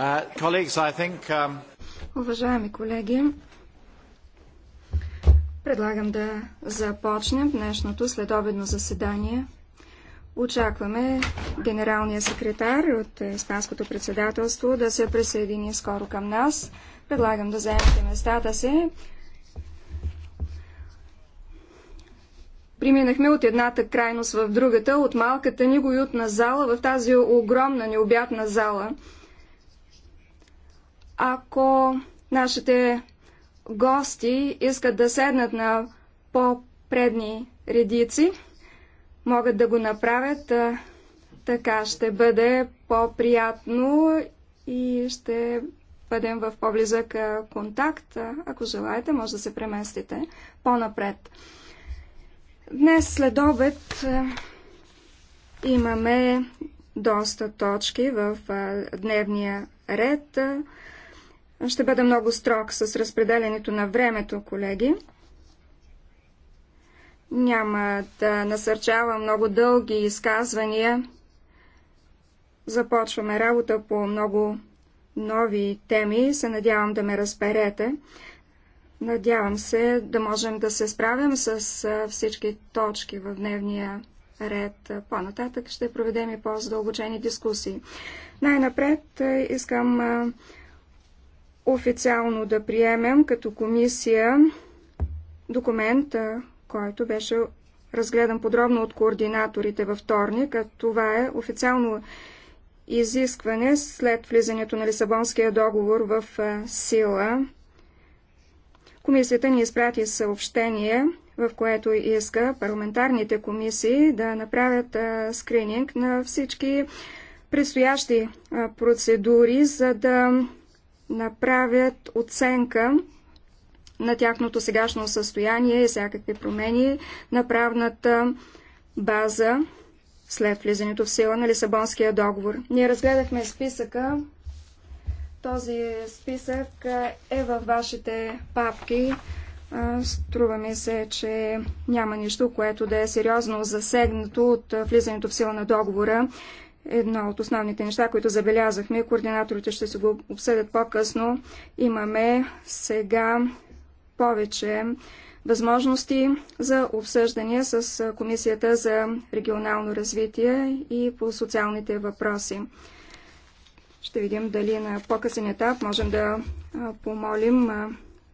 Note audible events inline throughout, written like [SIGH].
Uh, um, Уважаеми колеги, предлагам да започнем днешното следобедно заседание. Очакваме генералния секретар от Испанското председателство да се присъедини скоро към нас. Предлагам да заемете местата си. Приминахме от едната крайност в другата, от малката ни го ютна зала в тази огромна необятна зала ако нашите гости искат да седнат на по-предни редици, могат да го направят. Така ще бъде по-приятно и ще бъдем в по-близък контакт. Ако желаете, може да се преместите по-напред. Днес след обед имаме доста точки в дневния ред. Ще бъда много строг с разпределянето на времето, колеги. Няма да насърчавам много дълги изказвания. Започваме работа по много нови теми. Се надявам да ме разберете. Надявам се да можем да се справим с всички точки в дневния ред. По-нататък ще проведем и по-задълбочени дискусии. Най-напред искам официално да приемем като комисия документа, който беше разгледан подробно от координаторите във вторник, а това е официално изискване след влизането на Лисабонския договор в сила. Комисията ни изпрати съобщение, в което иска парламентарните комисии да направят скрининг на всички предстоящи процедури, за да направят оценка на тяхното сегашно състояние и всякакви промени на правната база след влизането в сила на Лисабонския договор. Ние разгледахме списъка. Този списък е във вашите папки. Струва ми се, че няма нищо, което да е сериозно засегнато от влизането в сила на договора. Едно от основните неща, които забелязахме, координаторите ще се го обсъдят по-късно. Имаме сега повече възможности за обсъждане с Комисията за регионално развитие и по социалните въпроси. Ще видим дали на по-късен етап можем да помолим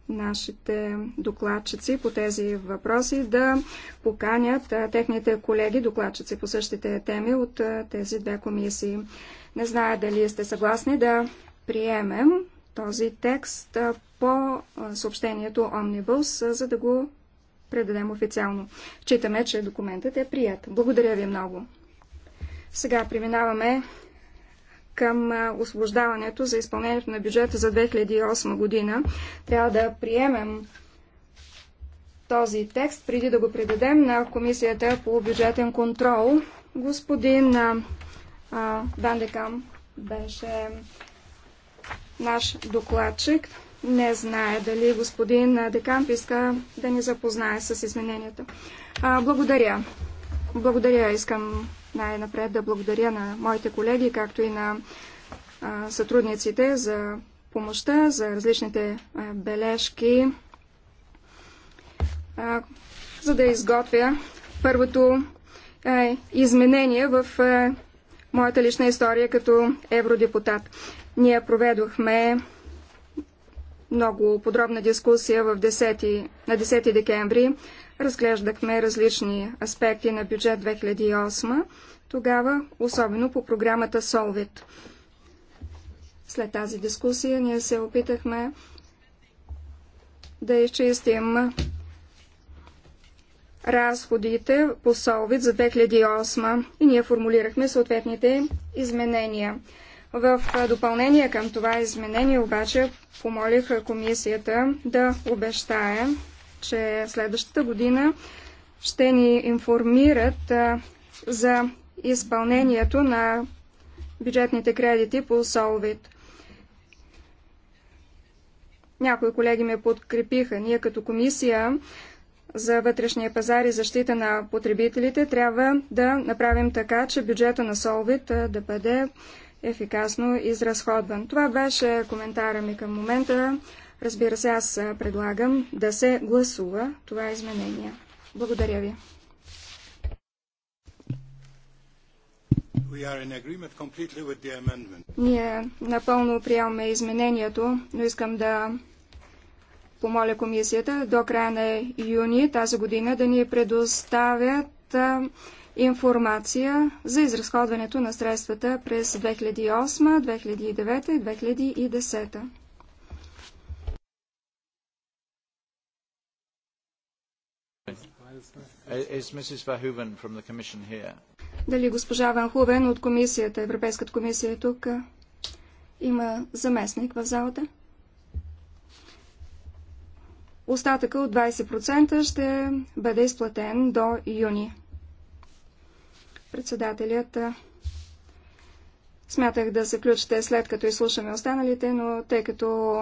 нашите докладчици по тези въпроси да поканят техните колеги докладчици по същите теми от тези две комисии. Не зная дали сте съгласни да приемем този текст по съобщението Омнибус, за да го предадем официално. Читаме, че документът е прият. Благодаря ви много. Сега преминаваме към освобождаването за изпълнението на бюджета за 2008 година. Трябва да приемем този текст, преди да го предадем на Комисията по бюджетен контрол. Господин а, Дандекам беше наш докладчик. Не знае дали господин Декамп иска да ни запознае с измененията. благодаря. Благодаря. Искам най-напред да благодаря на моите колеги, както и на сътрудниците за помощта, за различните бележки, за да изготвя първото изменение в моята лична история като евродепутат. Ние проведохме много подробна дискусия в 10, на 10 декември разглеждахме различни аспекти на бюджет 2008, тогава особено по програмата Solvit. След тази дискусия ние се опитахме да изчистим разходите по Солвит за 2008 и ние формулирахме съответните изменения. В допълнение към това изменение обаче помолих комисията да обещае, че следващата година ще ни информират за изпълнението на бюджетните кредити по Солвит. Някои колеги ме подкрепиха. Ние като комисия за вътрешния пазар и защита на потребителите трябва да направим така, че бюджета на Солвит да бъде ефикасно изразходван. Това беше коментара ми към момента. Разбира се, аз предлагам да се гласува това изменение. Благодаря ви. Ние напълно приемаме изменението, но искам да помоля комисията до края на юни тази година да ни предоставят информация за изразходването на средствата през 2008, 2009 и 2010. Дали госпожа Ван Хувен от комисията, Европейската комисия е тук? Има заместник в залата? Остатъка от 20% ще бъде изплатен до юни. Председателят смятах да се включите след като изслушаме останалите, но тъй като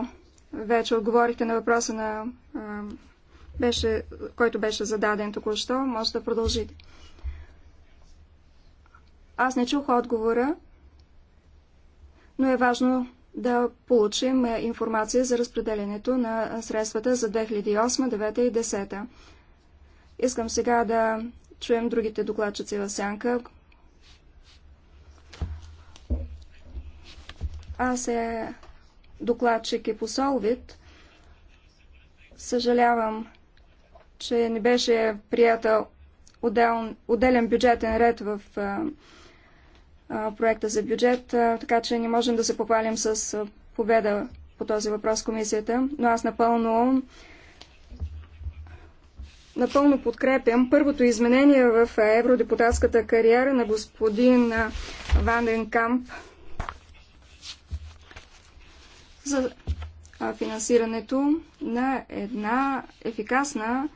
вече отговорихте на въпроса на беше, който беше зададен току-що, може да продължите. Аз не чух отговора, но е важно да получим е, информация за разпределението на е, средствата за 2008, 2009 и 2010. Искам сега да чуем другите докладчици в сянка. Аз е докладчик и по Солвид, Съжалявам, че не беше прията отдел, отделен бюджетен ред в а, а, проекта за бюджет, а, така че не можем да се похвалим с победа по този въпрос комисията, но аз напълно напълно подкрепям първото изменение в евродепутатската кариера на господин Ванден Камп за финансирането на една ефикасна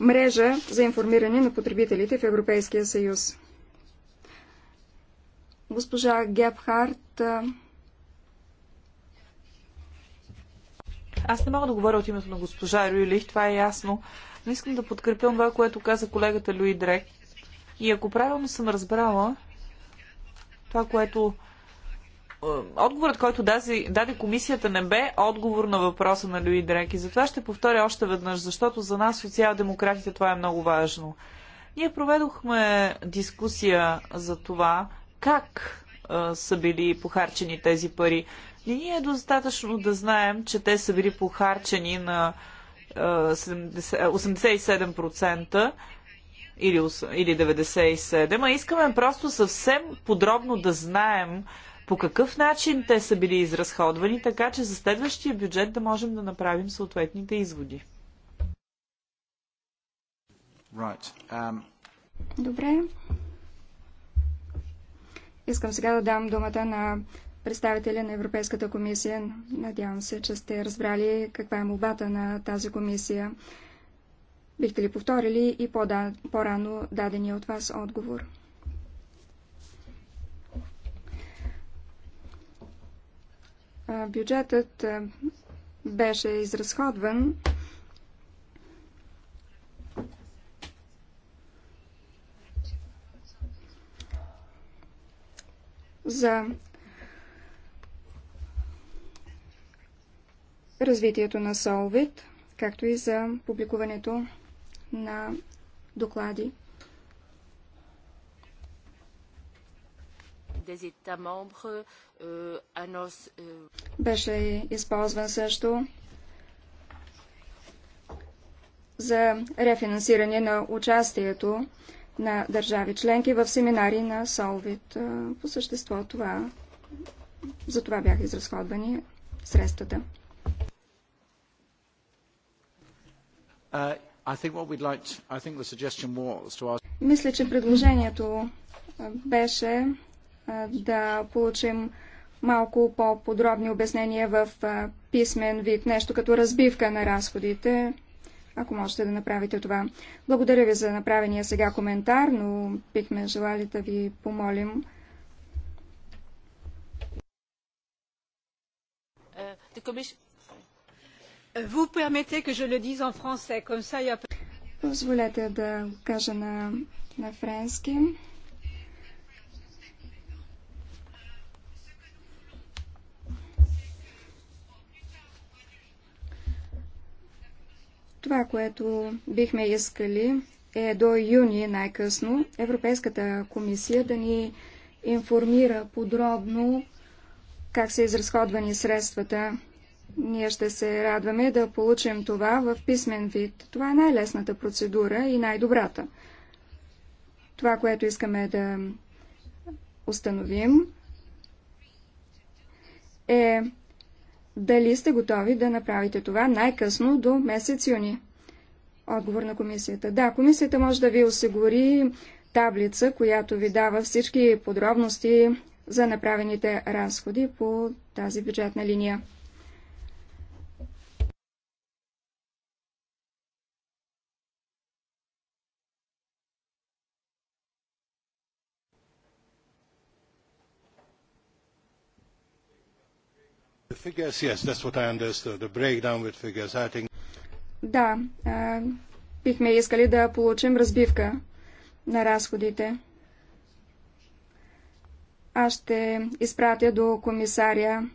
мрежа за информиране на потребителите в Европейския съюз. Госпожа Гебхарт. Аз не мога да говоря от името на госпожа Рюлих, това е ясно, но искам да подкрепя това, което каза колегата Люи Дрек. И ако правилно съм разбрала това, което е, отговорът, който даде, даде комисията, не бе отговор на въпроса на Люи Дрек. И затова ще повторя още веднъж, защото за нас, социал-демократите, това е много важно. Ние проведохме дискусия за това как а, е, са били похарчени тези пари. И ние е достатъчно да знаем, че те са били похарчени на а, 70, 87% или, или 97%, а искаме просто съвсем подробно да знаем по какъв начин те са били изразходвани, така че за следващия бюджет да можем да направим съответните изводи. Right. Um... Добре. Искам сега да дам думата на представителя на Европейската комисия. Надявам се, че сте разбрали каква е молбата на тази комисия. Бихте ли повторили и по-рано дадения от вас отговор? бюджетът беше изразходван за развитието на Солвит, както и за публикуването на доклади Euh, euh, беше използван също за рефинансиране на участието на държави членки в семинари на Солвит. Е, по същество това, за това бяха изразходвани средствата. Uh, Мисля, че предложението беше да получим малко по-подробни обяснения в писмен вид, нещо като разбивка на разходите, ако можете да направите това. Благодаря ви за направения сега коментар, но бихме желали да ви помолим. Е, Позволете да кажа на, на френски. Това, което бихме искали е до юни най-късно Европейската комисия да ни информира подробно как са изразходвани средствата. Ние ще се радваме да получим това в писмен вид. Това е най-лесната процедура и най-добрата. Това, което искаме да установим, е дали сте готови да направите това най-късно до месец юни? Отговор на комисията. Да, комисията може да ви осигури таблица, която ви дава всички подробности за направените разходи по тази бюджетна линия. figures, yes, that's what I understood. The breakdown with figures, I think... Да, бихме искали да получим разбивка на разходите. Аз ще изпратя до комисаря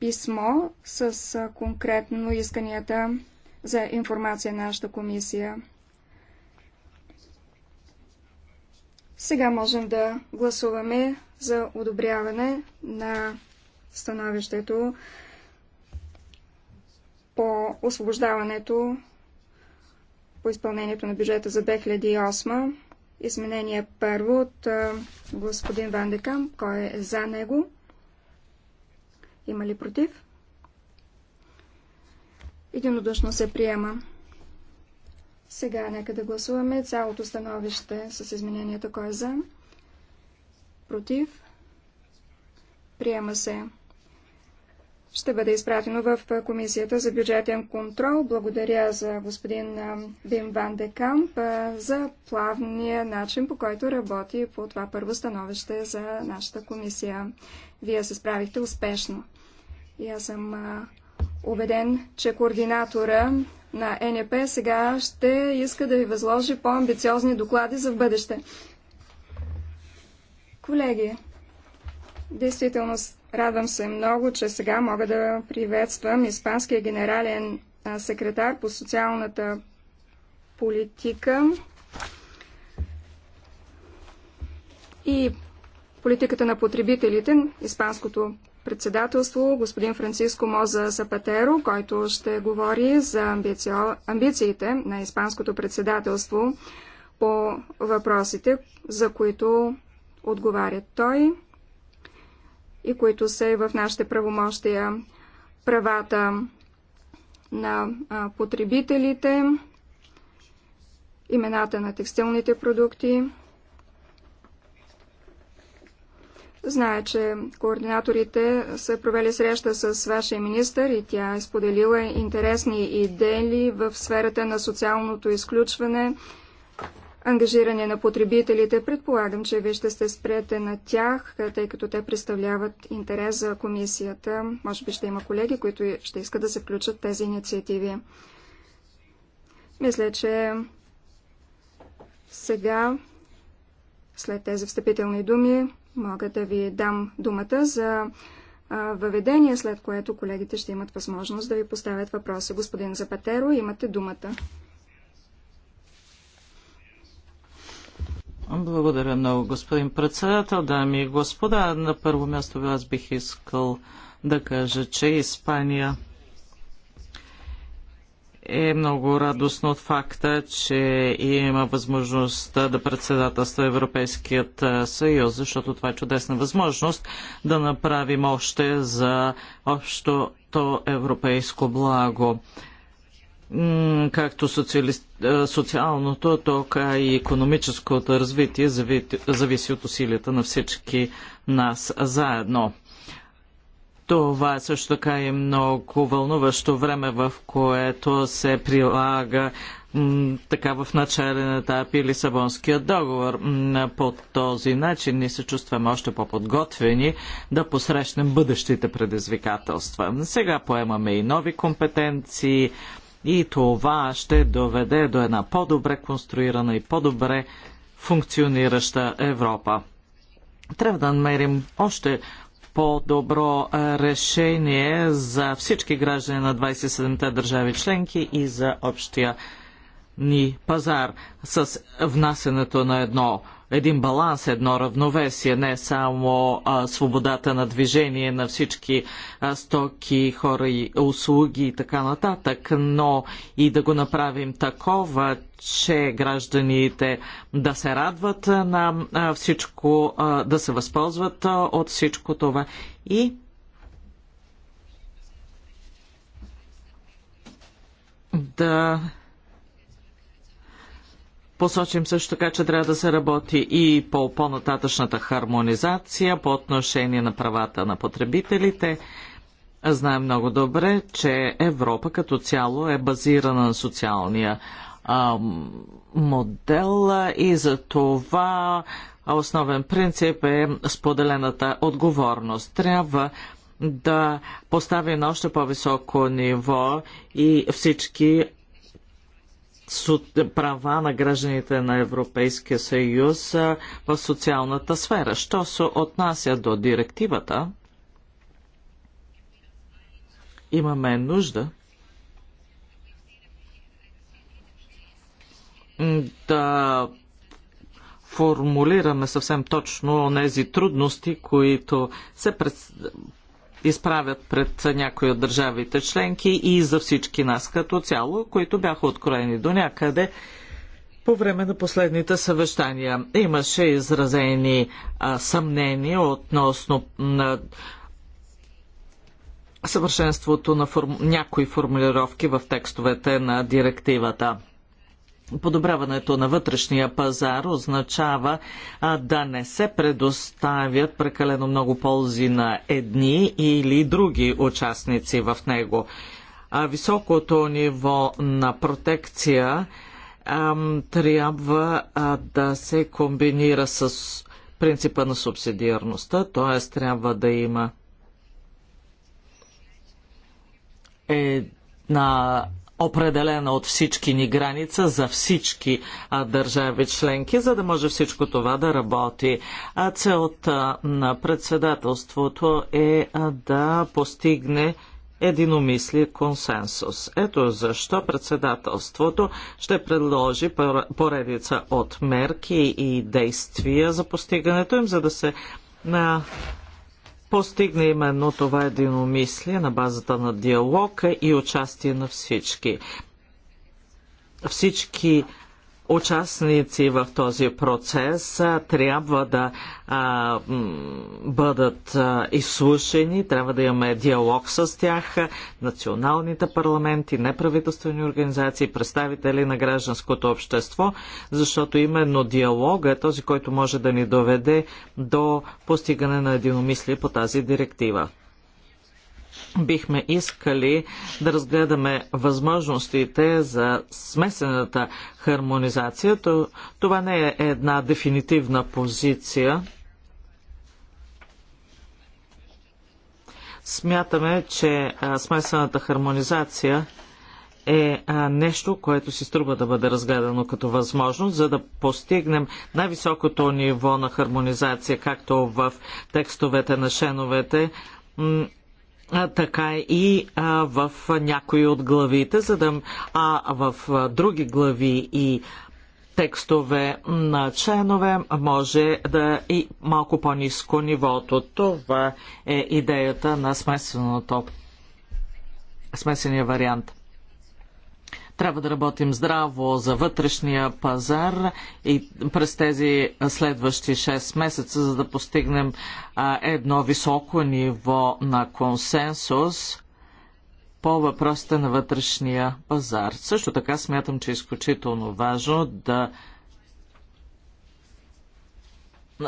писмо с конкретно исканията за информация на нашата комисия. Сега можем да гласуваме за одобряване на становището по освобождаването по изпълнението на бюджета за 2008. Изменение първо от господин Вандекам. Кой е за него? Има ли против? Единодушно се приема. Сега нека да гласуваме цялото становище с измененията. Кой е за? Против? Приема се ще бъде изпратено в Комисията за бюджетен контрол. Благодаря за господин Бим Ван Декамп за плавния начин, по който работи по това първо становище за нашата комисия. Вие се справихте успешно. И аз съм убеден, че координатора на НЕП сега ще иска да ви възложи по-амбициозни доклади за в бъдеще. Колеги, действителност Радвам се много, че сега мога да приветствам испанския генерален секретар по социалната политика и политиката на потребителите, испанското председателство, господин Франциско Моза Сапатеро, който ще говори за амбициите на испанското председателство по въпросите, за които отговарят той и които са и в нашите правомощия. Правата на потребителите, имената на текстилните продукти. Зная, че координаторите са провели среща с вашия министр и тя е споделила интересни идеи в сферата на социалното изключване, ангажиране на потребителите. Предполагам, че вие ще сте спрете на тях, тъй като те представляват интерес за комисията. Може би ще има колеги, които ще искат да се включат тези инициативи. Мисля, че сега, след тези встъпителни думи, мога да ви дам думата за въведение, след което колегите ще имат възможност да ви поставят въпроса. Господин Запатеро, имате думата. Благодаря много, господин председател. Дами и господа, на първо място аз бих искал да кажа, че Испания е много радостно от факта, че има възможността да председателства Европейският съюз, защото това е чудесна възможност да направим още за общото европейско благо както социалното, така и економическото развитие зависи от усилията на всички нас заедно. Това е също така и е много вълнуващо време, в което се прилага така в начален етап и Лисабонският договор. По този начин ние се чувстваме още по-подготвени да посрещнем бъдещите предизвикателства. Сега поемаме и нови компетенции, и това ще доведе до една по-добре конструирана и по-добре функционираща Европа. Трябва да намерим още по-добро е, решение за всички граждани на 27-те държави членки и за общия ни пазар с внасенето на едно един баланс, едно равновесие, не само а, свободата на движение на всички а, стоки, хора и услуги и така нататък, но и да го направим такова, че гражданите да се радват на а, всичко, а, да се възползват а, от всичко това и да Посочим също така, че трябва да се работи и по по-нататъчната хармонизация по отношение на правата на потребителите. Знаем много добре, че Европа като цяло е базирана на социалния а, модел и за това основен принцип е споделената отговорност. Трябва да постави на още по-високо ниво и всички права на гражданите на Европейския съюз в социалната сфера. Що се отнася до директивата, имаме нужда да формулираме съвсем точно тези трудности, които се изправят пред някои от държавите членки и за всички нас като цяло, които бяха откроени до някъде по време на последните съвещания. Имаше изразени а, съмнения относно на съвършенството на форм... някои формулировки в текстовете на директивата подобряването на вътрешния пазар означава а, да не се предоставят прекалено много ползи на едни или други участници в него. А високото ниво на протекция а, трябва а, да се комбинира с принципа на субсидиарността, т.е. трябва да има една определена от всички ни граница за всички а, държави членки, за да може всичко това да работи. А целта на председателството е а, да постигне единомисли консенсус. Ето защо председателството ще предложи поредица от мерки и действия за постигането им, за да се на постигне именно това единомислие на базата на диалога и участие на всички. Всички участници в този процес трябва да а, бъдат изслушани, трябва да имаме диалог с тях, националните парламенти, неправителствени организации, представители на гражданското общество, защото именно диалог е този, който може да ни доведе до постигане на единомислие по тази директива бихме искали да разгледаме възможностите за смесената хармонизация. Това не е една дефинитивна позиция. Смятаме, че смесената хармонизация е нещо, което си струва да бъде разгледано като възможност, за да постигнем най-високото ниво на хармонизация, както в текстовете на шеновете, така и в някои от главите, за да, а в други глави и текстове на членове може да и малко по-низко нивото. Това е идеята на смесеното смесения вариант. Трябва да работим здраво за вътрешния пазар и през тези следващи 6 месеца, за да постигнем едно високо ниво на консенсус по въпросите на вътрешния пазар. Също така смятам, че е изключително важно да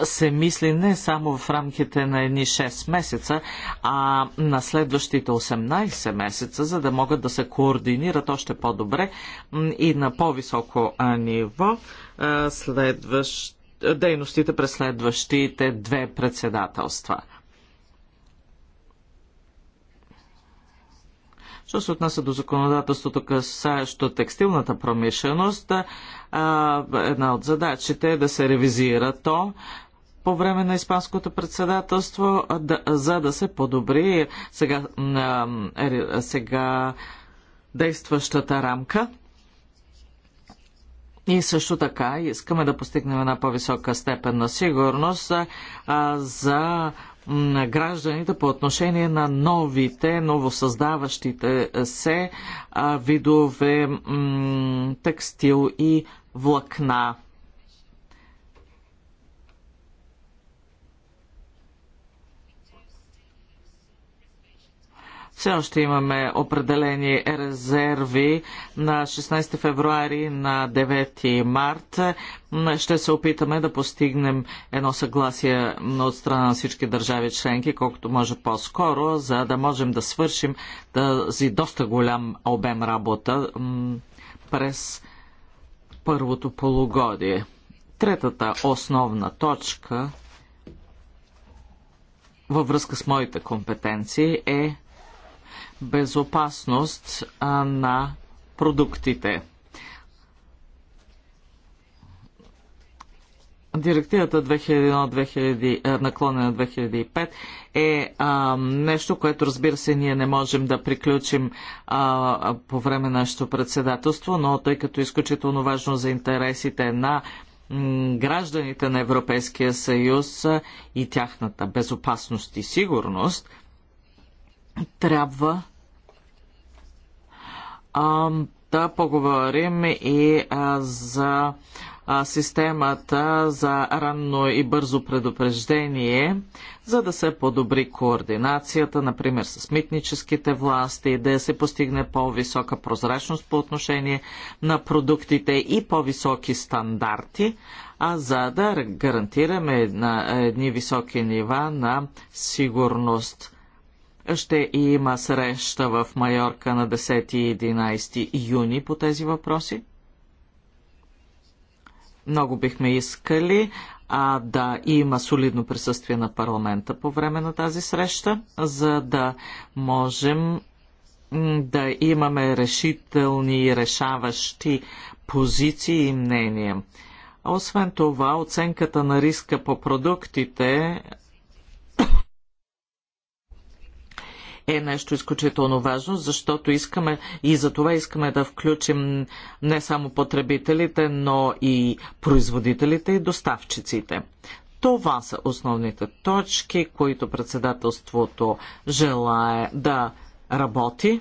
се мисли не само в рамките на едни 6 месеца, а на следващите 18 месеца, за да могат да се координират още по-добре и на по-високо ниво следващ, дейностите през следващите две председателства. Що се отнася до законодателството, касаещо текстилната промишленост, една от задачите е да се ревизира то по време на Испанското председателство, за да се подобри сега, е, сега действащата рамка. И също така искаме да постигнем една по-висока степен на сигурност а, за на гражданите по отношение на новите, новосъздаващите се видове текстил и влакна. Все още имаме определени резерви на 16 февруари на 9 март. Ще се опитаме да постигнем едно съгласие от страна на всички държави членки, колкото може по-скоро, за да можем да свършим тази доста голям обем работа през първото полугодие. Третата основна точка във връзка с моите компетенции е безопасност на продуктите. Директивата 2001 2005 наклонена 2005 е а, нещо, което разбира се ние не можем да приключим а, по време на нашето председателство, но тъй като е изключително важно за интересите на гражданите на Европейския съюз и тяхната безопасност и сигурност – трябва а, да поговорим и а, за а, системата за ранно и бързо предупреждение, за да се подобри координацията, например с митническите власти, да се постигне по-висока прозрачност по отношение на продуктите и по-високи стандарти, а за да гарантираме на едни високи нива на сигурност ще има среща в Майорка на 10 и 11 юни по тези въпроси. Много бихме искали а, да има солидно присъствие на парламента по време на тази среща, за да можем да имаме решителни и решаващи позиции и мнения. Освен това, оценката на риска по продуктите е нещо изключително важно, защото искаме и за това искаме да включим не само потребителите, но и производителите и доставчиците. Това са основните точки, които председателството желае да работи.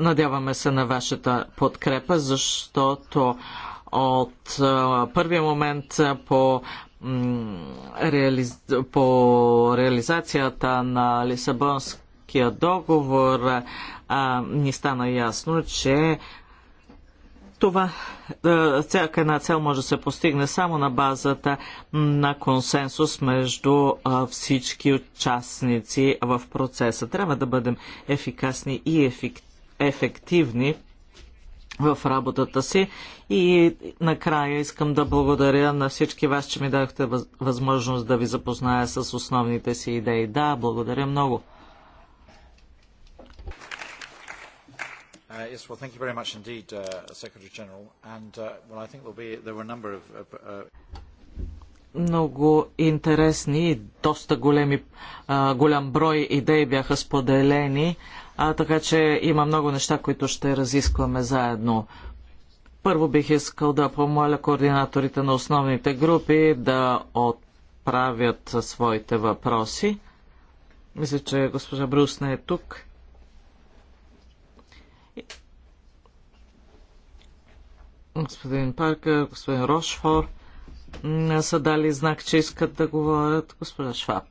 Надяваме се на вашата подкрепа, защото от първия момент по по реализацията на Лисабонск Минския договор а, ни стана ясно, че това всяка една цел може да се постигне само на базата на консенсус между всички участници в процеса. Трябва да бъдем ефикасни и ефективни в работата си. И накрая искам да благодаря на всички вас, че ми дадохте възможност да ви запозная с основните си идеи. Да, благодаря много. Uh, yes, well, thank you very much indeed, uh, Secretary General. And uh, well, I think there'll be there were a number of. Uh, uh, много интересни и доста големи, а, голям брой идеи бяха споделени, а, така че има много неща, които ще разискваме заедно. Първо бих искал да помоля координаторите на основните групи да отправят своите въпроси. Мисля, че госпожа Брус не е тук. господин Паркър, господин Рошфор са дали знак, че искат да говорят госпожа Шваб.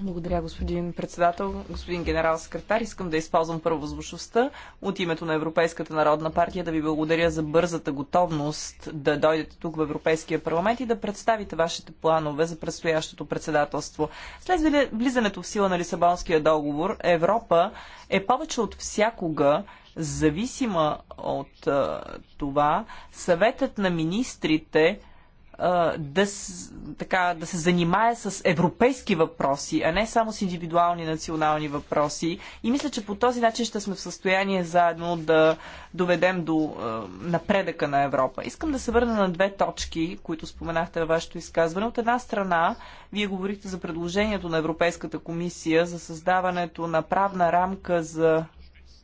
Благодаря, господин председател, господин генерал секретар. Искам да използвам първозвучността от името на Европейската народна партия да ви благодаря за бързата готовност да дойдете тук в Европейския парламент и да представите вашите планове за предстоящото председателство. След влизането в сила на Лисабонския договор, Европа е повече от всякога зависима от а, това, съветът на министрите а, да, така, да се занимае с европейски въпроси, а не само с индивидуални национални въпроси. И мисля, че по този начин ще сме в състояние заедно да доведем до а, напредъка на Европа. Искам да се върна на две точки, които споменахте във вашето изказване. От една страна, вие говорихте за предложението на Европейската комисия за създаването на правна рамка за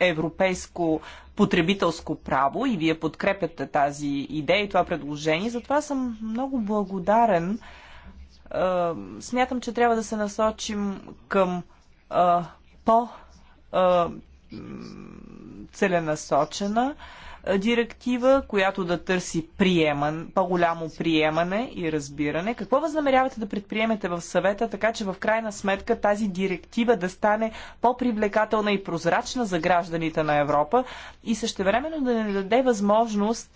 европейско потребителско право и вие подкрепяте тази идея и това предложение. Затова съм много благодарен. Е, смятам, че трябва да се насочим към е, по- е, целенасочена директива, която да търси приемане, по-голямо приемане и разбиране. Какво възнамерявате да предприемете в съвета, така че в крайна сметка тази директива да стане по-привлекателна и прозрачна за гражданите на Европа и същевременно да не даде възможност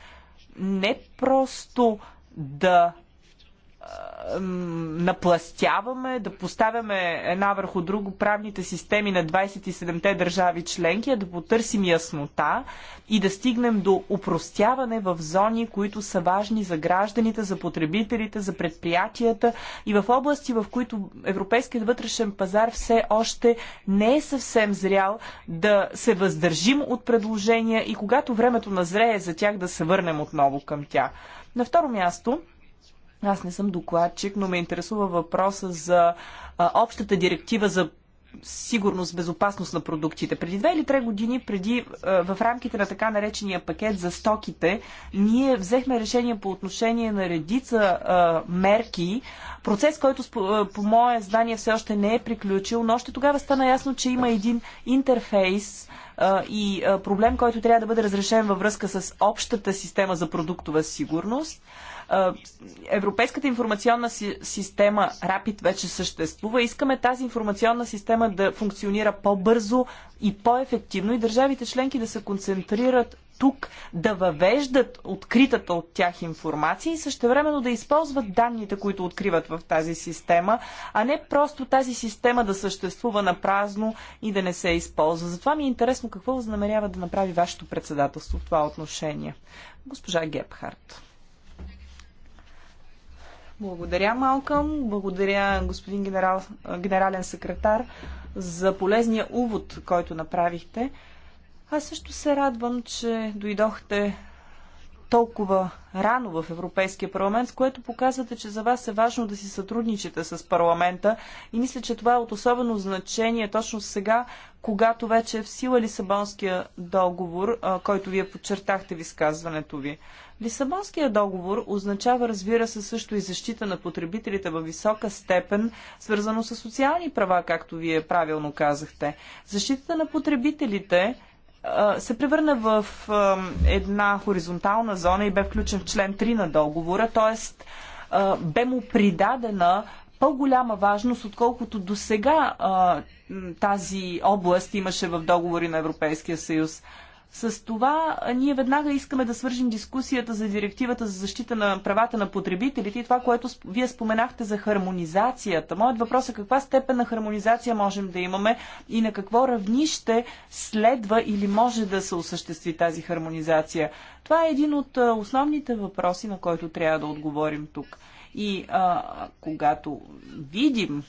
не просто да напластяваме, да поставяме една върху друго правните системи на 27-те държави членки, а да потърсим яснота и да стигнем до упростяване в зони, които са важни за гражданите, за потребителите, за предприятията и в области, в които европейският вътрешен пазар все още не е съвсем зрял да се въздържим от предложения и когато времето назрее за тях да се върнем отново към тях. На второ място, аз не съм докладчик, но ме интересува въпроса за а, общата директива за сигурност, безопасност на продуктите. Преди две или три години, преди в рамките на така наречения пакет за стоките, ние взехме решение по отношение на редица а, мерки. Процес, който по мое знание все още не е приключил, но още тогава стана ясно, че има един интерфейс а, и а, проблем, който трябва да бъде разрешен във връзка с общата система за продуктова сигурност. Европейската информационна система RAPID вече съществува. Искаме тази информационна система да функционира по-бързо и по-ефективно и държавите членки да се концентрират тук да въвеждат откритата от тях информация и същевременно да използват данните, които откриват в тази система, а не просто тази система да съществува на празно и да не се използва. Затова ми е интересно какво възнамерява да направи вашето председателство в това отношение. Госпожа Гепхарт. Благодаря, Малкъм. Благодаря, господин генерал, генерален секретар, за полезния увод, който направихте. Аз също се радвам, че дойдохте толкова рано в Европейския парламент, с което показвате, че за вас е важно да си сътрудничите с парламента и мисля, че това е от особено значение точно сега, когато вече е в сила Лисабонския договор, който вие подчертахте в изказването ви. Лисабонския договор означава, разбира се, също и защита на потребителите във висока степен, свързано с социални права, както вие правилно казахте. Защитата на потребителите се превърна в една хоризонтална зона и бе включен в член 3 на договора, т.е. бе му придадена по-голяма важност, отколкото до сега тази област имаше в договори на Европейския съюз. С това ние веднага искаме да свържим дискусията за директивата за защита на правата на потребителите и това, което вие споменахте за хармонизацията. Моят въпрос е каква степен на хармонизация можем да имаме и на какво равнище следва или може да се осъществи тази хармонизация. Това е един от основните въпроси, на който трябва да отговорим тук. И а, когато видим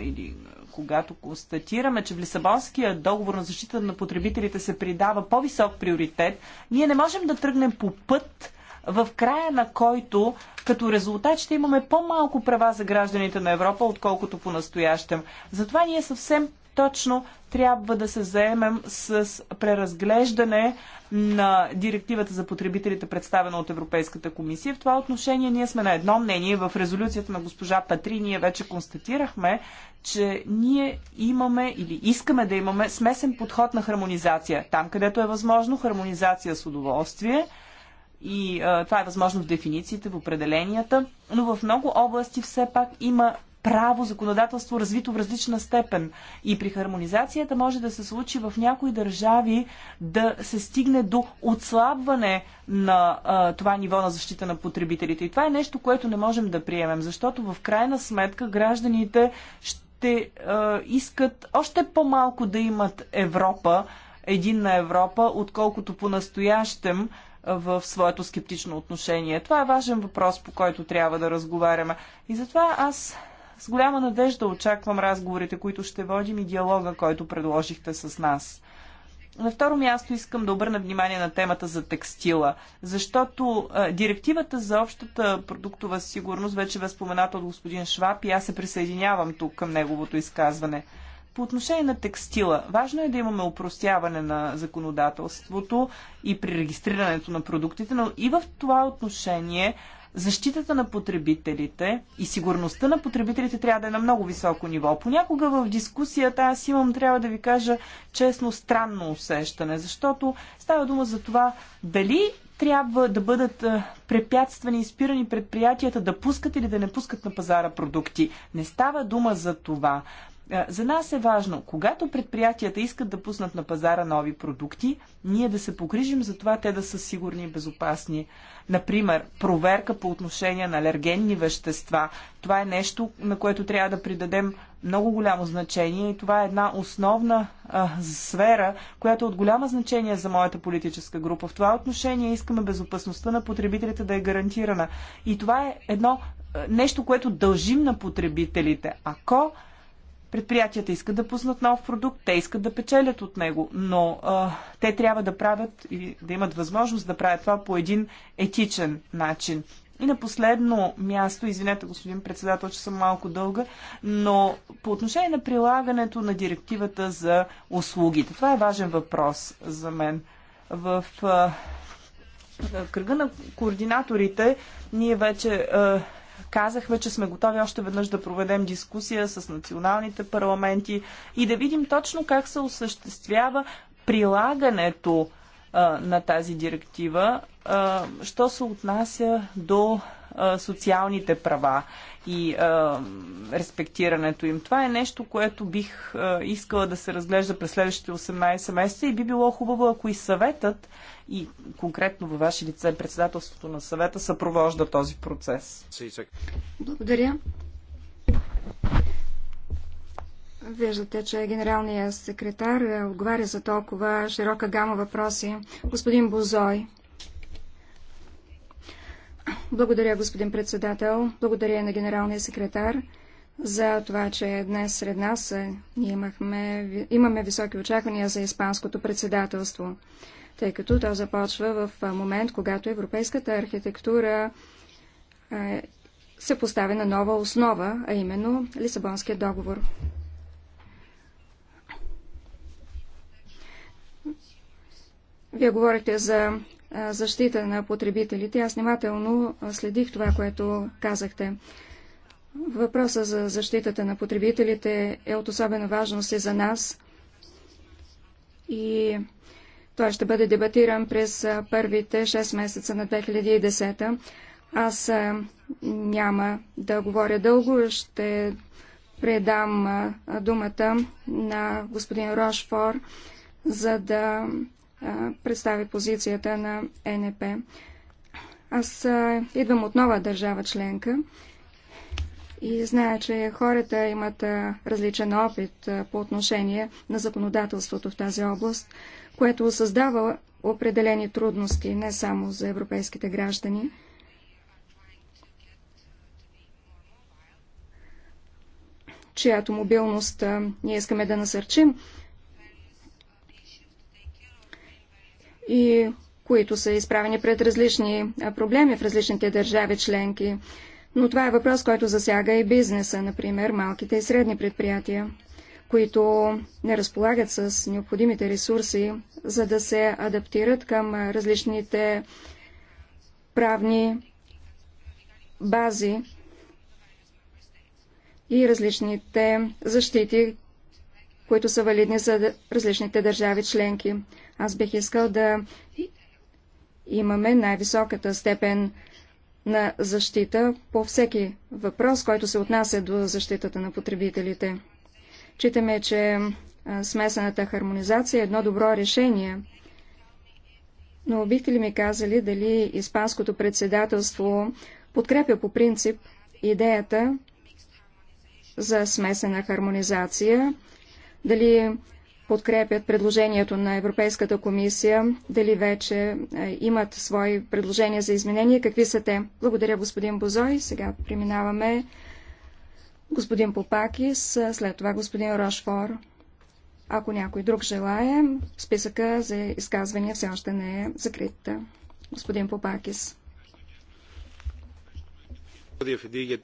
или когато констатираме, че в Лисабонския договор на защита на потребителите се придава по-висок приоритет, ние не можем да тръгнем по път, в края на който като резултат ще имаме по-малко права за гражданите на Европа, отколкото по-настоящем. Затова ние съвсем точно трябва да се заемем с преразглеждане на директивата за потребителите, представена от Европейската комисия. В това отношение ние сме на едно мнение. В резолюцията на госпожа Патри ние вече констатирахме, че ние имаме или искаме да имаме смесен подход на хармонизация. Там, където е възможно, хармонизация с удоволствие. И а, това е възможно в дефинициите, в определенията, но в много области все пак има право, законодателство, развито в различна степен. И при хармонизацията може да се случи в някои държави да се стигне до отслабване на а, това ниво на защита на потребителите. И това е нещо, което не можем да приемем, защото в крайна сметка гражданите ще а, искат още по-малко да имат Европа, един на Европа, отколкото по-настоящем в своето скептично отношение. Това е важен въпрос, по който трябва да разговаряме. И затова аз с голяма надежда очаквам разговорите, които ще водим и диалога, който предложихте с нас. На второ място искам да обърна внимание на темата за текстила, защото а, директивата за общата продуктова сигурност вече бе спомената от господин Шваб и аз се присъединявам тук към неговото изказване. По отношение на текстила, важно е да имаме упростяване на законодателството и при регистрирането на продуктите, но и в това отношение защитата на потребителите и сигурността на потребителите трябва да е на много високо ниво. Понякога в дискусията аз имам, трябва да ви кажа честно, странно усещане, защото става дума за това дали трябва да бъдат препятствани и спирани предприятията да пускат или да не пускат на пазара продукти. Не става дума за това. Е, за нас е важно, когато предприятията искат да пуснат на пазара нови продукти, ние да се погрижим за това те да са сигурни и безопасни. Например, проверка по отношение на алергенни вещества. Това е нещо, на което трябва да придадем много голямо значение и това е една основна а, сфера, която е от голямо значение за моята политическа група. В това отношение искаме безопасността на потребителите да е гарантирана. И това е едно нещо, което дължим на потребителите. Ако Предприятията искат да пуснат нов продукт, те искат да печелят от него, но а, те трябва да правят и да имат възможност да правят това по един етичен начин. И на последно място, извинете господин председател, че съм малко дълга, но по отношение на прилагането на директивата за услугите. Това е важен въпрос за мен. В а, кръга на координаторите ние вече а, Казахме, че сме готови още веднъж да проведем дискусия с националните парламенти и да видим точно как се осъществява прилагането а, на тази директива, а, що се отнася до социалните права и а, респектирането им. Това е нещо, което бих а, искала да се разглежда през следващите 18 месеца и би било хубаво, ако и съветът и конкретно във ваше лице председателството на съвета съпровожда този процес. Благодаря. Виждате, че генералният секретар е, отговаря за толкова широка гама въпроси. Господин Бозой, благодаря, господин председател. Благодаря на генералния секретар за това, че днес сред нас е. ние имахме, имаме високи очаквания за испанското председателство, тъй като то започва в момент, когато европейската архитектура се поставя на нова основа, а именно Лисабонския договор. Вие говорите за защита на потребителите. Аз внимателно следих това, което казахте. Въпроса за защитата на потребителите е от особена важност и за нас. И той ще бъде дебатиран през първите 6 месеца на 2010. Аз няма да говоря дълго, ще предам думата на господин Рошфор, за да представи позицията на НП. Аз идвам от нова държава членка и зная, че хората имат различен опит по отношение на законодателството в тази област, което създава определени трудности не само за европейските граждани. чиято мобилност ние искаме да насърчим, и които са изправени пред различни проблеми в различните държави членки. Но това е въпрос, който засяга и бизнеса, например малките и средни предприятия, които не разполагат с необходимите ресурси, за да се адаптират към различните правни бази и различните защити, които са валидни за различните държави членки. Аз бих искал да имаме най-високата степен на защита по всеки въпрос, който се отнася до защитата на потребителите. Читаме, че смесената хармонизация е едно добро решение, но бихте ли ми казали дали Испанското председателство подкрепя по принцип идеята за смесена хармонизация, дали подкрепят предложението на Европейската комисия, дали вече е, имат свои предложения за изменения, какви са те. Благодаря, господин Бозой. Сега преминаваме господин Попакис, е, след това господин Рошфор. Ако някой друг желая, списъка за изказвания все още не е закрит. Господин Попакис. Διευθυντή για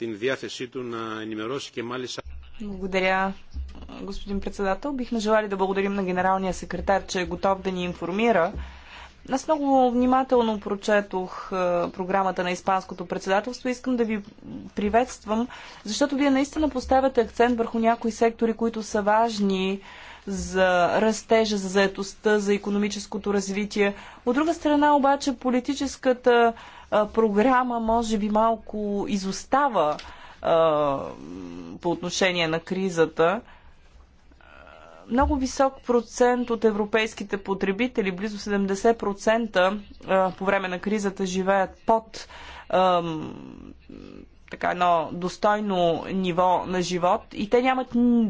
благодаря, господин председател. Бихме желали да благодарим на генералния секретар, че е готов да ни информира. Аз много внимателно прочетох е, програмата на Испанското председателство. Искам да ви приветствам, защото вие наистина поставяте акцент върху някои сектори, които са важни за растежа, за заетостта, за економическото развитие. От друга страна обаче политическата е, програма може би малко изостава по отношение на кризата, много висок процент от европейските потребители, близо 70% по време на кризата живеят под така едно достойно ниво на живот и те нямат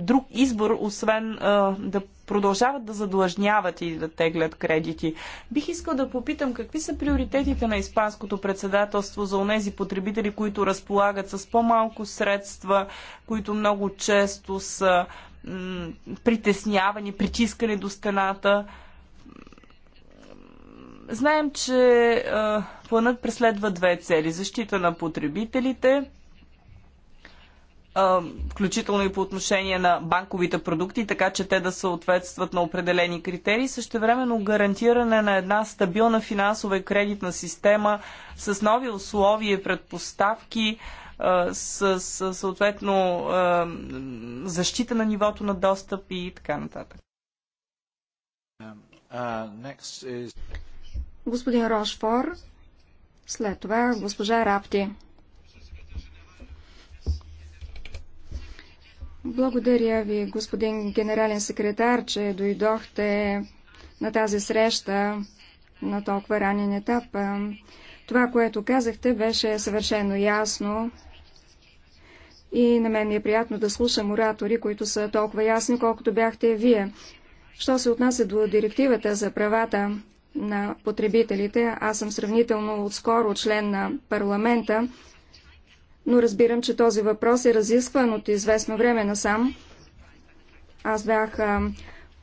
друг избор, освен а, да продължават да задлъжняват и да теглят кредити. Бих искал да попитам какви са приоритетите на Испанското председателство за онези потребители, които разполагат с по-малко средства, които много често са притеснявани, притискани до стената. Знаем, че а, Планът преследва две цели. Защита на потребителите, включително и по отношение на банковите продукти, така че те да съответстват на определени критерии, същевременно гарантиране на една стабилна финансова и кредитна система с нови условия и предпоставки, с, с съответно защита на нивото на достъп и така нататък. Um, uh, Господин Рошфор, след това госпожа Рапти. Благодаря ви, господин генерален секретар, че дойдохте на тази среща на толкова ранен етап. Това, което казахте, беше съвършено ясно. И на мен ми е приятно да слушам оратори, които са толкова ясни, колкото бяхте вие. Що се отнася до директивата за правата на потребителите. Аз съм сравнително отскоро член на парламента, но разбирам, че този въпрос е разискван от известно време насам. Аз бях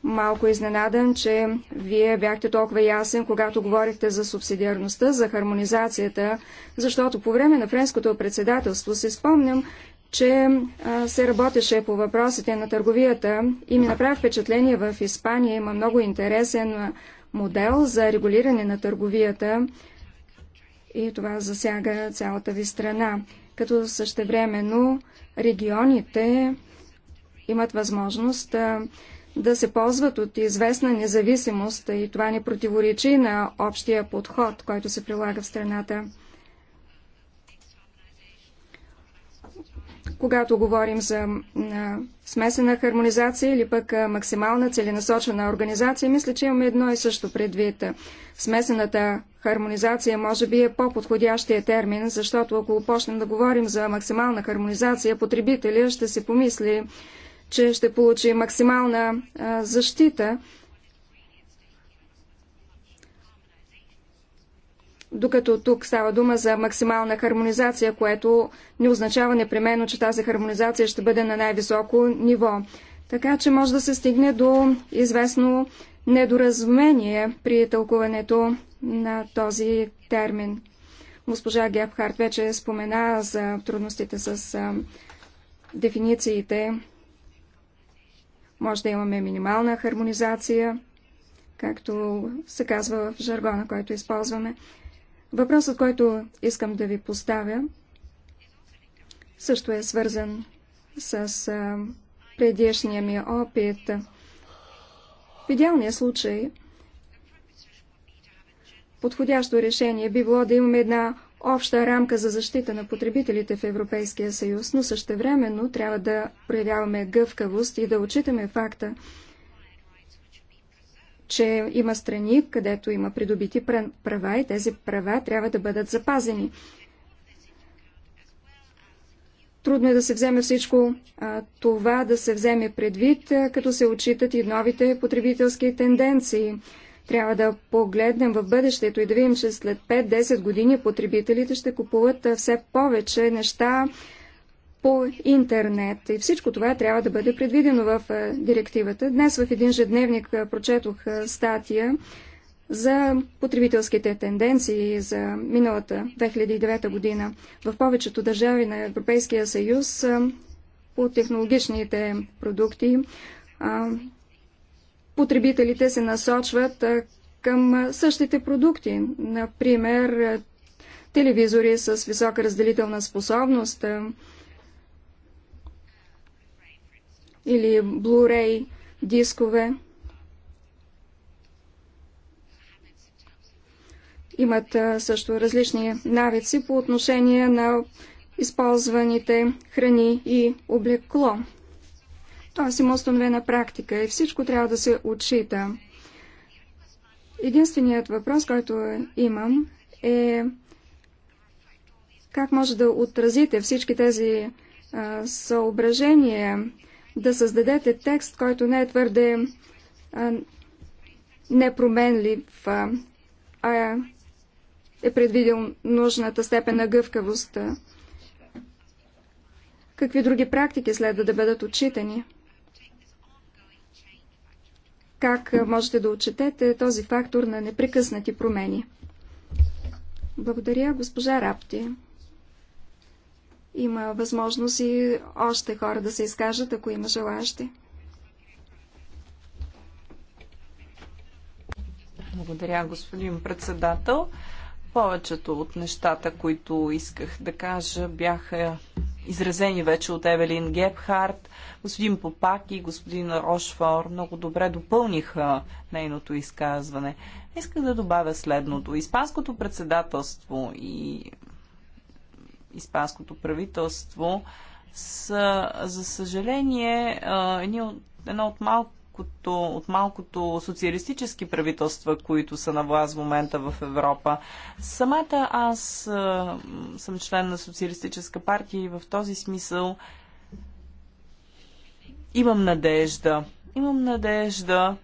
малко изненадан, че вие бяхте толкова ясен, когато говорихте за субсидиарността, за хармонизацията, защото по време на френското председателство се спомням, че а, се работеше по въпросите на търговията и ми направи впечатление в Испания има много интересен модел за регулиране на търговията и това засяга цялата ви страна, като същевременно регионите имат възможност да се ползват от известна независимост и това не противоречи на общия подход, който се прилага в страната. когато говорим за смесена хармонизация или пък максимална целенасочена организация, мисля, че имаме едно и също предвид. Смесената хармонизация може би е по-подходящия термин, защото ако почнем да говорим за максимална хармонизация, потребителя ще се помисли, че ще получи максимална защита докато тук става дума за максимална хармонизация, което не означава непременно, че тази хармонизация ще бъде на най-високо ниво. Така че може да се стигне до известно недоразумение при тълкуването на този термин. Госпожа Гебхарт вече спомена за трудностите с дефинициите. Може да имаме минимална хармонизация, както се казва в жаргона, който използваме. Въпросът, който искам да ви поставя, също е свързан с а, предишния ми опит. В идеалния случай подходящо решение би било да имаме една обща рамка за защита на потребителите в Европейския съюз, но същевременно трябва да проявяваме гъвкавост и да отчитаме факта, че има страни, където има придобити права и тези права трябва да бъдат запазени. Трудно е да се вземе всичко а, това, да се вземе предвид, а, като се отчитат и новите потребителски тенденции. Трябва да погледнем в бъдещето и да видим, че след 5-10 години потребителите ще купуват все повече неща, по интернет. И всичко това трябва да бъде предвидено в е, директивата. Днес в един ежедневник е, прочетох е, статия за потребителските тенденции за миналата 2009 година. В повечето държави на Европейския съюз по технологичните продукти потребителите се насочват към същите продукти. Например, телевизори с висока разделителна способност, или Blu-ray дискове. Имат също различни навици по отношение на използваните храни и облекло. Тоест има установена практика и всичко трябва да се отчита. Единственият въпрос, който имам е как може да отразите всички тези а, съображения да създадете текст, който не е твърде а, непроменлив, а, а е предвидил нужната степен на гъвкавост. Какви други практики следва да бъдат отчитани? Как можете да отчетете този фактор на непрекъснати промени? Благодаря, госпожа Рапти. Има възможност и още хора да се изкажат, ако има желаящи. Благодаря, господин председател. Повечето от нещата, които исках да кажа, бяха изразени вече от Евелин Гепхарт, господин Попак и господин Рошфор много добре допълниха нейното изказване. Исках да добавя следното. Испанското председателство и испанското правителство са, за съжаление, едни от, едно от малкото, от малкото социалистически правителства, които са на власт в момента в Европа. Самата аз съм член на социалистическа партия и в този смисъл имам надежда. Имам надежда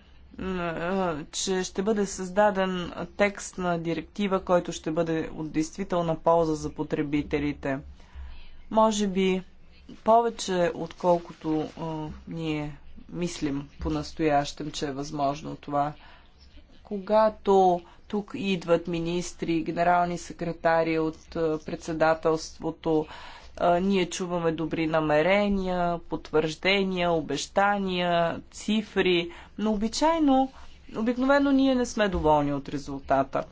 че ще бъде създаден текст на директива, който ще бъде от действителна полза за потребителите. Може би повече, отколкото а, ние мислим по-настоящем, че е възможно това. Когато тук идват министри, генерални секретари от председателството, а, ние чуваме добри намерения, потвърждения, обещания, цифри, но обичайно, обикновено ние не сме доволни от резултата.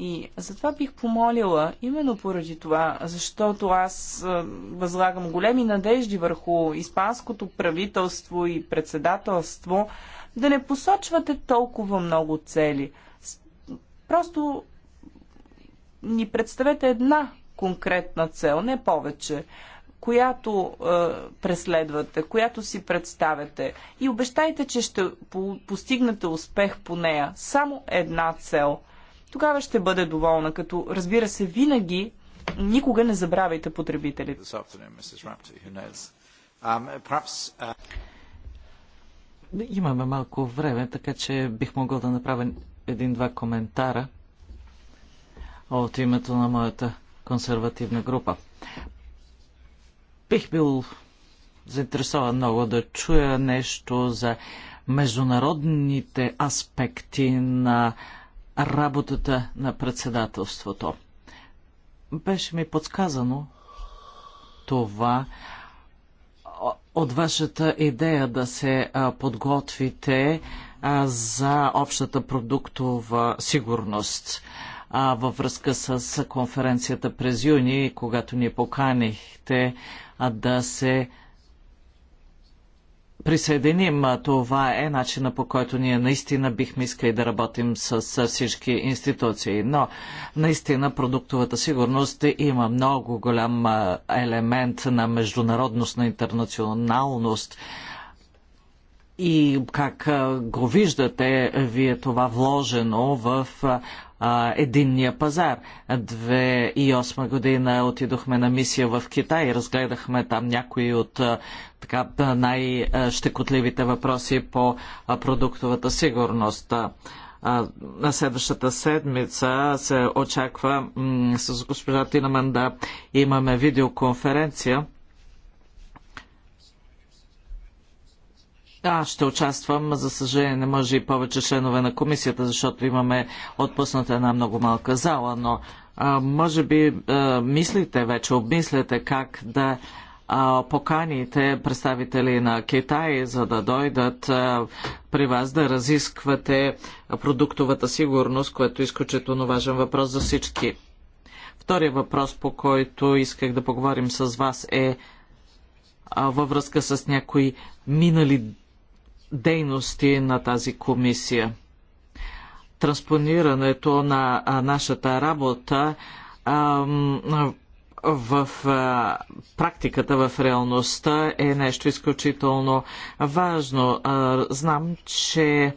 И затова бих помолила, именно поради това, защото аз възлагам големи надежди върху испанското правителство и председателство, да не посочвате толкова много цели. Просто ни представете една конкретна цел, не повече, която е, преследвате, която си представяте и обещайте, че ще по- постигнете успех по нея. Само една цел. Тогава ще бъде доволна, като разбира се, винаги никога не забравяйте потребителите. Um, uh, Имаме малко време, така че бих могъл да направя един-два коментара от името на моята консервативна група. Бих бил заинтересован много да чуя нещо за международните аспекти на работата на председателството. Беше ми подсказано това от вашата идея да се подготвите за общата продуктова сигурност а, във връзка с конференцията през юни, когато ни поканихте а, да се присъединим. Това е начина по който ние наистина бихме искали да работим с, с всички институции. Но наистина продуктовата сигурност има много голям елемент на международност, на интернационалност. И как го виждате вие това вложено в единния пазар. 2008 година отидохме на мисия в Китай и разгледахме там някои от така, най-щекотливите въпроси по продуктовата сигурност. На следващата седмица се очаква с госпожа Тинаман да имаме видеоконференция Аз ще участвам. За съжаление не може и повече членове на комисията, защото имаме отпусната една много малка зала, но а, може би а, мислите вече, обмисляте как да а, поканите представители на Китай, за да дойдат а, при вас да разисквате продуктовата сигурност, което е изключително важен въпрос за всички. Втория въпрос, по който исках да поговорим с вас е а, във връзка с някои минали дейности на тази комисия. Транспонирането на нашата работа в практиката, в реалността е нещо изключително важно. знам, че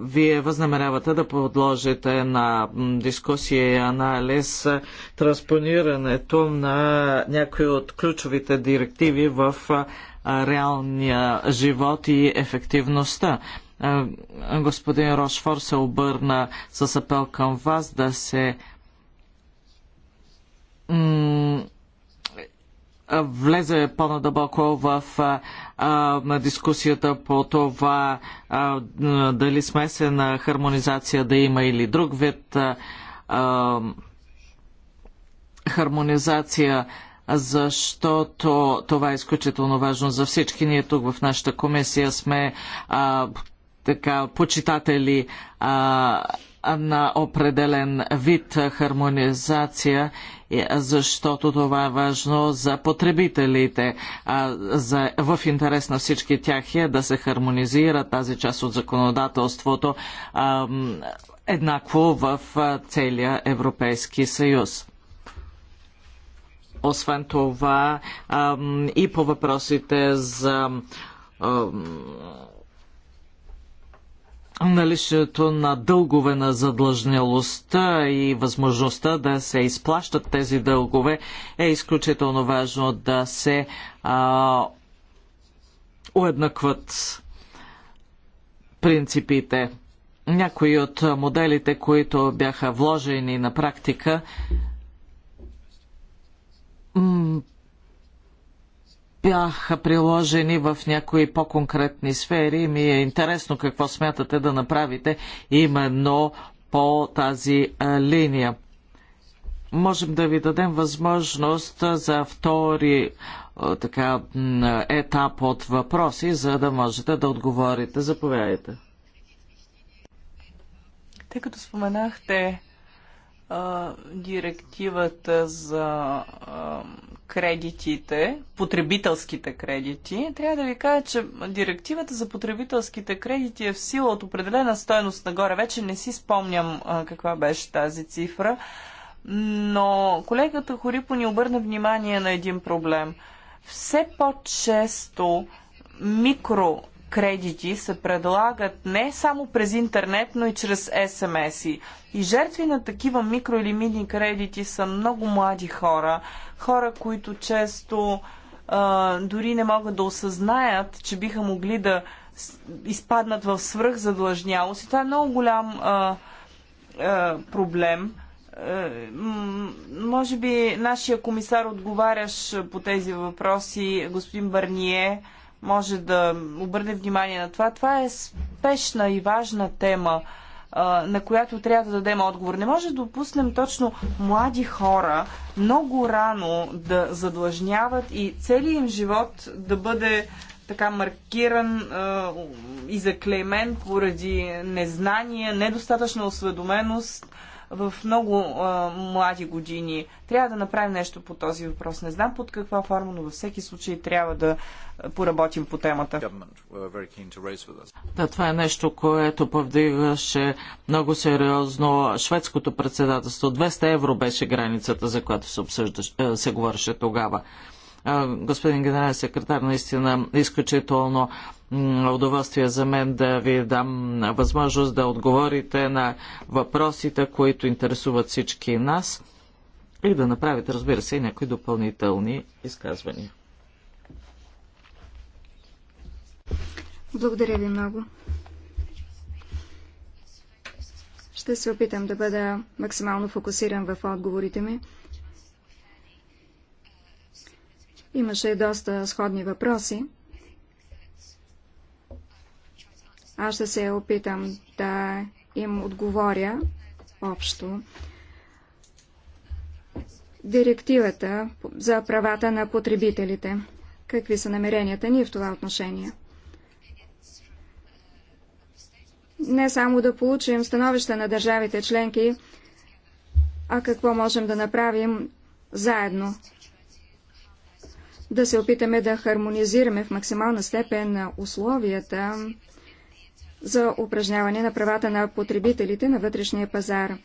вие възнамерявате да подложите на дискусия и анализ транспонирането на някои от ключовите директиви в реалния живот и ефективността. Господин Рошфор се обърна с апел към вас да се влезе по-надълбоко в а, а, дискусията по това а, дали смесена хармонизация да има или друг вид а, хармонизация защото това е изключително важно за всички. Ние тук в нашата комисия сме а, така почитатели а, на определен вид хармонизация, е, защото това е важно за потребителите. А, за, в интерес на всички тях е да се хармонизира тази част от законодателството а, еднакво в целия Европейски съюз. Освен това и по въпросите за наличието на дългове на задлъжнялостта и възможността да се изплащат тези дългове е изключително важно да се а, уеднакват принципите. Някои от моделите, които бяха вложени на практика, бяха приложени в някои по-конкретни сфери. Ми е интересно какво смятате да направите именно по тази линия. Можем да ви дадем възможност за втори така, етап от въпроси, за да можете да отговорите. Заповядайте. Тъй като споменахте а, директивата за а, кредитите, потребителските кредити, трябва да ви кажа, че директивата за потребителските кредити е в сила от определена стоеност нагоре. Вече не си спомням а, каква беше тази цифра, но колегата Хорипо ни обърна внимание на един проблем. Все по-често микро кредити се предлагат не само през интернет, но и чрез СМС-и. И жертви на такива микро или мини кредити са много млади хора, хора, които често а, дори не могат да осъзнаят, че биха могли да изпаднат в свръхзадлъжнялост. И това е много голям а, а, проблем може би нашия комисар отговаряш по тези въпроси, господин Барние, може да обърне внимание на това. Това е спешна и важна тема, на която трябва да дадем отговор. Не може да допуснем точно млади хора много рано да задлъжняват и целият им живот да бъде така маркиран и заклеймен поради незнание, недостатъчна осведоменост в много а, млади години. Трябва да направим нещо по този въпрос. Не знам под каква форма, но във всеки случай трябва да поработим по темата. Да, това е нещо, което повдигаше много сериозно шведското председателство. 200 евро беше границата, за която се, обсъждаш, е, се говореше тогава господин генерален секретар, наистина изключително удоволствие за мен да ви дам възможност да отговорите на въпросите, които интересуват всички нас и да направите, разбира се, и някои допълнителни изказвания. Благодаря ви много. Ще се опитам да бъда максимално фокусиран в отговорите ми. Имаше доста сходни въпроси. Аз ще се опитам да им отговоря общо. Директивата за правата на потребителите. Какви са намеренията ни в това отношение? Не само да получим становища на държавите членки, а какво можем да направим заедно да се опитаме да хармонизираме в максимална степен условията за упражняване на правата на потребителите на вътрешния пазар.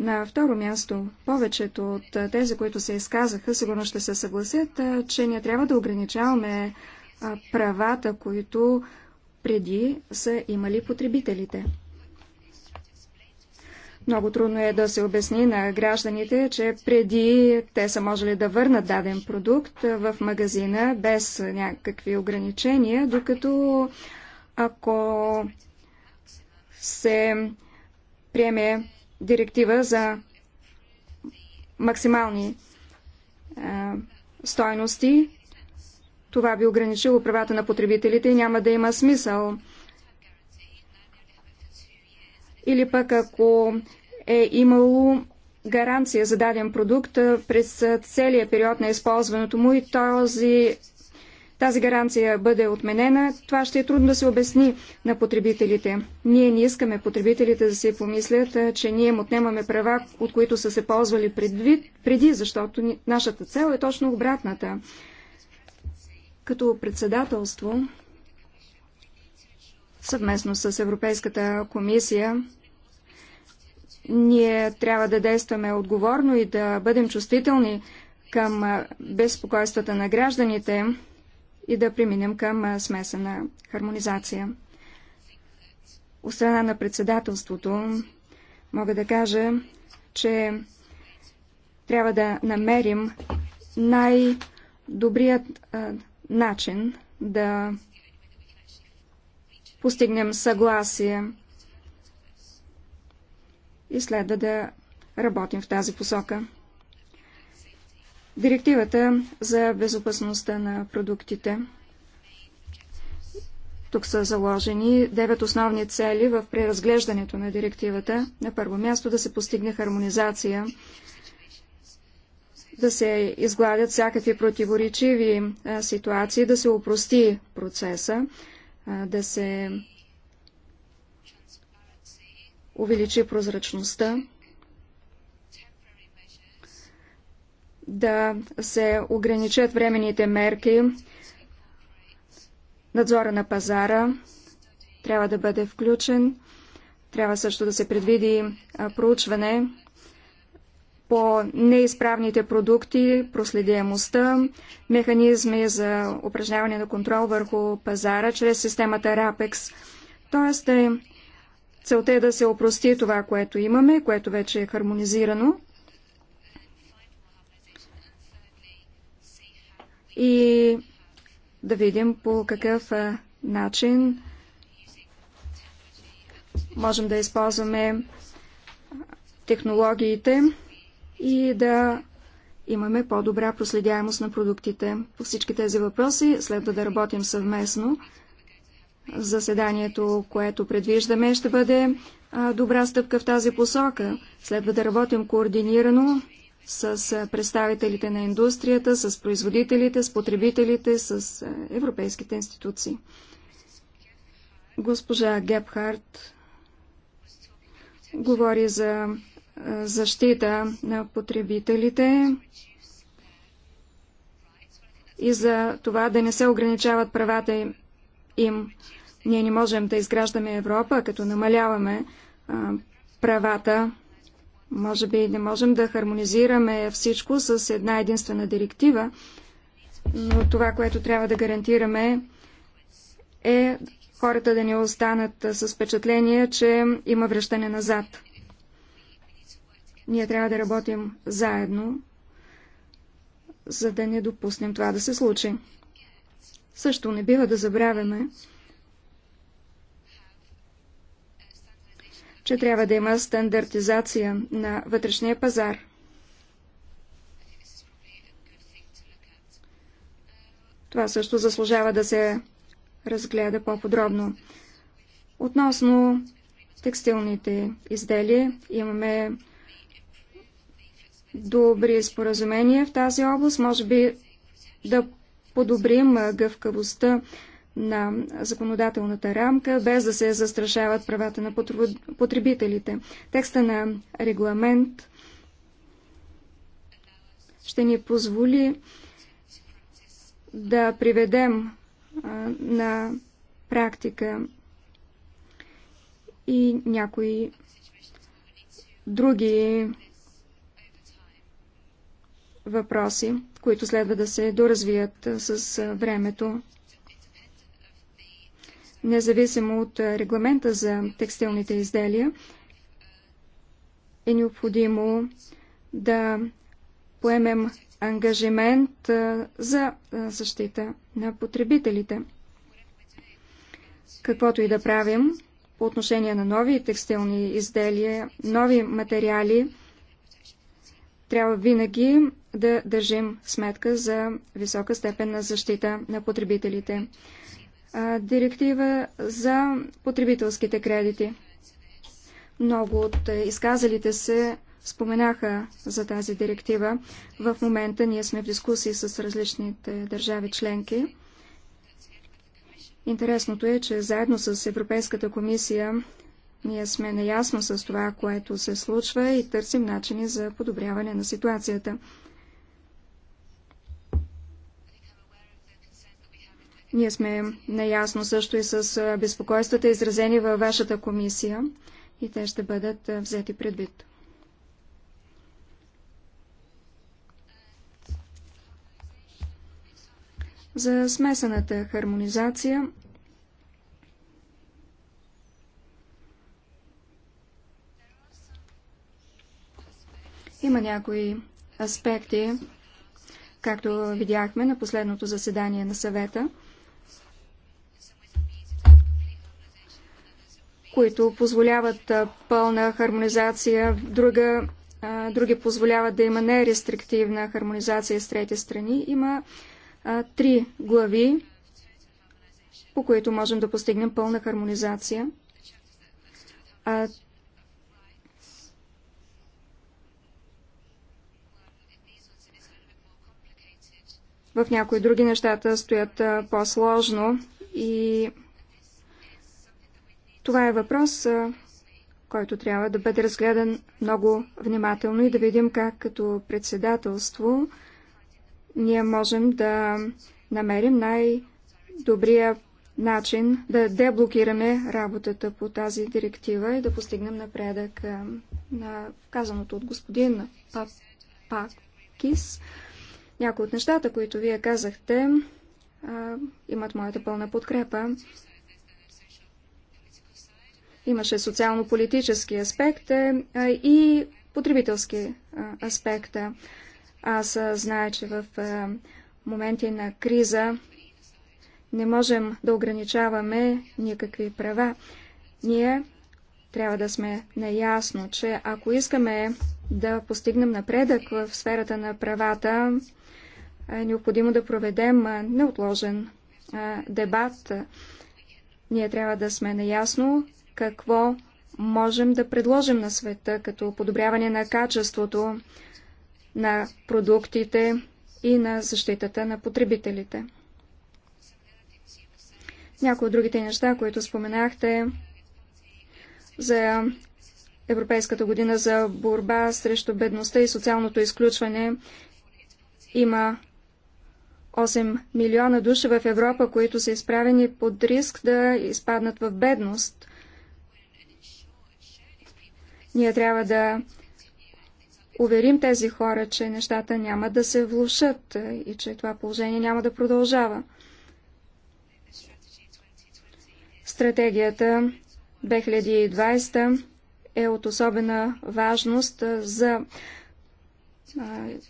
На второ място, повечето от тези, които се изказаха, сигурно ще се съгласят, че не трябва да ограничаваме правата, които преди са имали потребителите. Много трудно е да се обясни на гражданите, че преди те са можели да върнат даден продукт в магазина без някакви ограничения, докато ако се приеме директива за максимални е, стойности, това би ограничило правата на потребителите и няма да има смисъл или пък ако е имало гаранция за даден продукт през целия период на използването му и този, тази гаранция бъде отменена, това ще е трудно да се обясни на потребителите. Ние не искаме потребителите да си помислят, че ние им отнемаме права, от които са се ползвали предвид, преди, защото нашата цел е точно обратната. Като председателство, съвместно с Европейската комисия, ние трябва да действаме отговорно и да бъдем чувствителни към безпокойствата на гражданите и да преминем към смесена хармонизация. От страна на председателството мога да кажа, че трябва да намерим най-добрият начин да постигнем съгласие и следва да работим в тази посока. Директивата за безопасността на продуктите. Тук са заложени девет основни цели в преразглеждането на директивата. На първо място да се постигне хармонизация, да се изгладят всякакви противоречиви ситуации, да се упрости процеса, да се увеличи прозрачността, да се ограничат временните мерки, надзора на пазара трябва да бъде включен, трябва също да се предвиди проучване по неизправните продукти, проследяемостта, механизми за упражняване на контрол върху пазара чрез системата RAPEX. Тоест да е Целта е да се опрости това, което имаме, което вече е хармонизирано. И да видим по какъв начин можем да използваме технологиите и да имаме по-добра проследяемост на продуктите. По всички тези въпроси следва да работим съвместно. Заседанието, което предвиждаме, ще бъде добра стъпка в тази посока. Следва да работим координирано с представителите на индустрията, с производителите, с потребителите, с европейските институции. Госпожа Гепхарт говори за защита на потребителите и за това да не се ограничават правата им им. Ние не можем да изграждаме Европа, като намаляваме а, правата. Може би не можем да хармонизираме всичко с една единствена директива, но това, което трябва да гарантираме е хората да не останат с впечатление, че има връщане назад. Ние трябва да работим заедно, за да не допуснем това да се случи също не бива да забравяме, че трябва да има стандартизация на вътрешния пазар. Това също заслужава да се разгледа по-подробно. Относно текстилните изделия, имаме добри споразумения в тази област. Може би да подобрим гъвкавостта на законодателната рамка, без да се застрашават правата на потребителите. Текста на регламент ще ни позволи да приведем на практика и някои други въпроси, които следва да се доразвият с времето. Независимо от регламента за текстилните изделия, е необходимо да поемем ангажимент за защита на потребителите. Каквото и да правим по отношение на нови текстилни изделия, нови материали – трябва винаги да държим сметка за висока степен на защита на потребителите. Директива за потребителските кредити. Много от изказалите се споменаха за тази директива. В момента ние сме в дискусии с различните държави членки. Интересното е, че заедно с Европейската комисия ние сме наясно с това, което се случва и търсим начини за подобряване на ситуацията. Ние сме наясно също и с безпокойствата, изразени във вашата комисия, и те ще бъдат взети предвид. За смесената хармонизация Има някои аспекти, както видяхме на последното заседание на съвета, които позволяват пълна хармонизация, друга, други позволяват да има нерестриктивна хармонизация с трети страни. Има а, три глави, по които можем да постигнем пълна хармонизация. А, В някои други нещата стоят по-сложно и това е въпрос, който трябва да бъде разгледан много внимателно и да видим как като председателство ние можем да намерим най-добрия начин да деблокираме работата по тази директива и да постигнем напредък на казаното от господин Пакис. Някои от нещата, които вие казахте, имат моята пълна подкрепа. Имаше социално-политически аспект е, и потребителски аспект. Аз знае, че в моменти на криза не можем да ограничаваме никакви права. Ние трябва да сме наясно, че ако искаме да постигнем напредък в сферата на правата, е необходимо да проведем е, неотложен е, дебат. Ние трябва да сме наясно какво можем да предложим на света като подобряване на качеството на продуктите и на защитата на потребителите. Някои от другите неща, които споменахте за Европейската година за борба срещу бедността и социалното изключване, има 8 милиона души в Европа, които са изправени под риск да изпаднат в бедност. Ние трябва да уверим тези хора, че нещата няма да се влушат и че това положение няма да продължава. Стратегията 2020 е от особена важност за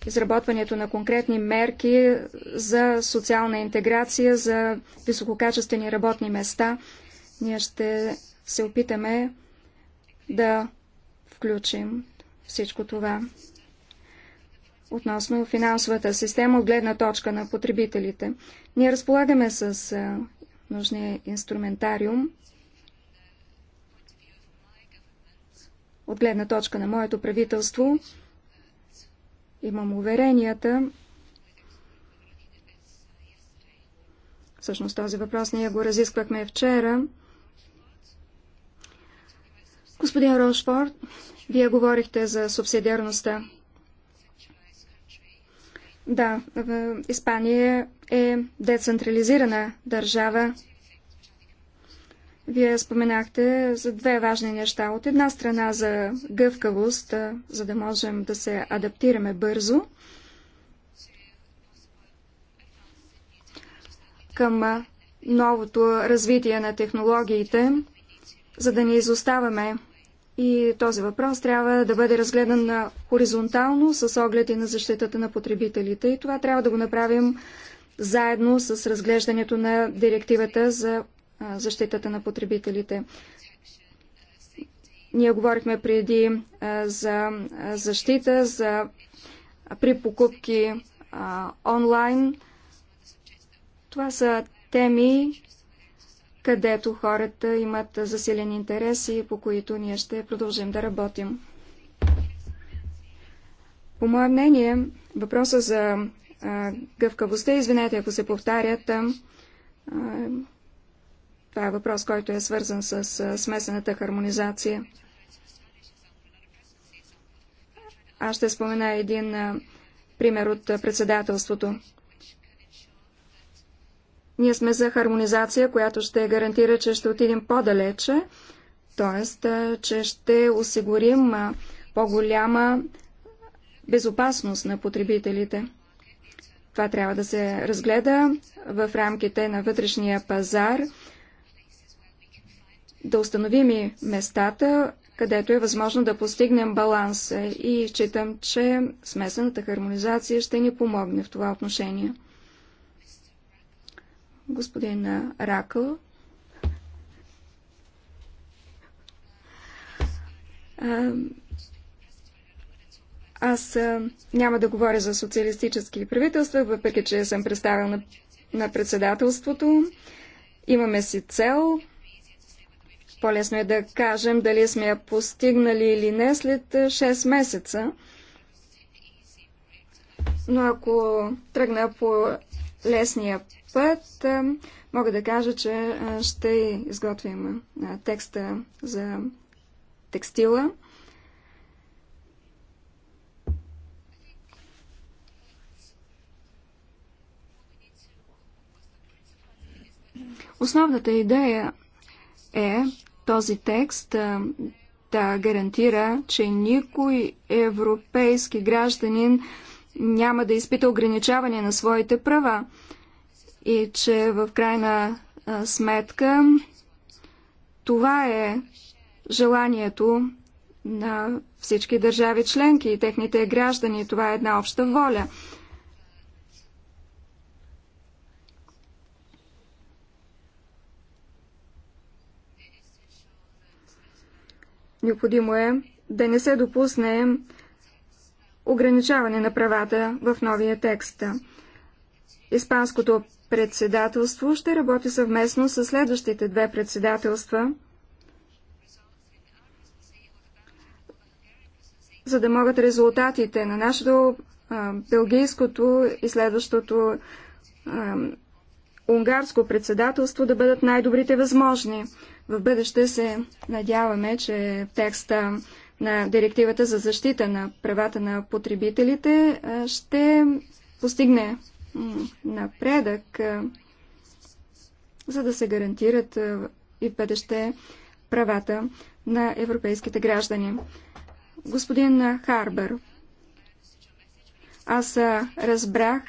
изработването на конкретни мерки за социална интеграция, за висококачествени работни места. Ние ще се опитаме да включим всичко това. Относно финансовата система от гледна точка на потребителите, ние разполагаме с нужния инструментариум. От гледна точка на моето правителство, Имам уверенията. Всъщност този въпрос ние го разисквахме вчера. Господин Рошфорд, вие говорихте за субсидиарността. Да, Испания е децентрализирана държава, вие споменахте за две важни неща. От една страна за гъвкавост, за да можем да се адаптираме бързо към новото развитие на технологиите, за да не изоставаме. И този въпрос трябва да бъде разгледан на хоризонтално с оглед и на защитата на потребителите. И това трябва да го направим заедно с разглеждането на директивата за защитата на потребителите. Ние говорихме преди за защита, за при покупки онлайн. Това са теми, където хората имат засилен интерес и по които ние ще продължим да работим. По мое мнение, въпроса за гъвкавостта, извинете ако се повтарят, това е въпрос, който е свързан с смесената хармонизация. Аз ще спомена един пример от председателството. Ние сме за хармонизация, която ще гарантира, че ще отидем по-далече, т.е. че ще осигурим по-голяма безопасност на потребителите. Това трябва да се разгледа в рамките на вътрешния пазар, да установим и местата, където е възможно да постигнем баланс и считам, че смесената хармонизация ще ни помогне в това отношение. Господин Ракъл. Аз няма да говоря за социалистически правителства, въпреки че съм представил на, на председателството. Имаме си цел по-лесно е да кажем дали сме я постигнали или не след 6 е, месеца. Но ако тръгна по лесния път, е, мога да кажа, че е, ще изготвим текста за текстила. Основната идея е, този текст да гарантира, че никой европейски гражданин няма да изпита ограничаване на своите права и че в крайна сметка това е желанието на всички държави членки и техните граждани. Това е една обща воля. Необходимо е да не се допусне ограничаване на правата в новия текст. Испанското председателство ще работи съвместно с следващите две председателства, за да могат резултатите на нашето а, белгийското и следващото а, унгарско председателство да бъдат най-добрите възможни. В бъдеще се надяваме, че текста на директивата за защита на правата на потребителите ще постигне напредък, за да се гарантират и бъдеще правата на европейските граждани. Господин Харбър, аз разбрах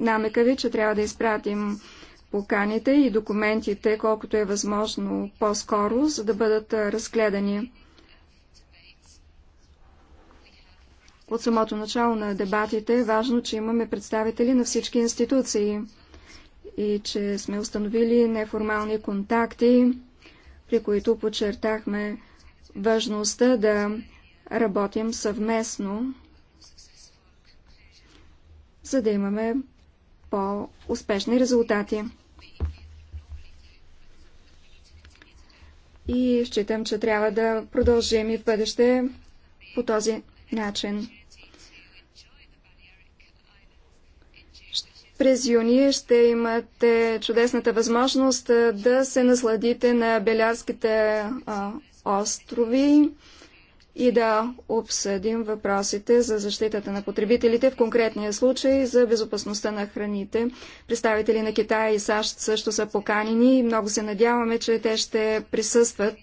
намека ви, че трябва да изпратим поканите и документите, колкото е възможно по-скоро, за да бъдат разгледани. От самото начало на дебатите е важно, че имаме представители на всички институции и че сме установили неформални контакти, при които подчертахме важността да работим съвместно, за да имаме по-успешни резултати. и считам, че трябва да продължим и в бъдеще по този начин. През юни ще имате чудесната възможност да се насладите на Белярските острови и да обсъдим въпросите за защитата на потребителите, в конкретния случай за безопасността на храните. Представители на Китай и САЩ също са поканени и много се надяваме, че те ще присъстват,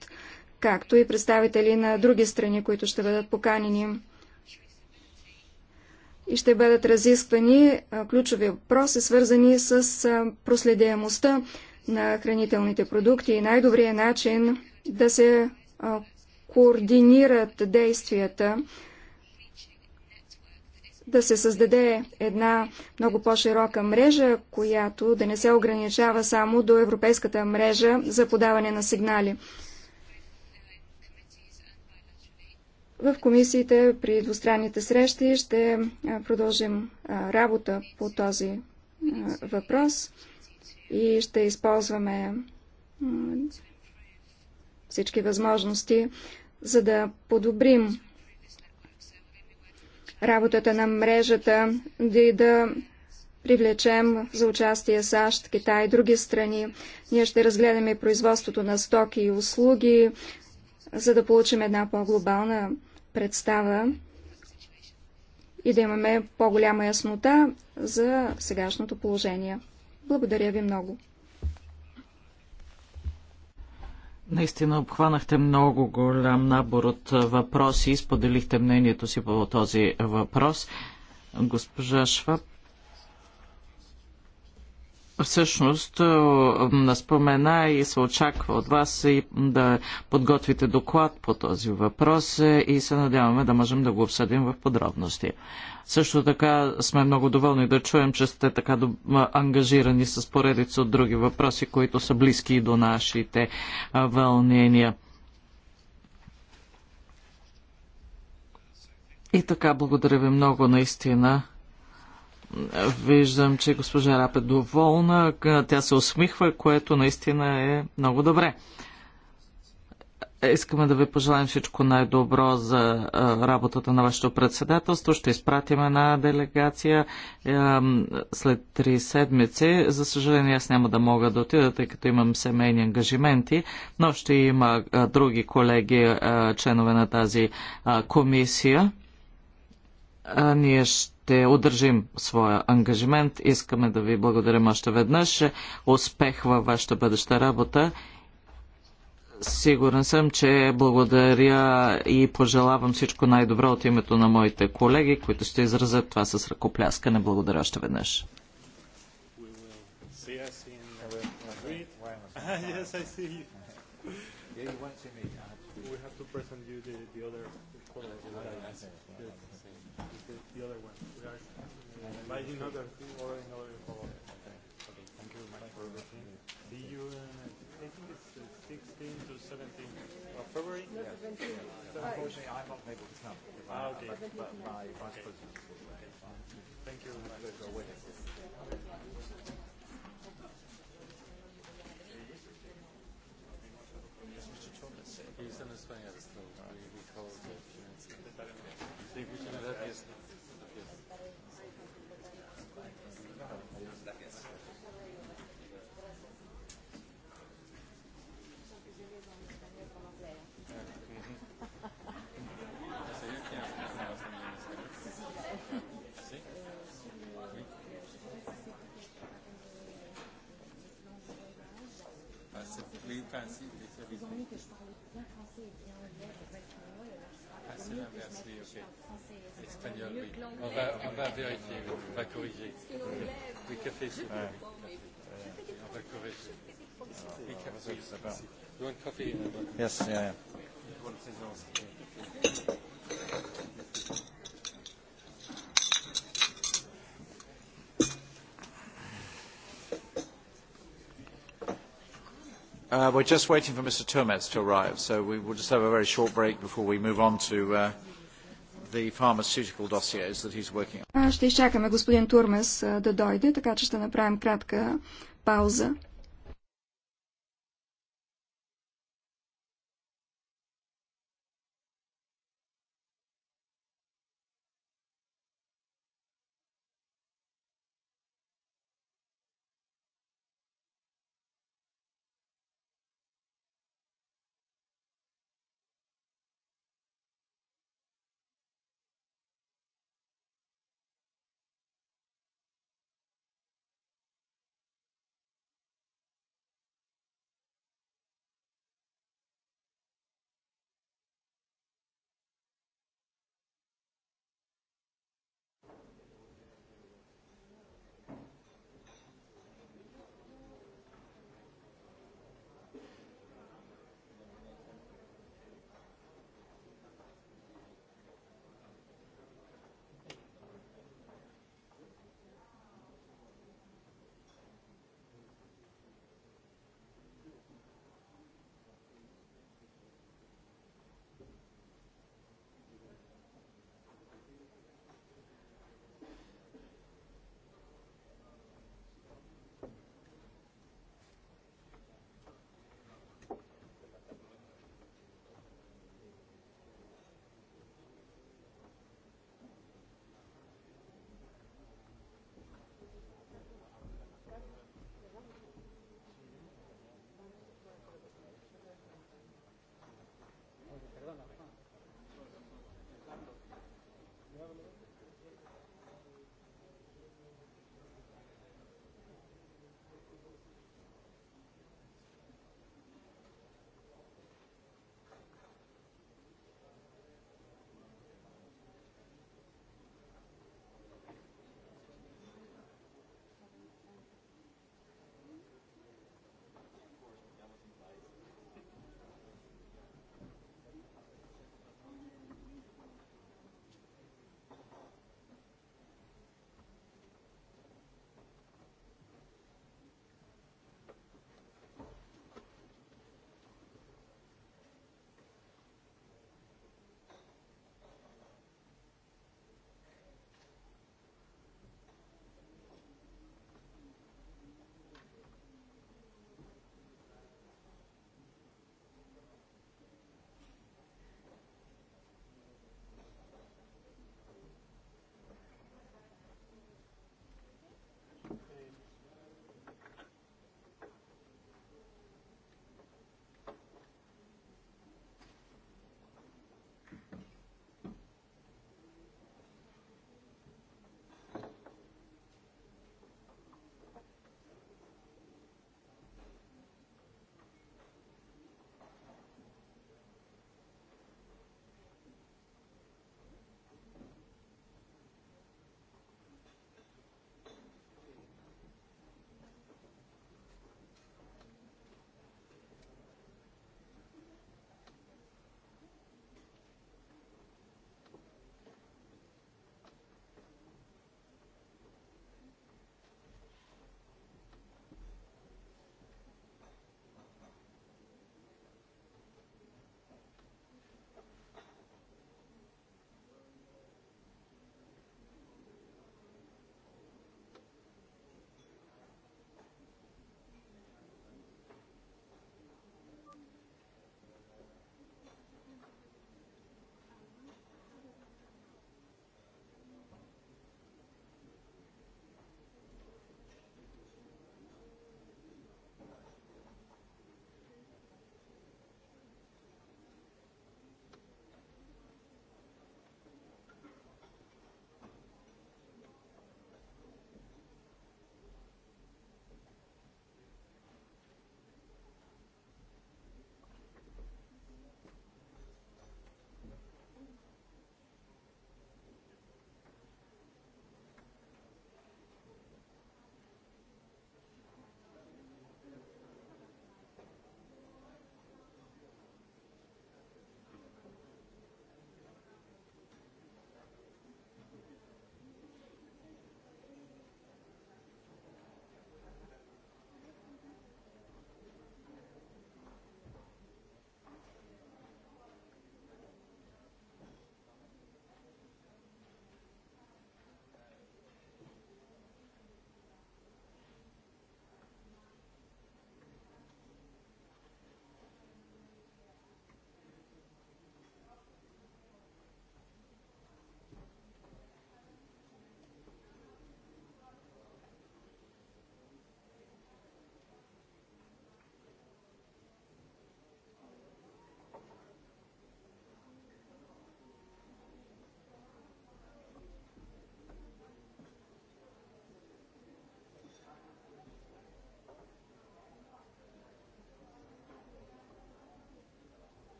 както и представители на други страни, които ще бъдат поканени. И ще бъдат разисквани ключови въпроси, свързани с проследяемостта на хранителните продукти и най-добрият начин да се координират действията, да се създаде една много по-широка мрежа, която да не се ограничава само до европейската мрежа за подаване на сигнали. В комисиите при двустранните срещи ще продължим работа по този въпрос и ще използваме всички възможности за да подобрим работата на мрежата, да и да привлечем за участие САЩ, Китай и други страни. Ние ще разгледаме производството на стоки и услуги, за да получим една по-глобална представа и да имаме по-голяма яснота за сегашното положение. Благодаря ви много. Наистина обхванахте много голям набор от въпроси и споделихте мнението си по този въпрос. Госпожа Шваб, всъщност спомена и се очаква от вас и да подготвите доклад по този въпрос е, и се надяваме да можем да го обсъдим в подробности. Също така сме много доволни да чуем, че сте така ангажирани с поредица от други въпроси, които са близки и до нашите вълнения. И така, благодаря ви много наистина. Виждам, че госпожа Рап е доволна, тя се усмихва, което наистина е много добре. Искаме да ви пожелаем всичко най-добро за работата на вашето председателство. Ще изпратим една делегация след три седмици. За съжаление, аз няма да мога да отида, тъй като имам семейни ангажименти, но ще има други колеги, членове на тази комисия. Ние ще удържим своя ангажимент. Искаме да ви благодарим още веднъж. Успех във вашата бъдеща работа Сигурен съм, че благодаря и пожелавам всичко най-добро от името на моите колеги, които ще изразят това с ръкопляскане. Благодаря още веднъж. you. [LAUGHS] know, February? yes. So unfortunately, I'm not able to come. Because I, okay. But my vice president will Thank you very much. Espagnol, oui. On va, on va vérifier, oui. on va corriger. Oui, café, On va corriger. Oui, café, You want coffee? Yes, yeah, Uh, we're just waiting for Mr. Turmetz to arrive, so we will just have a very short break before we move on to uh, the pharmaceutical dossiers that he's working on. Ще изчакаме господин Турмес да дойде, така че ще направим кратка пауза.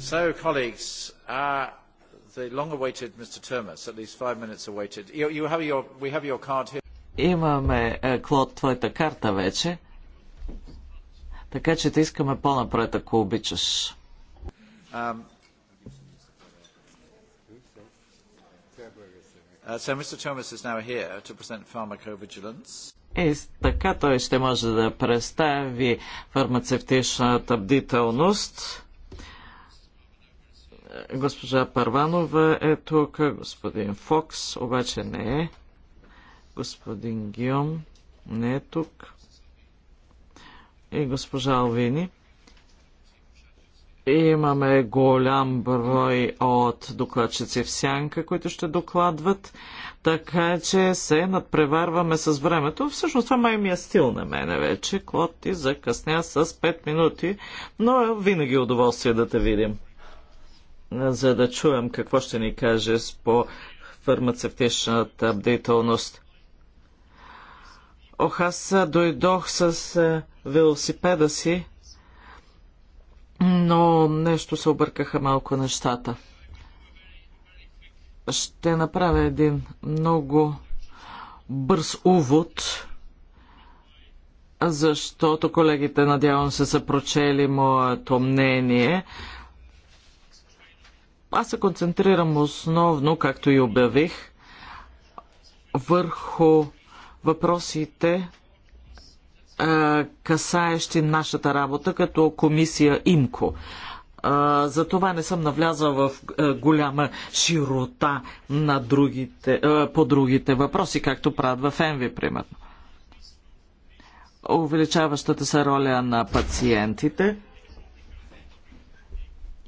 So, colleagues, uh, the long-awaited Mr. Termas, at least five minutes awaited. You, you have your, we have your card here. Имаме, Клод, твоята карта вече. Така че те искаме по-напред, ако обичаш. Um, uh, so Mr. Thomas is now here to present pharmacovigilance. И така той ще може да представи фармацевтичната бдителност Госпожа Парванова е тук, господин Фокс обаче не е. Господин Гиом не е тук. И госпожа Алвини. Имаме голям брой от докладчици в сянка, които ще докладват, така че се надпреварваме с времето. Всъщност това май ми е стил на мене вече. Клод ти закъсня с 5 минути, но е винаги удоволствие да те видим за да чуем какво ще ни каже по фармацевтичната бдителност. Ох, аз дойдох с е, велосипеда си, но нещо се объркаха малко нещата. Ще направя един много бърз увод, защото колегите, надявам се, са прочели моето мнение аз се концентрирам основно, както и обявих, върху въпросите, касаещи нашата работа като комисия ИМКО. За това не съм навлязал в голяма широта на другите, по другите въпроси, както правят в ЕНВИ, примерно. Увеличаващата се роля на пациентите –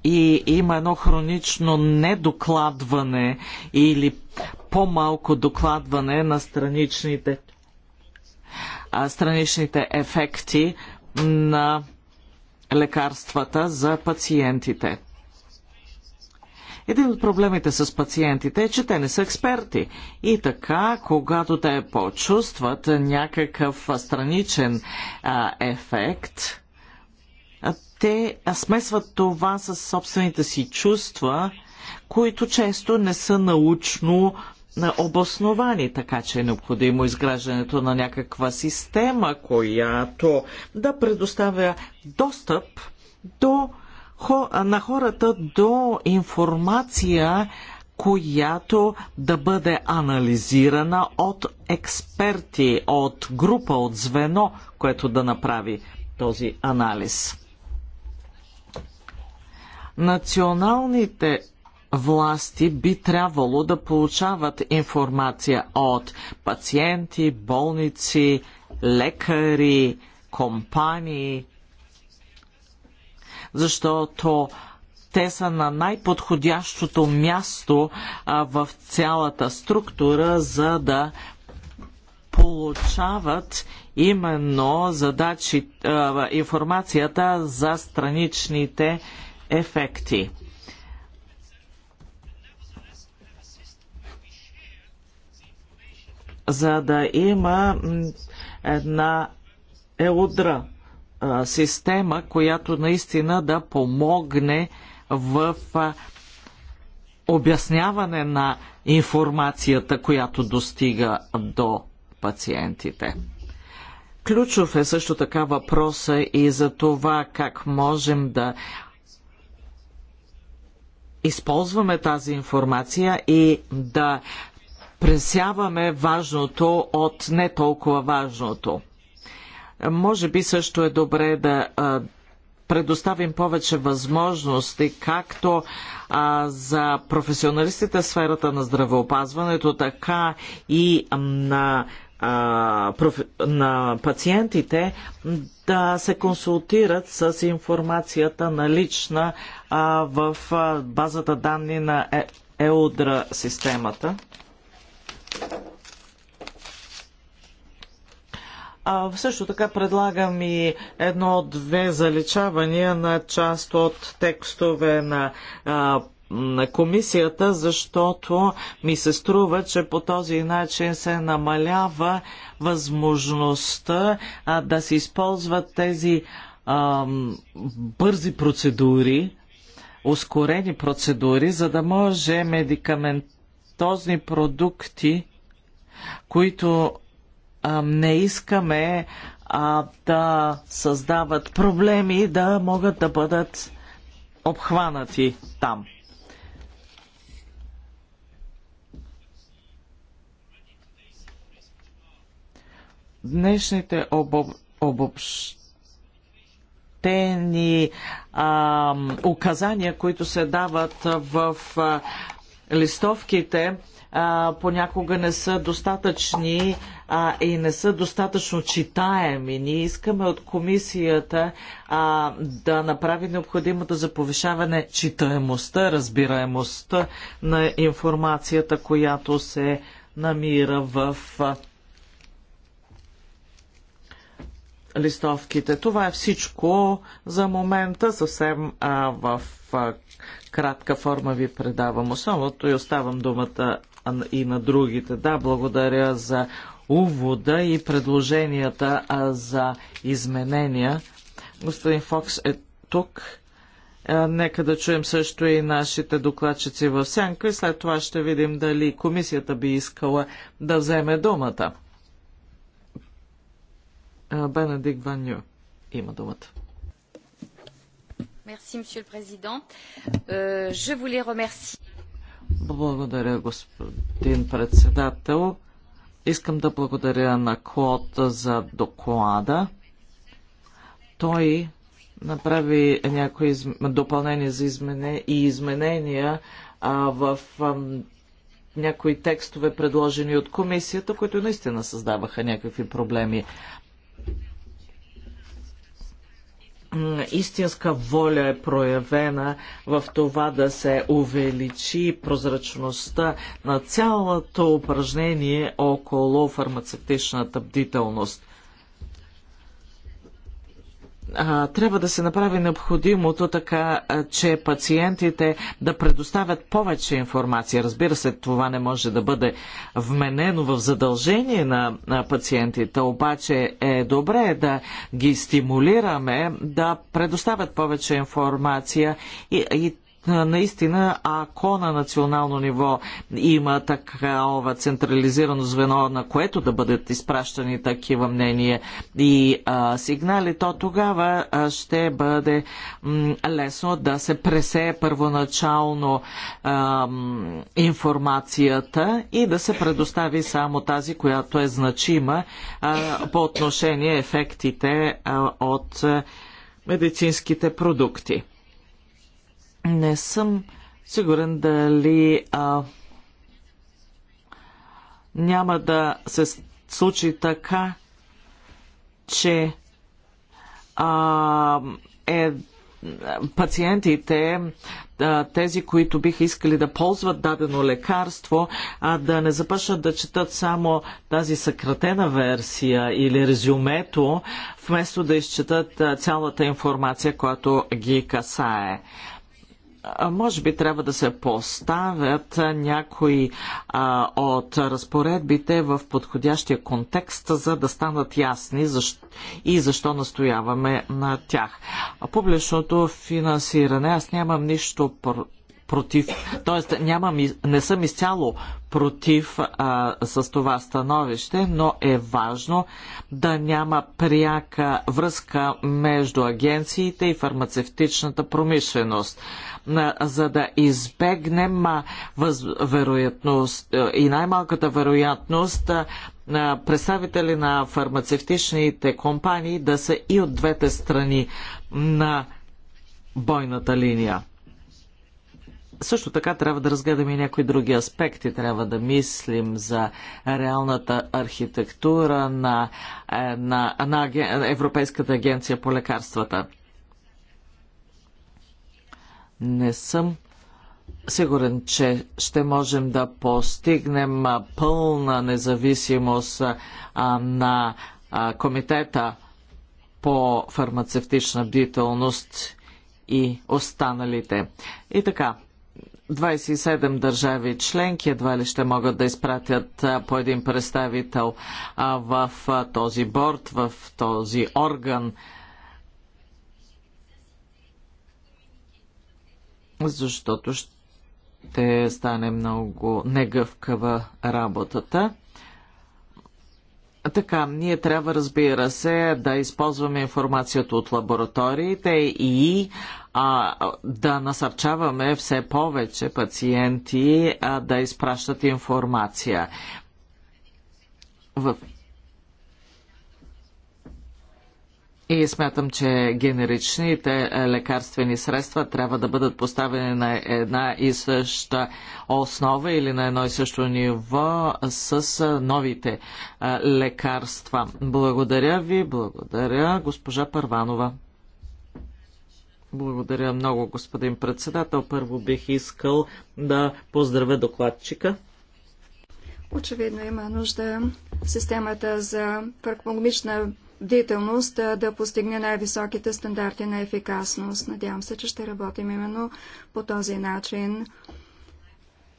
и има едно хронично недокладване или по-малко докладване на страничните, а, страничните ефекти на лекарствата за пациентите. Един от проблемите с пациентите е, че те не са експерти. И така, когато те почувстват някакъв страничен а, ефект, те смесват това с собствените си чувства, които често не са научно обосновани, така че е необходимо изграждането на някаква система, която да предоставя достъп до, на хората до информация, която да бъде анализирана от експерти, от група, от звено, което да направи този анализ националните власти би трябвало да получават информация от пациенти, болници, лекари, компании, защото те са на най-подходящото място а, в цялата структура, за да получават именно задачи, а, информацията за страничните ефекти. За да има една еудра система, която наистина да помогне в обясняване на информацията, която достига до пациентите. Ключов е също така въпроса и за това как можем да използваме тази информация и да пресяваме важното от не толкова важното. Може би също е добре да предоставим повече възможности, както а, за професионалистите в сферата на здравеопазването, така и на на пациентите да се консултират с информацията налична в базата данни на е, ЕУДРА системата. А, също така предлагам и едно-две заличавания на част от текстове на а, на комисията, защото ми се струва, че по този начин се намалява възможността а, да се използват тези а, бързи процедури, ускорени процедури, за да може медикаментозни продукти, които а, не искаме а, да създават проблеми, да могат да бъдат обхванати там. днешните обоб... обобщени а, указания, които се дават в а, листовките, а, понякога не са достатъчни а, и не са достатъчно читаеми. Ние искаме от комисията а, да направи необходимото за повишаване читаемостта, разбираемостта на информацията, която се намира в а, листовките. Това е всичко за момента. Съвсем а, в а, кратка форма ви предавам основното и оставам думата и на другите. Да, благодаря за увода и предложенията а, за изменения. Господин Фокс е тук. А, нека да чуем също и нашите докладчици в сянка и след това ще видим дали комисията би искала да вземе думата. Бенедик Ваню има думата. Merci, monsieur le président. Euh, je voulais remercier. Благодаря, господин председател. Искам да благодаря на Клод за доклада. Той направи някои из... допълнения за измене... и изменения а, в а, някои текстове, предложени от комисията, които наистина създаваха някакви проблеми истинска воля е проявена в това да се увеличи прозрачността на цялото упражнение около фармацевтичната бдителност трябва да се направи необходимото така, че пациентите да предоставят повече информация. Разбира се, това не може да бъде вменено в задължение на, на пациентите, обаче е добре да ги стимулираме да предоставят повече информация и, и наистина, ако на национално ниво има такава централизирано звено, на което да бъдат изпращани такива мнения и а, сигнали, то тогава ще бъде м, лесно да се пресее първоначално а, информацията и да се предостави само тази, която е значима а, по отношение ефектите а, от медицинските продукти. Не съм сигурен дали а, няма да се случи така, че а, е, пациентите, тези, които биха искали да ползват дадено лекарство, а да не започнат да четат само тази съкратена версия или резюмето, вместо да изчетат цялата информация, която ги касае може би трябва да се поставят някои а, от разпоредбите в подходящия контекст, за да станат ясни защо, и защо настояваме на тях. Публичното финансиране, аз нямам нищо против, т.е. не съм изцяло против а, с това становище, но е важно да няма пряка връзка между агенциите и фармацевтичната промишленост, а, за да избегнем а, въз, вероятност а, и най-малката вероятност а, а, представители на фармацевтичните компании да са и от двете страни на бойната линия също така трябва да разгледаме и някои други аспекти. Трябва да мислим за реалната архитектура на, е, на, на Европейската агенция по лекарствата. Не съм сигурен, че ще можем да постигнем пълна независимост на комитета по фармацевтична бдителност и останалите. И така, 27 държави членки едва ли ще могат да изпратят по един представител в този борт, в този орган. Защото ще стане много негъвкава работата. Така, ние трябва, разбира се, да използваме информацията от лабораториите и а, да насърчаваме все повече пациенти а, да изпращат информация. В... И смятам, че генеричните е, лекарствени средства трябва да бъдат поставени на една и съща основа или на едно и също ниво с е, новите е, лекарства. Благодаря ви, благодаря госпожа Първанова. Благодаря много, господин председател. Първо бих искал да поздравя докладчика. Очевидно има нужда системата за паркологична деятелност да постигне най-високите стандарти на ефикасност. Надявам се, че ще работим именно по този начин.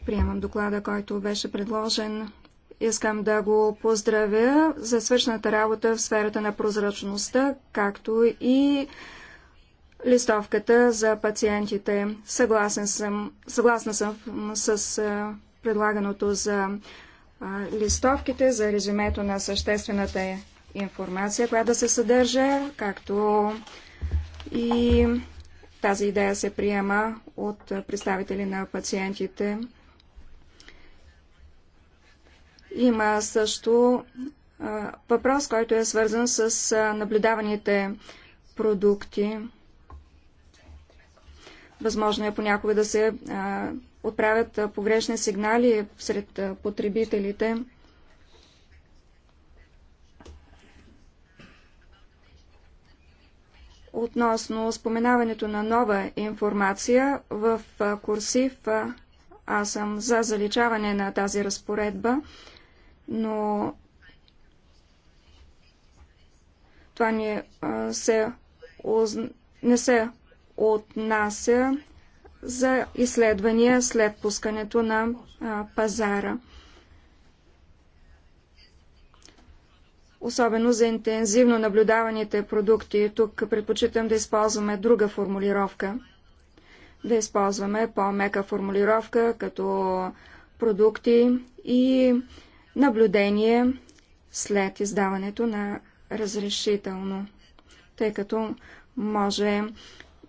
Приемам доклада, който беше предложен. Искам да го поздравя за свършната работа в сферата на прозрачността, както и листовката за пациентите. Съгласен съм, съгласна съм с предлаганото за листовките, за резюмето на съществената информация, която да се съдържа, както и тази идея се приема от представители на пациентите. Има също въпрос, който е свързан с наблюдаваните продукти. Възможно е понякога да се а, отправят погрешни сигнали сред потребителите. Относно споменаването на нова информация в курсив, аз съм за заличаване на тази разпоредба, но това не се, не се отнася за изследвания след пускането на а, пазара. Особено за интензивно наблюдаваните продукти, тук предпочитам да използваме друга формулировка. Да използваме по-мека формулировка, като продукти и наблюдение след издаването на разрешително, тъй като може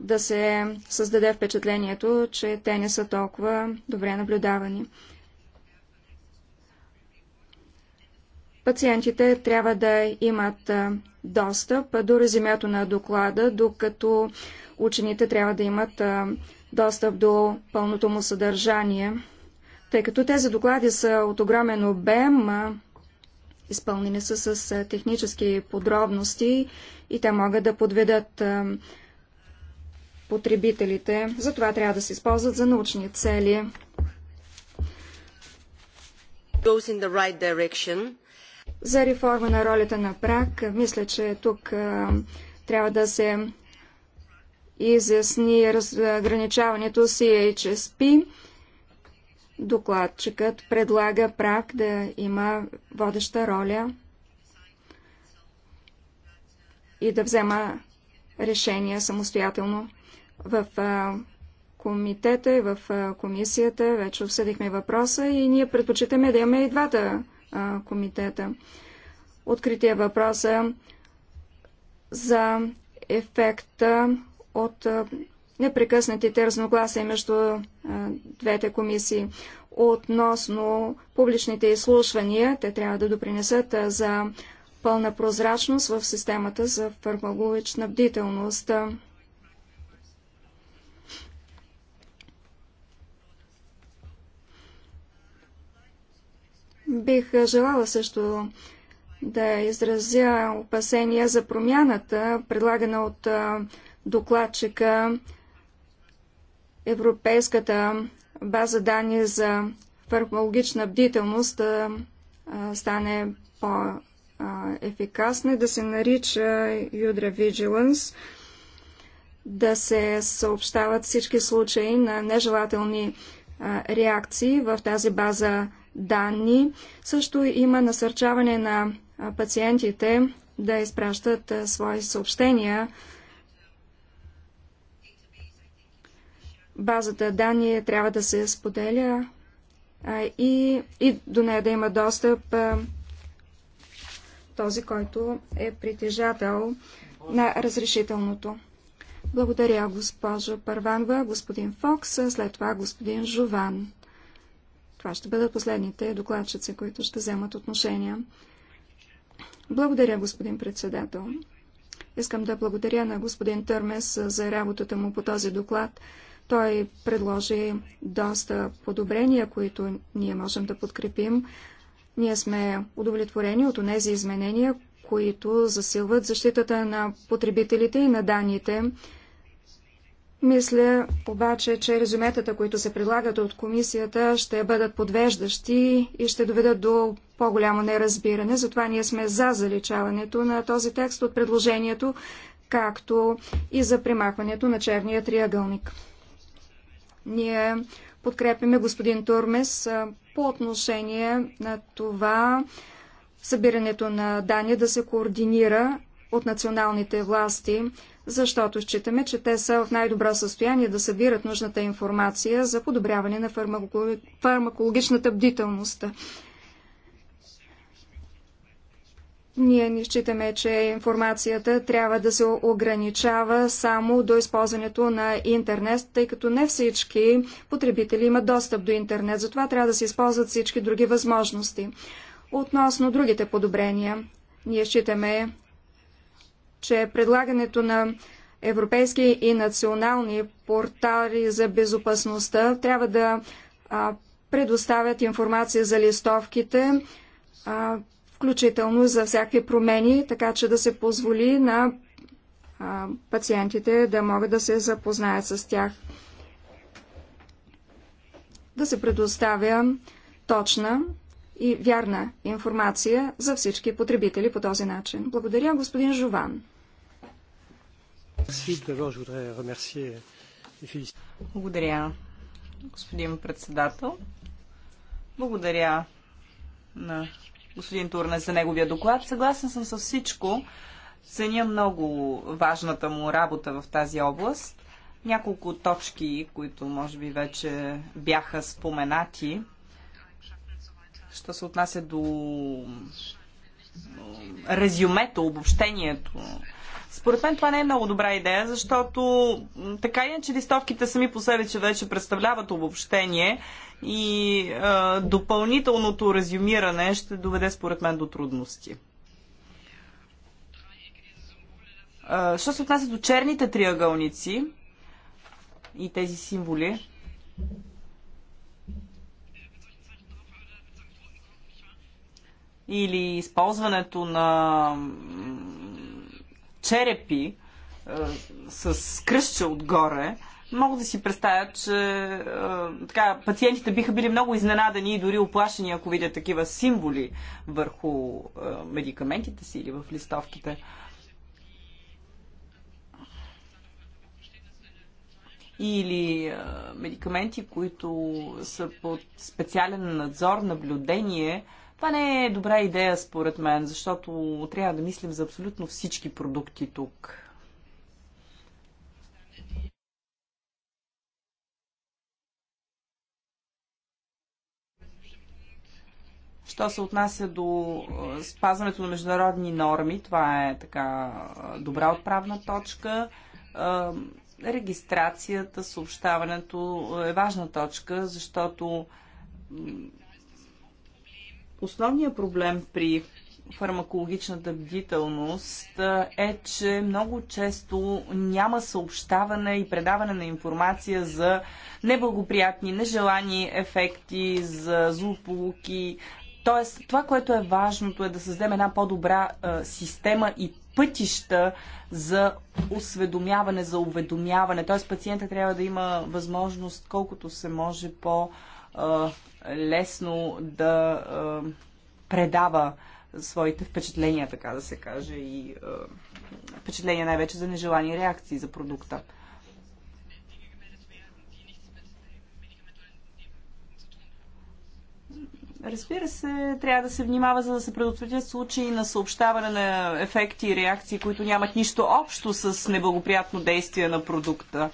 да се създаде впечатлението, че те не са толкова добре наблюдавани. Пациентите трябва да имат достъп до резюмето на доклада, докато учените трябва да имат достъп до пълното му съдържание. Тъй като тези доклади са от огромен обем, изпълнени са с технически подробности и те могат да подведат потребителите. Затова трябва да се използват за научни цели. Right за реформа на ролята на прак, мисля, че тук трябва да се изясни разграничаването CHSP. Докладчикът предлага прак да има водеща роля и да взема решения самостоятелно. В комитета и в комисията вече обсъдихме въпроса и ние предпочитаме да имаме и двата комитета. Открития е въпроса за ефекта от непрекъснатите разногласия между двете комисии относно публичните изслушвания. Те трябва да допринесат за пълна прозрачност в системата за фармакологична бдителност. Бих желала също да изразя опасения за промяната, предлагана от докладчика Европейската база данни за фармологична бдителност да стане по-ефикасна и да се нарича Юдра Vigilance, да се съобщават всички случаи на нежелателни реакции в тази база данни. Също има насърчаване на пациентите да изпращат свои съобщения. Базата данни трябва да се споделя и, и до нея да има достъп този, който е притежател на разрешителното. Благодаря, госпожо Парванва, господин Фокс, след това господин Жован. Това ще бъдат последните докладчици, които ще вземат отношения. Благодаря, господин председател. Искам да благодаря на господин Търмес за работата му по този доклад. Той предложи доста подобрения, които ние можем да подкрепим. Ние сме удовлетворени от тези изменения, които засилват защитата на потребителите и на данните. Мисля обаче, че резюметата, които се предлагат от комисията, ще бъдат подвеждащи и ще доведат до по-голямо неразбиране. Затова ние сме за заличаването на този текст от предложението, както и за примахването на черния триъгълник. Ние подкрепяме господин Турмес по отношение на това събирането на данни да се координира от националните власти, защото считаме, че те са в най-добро състояние да събират нужната информация за подобряване на фармакологичната бдителност. Ние не считаме, че информацията трябва да се ограничава само до използването на интернет, тъй като не всички потребители имат достъп до интернет. Затова трябва да се използват всички други възможности. Относно другите подобрения, ние считаме, че предлагането на европейски и национални портали за безопасността трябва да а, предоставят информация за листовките, а, включително за всякакви промени, така че да се позволи на а, пациентите да могат да се запознаят с тях. Да се предоставя точна и вярна информация за всички потребители по този начин. Благодаря, господин Жован. Благодаря, господин председател. Благодаря на господин Турне за неговия доклад. Съгласен съм с всичко. Ценя много важната му работа в тази област. Няколко точки, които може би вече бяха споменати, що се отнася до резюмето, обобщението според мен това не е много добра идея, защото така иначе листовките сами по себе че вече представляват обобщение и а, допълнителното резюмиране ще доведе според мен до трудности. А, що се отнася до черните триъгълници и тези символи, или използването на черепи е, с кръща отгоре, мога да си представя, че е, така, пациентите биха били много изненадани и дори оплашени, ако видят такива символи върху е, медикаментите си или в листовките. или медикаменти, които са под специален надзор, наблюдение, това не е добра идея, според мен, защото трябва да мислим за абсолютно всички продукти тук. Що се отнася до спазването на международни норми, това е така добра отправна точка. Регистрацията, съобщаването е важна точка, защото Основният проблем при фармакологичната бдителност е, че много често няма съобщаване и предаване на информация за неблагоприятни, нежелани ефекти, за злополуки. Тоест, това, което е важното е да създадем една по-добра система и пътища за осведомяване, за уведомяване. Т.е. пациента трябва да има възможност колкото се може по- лесно да предава своите впечатления, така да се каже, и впечатления най-вече за нежелани реакции за продукта. Разбира се, трябва да се внимава, за да се предотвратят случаи на съобщаване на ефекти и реакции, които нямат нищо общо с неблагоприятно действие на продукта.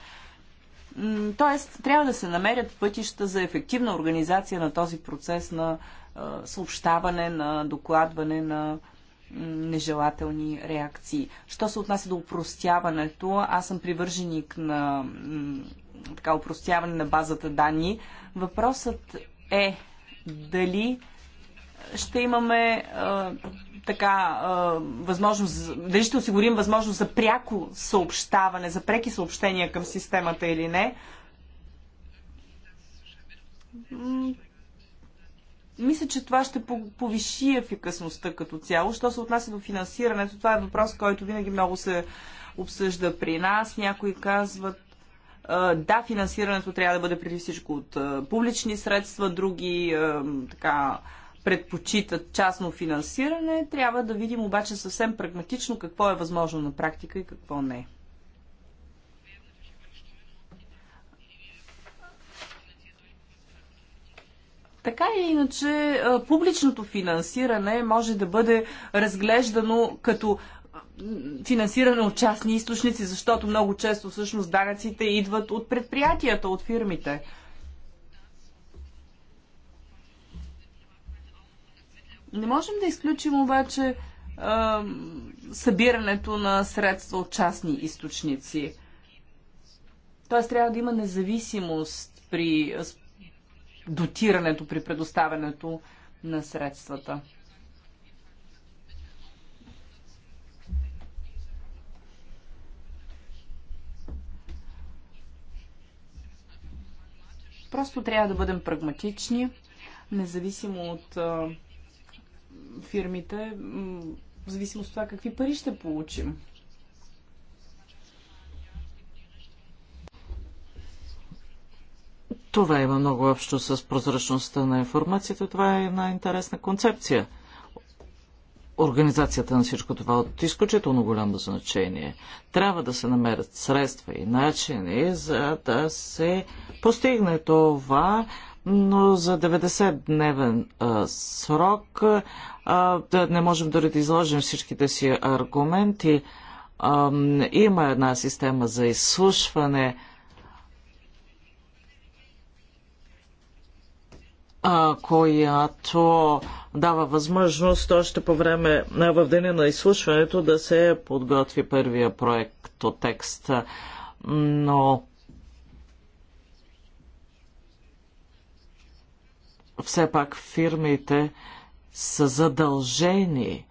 Тоест, трябва да се намерят пътища за ефективна организация на този процес на съобщаване, на докладване на нежелателни реакции. Що се отнася до упростяването, аз съм привърженик на така упростяване на базата данни. Въпросът е дали ще имаме така възможност, дали ще осигурим възможност за пряко съобщаване, за преки съобщения към системата или не. Мисля, че това ще повиши ефикасността като цяло. Що се отнася до финансирането, това е въпрос, който винаги много се обсъжда при нас. Някои казват, да, финансирането трябва да бъде преди всичко от публични средства, други така предпочитат частно финансиране. Трябва да видим обаче съвсем прагматично какво е възможно на практика и какво не. Така и иначе, публичното финансиране може да бъде разглеждано като финансиране от частни източници, защото много често всъщност данъците идват от предприятията, от фирмите. Не можем да изключим обаче а, събирането на средства от частни източници. Тоест трябва да има независимост при дотирането, при предоставянето на средствата. Просто трябва да бъдем прагматични, независимо от фирмите, в зависимост от това какви пари ще получим. Това има много общо с прозрачността на информацията. Това е една интересна концепция. Организацията на всичко това е от изключително голямо значение. Трябва да се намерят средства и начини, за да се постигне това но за 90-дневен срок а, да не можем дори да изложим всичките си аргументи. А, има една система за изслушване, която дава възможност още по време в деня на изслушването да се подготви първия проект от текст. Но все пак фирмите са задължени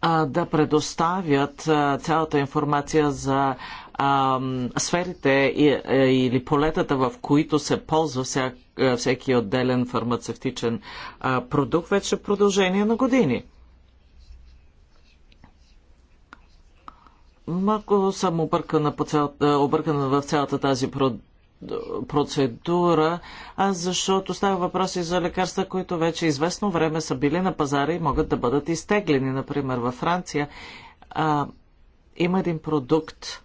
а, да предоставят а, цялата информация за а, сферите и, а, е, или полетата, в които се ползва а, е, всеки отделен фармацевтичен а, продукт вече в продължение на години. Малко съм объркана, по цял, е, объркана в цялата тази продукция процедура, а защото става въпрос и за лекарства, които вече известно време са били на пазара и могат да бъдат изтеглени. Например, във Франция а, има един продукт,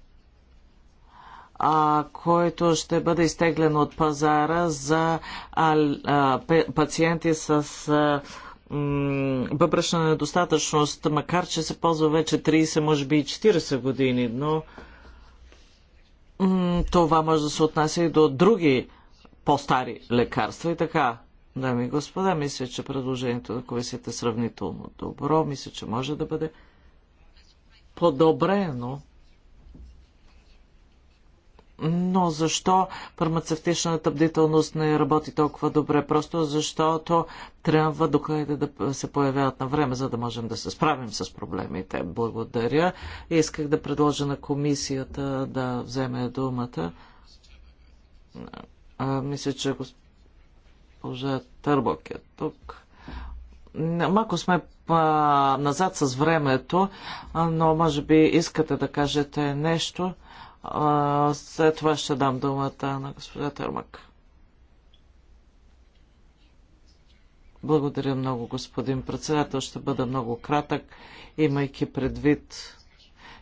а, който ще бъде изтеглен от пазара за а, а, пациенти с. А, бъбръчна недостатъчност, макар че се ползва вече 30, може би и 40 години, но това може да се отнася и до други по-стари лекарства и така. Дами и господа, мисля, че предложението на комисията е сравнително добро. Мисля, че може да бъде подобрено но защо фармацевтичната бдителност не работи толкова добре? Просто защото трябва докъде да се появяват на време, за да можем да се справим с проблемите. Благодаря. Исках да предложа на комисията да вземе думата. А, мисля, че госпожа Търбок е тук. Малко сме а, назад с времето, но може би искате да кажете нещо. А, след това ще дам думата на госпожа Търмак. Благодаря много, господин председател. Ще бъда много кратък, имайки предвид,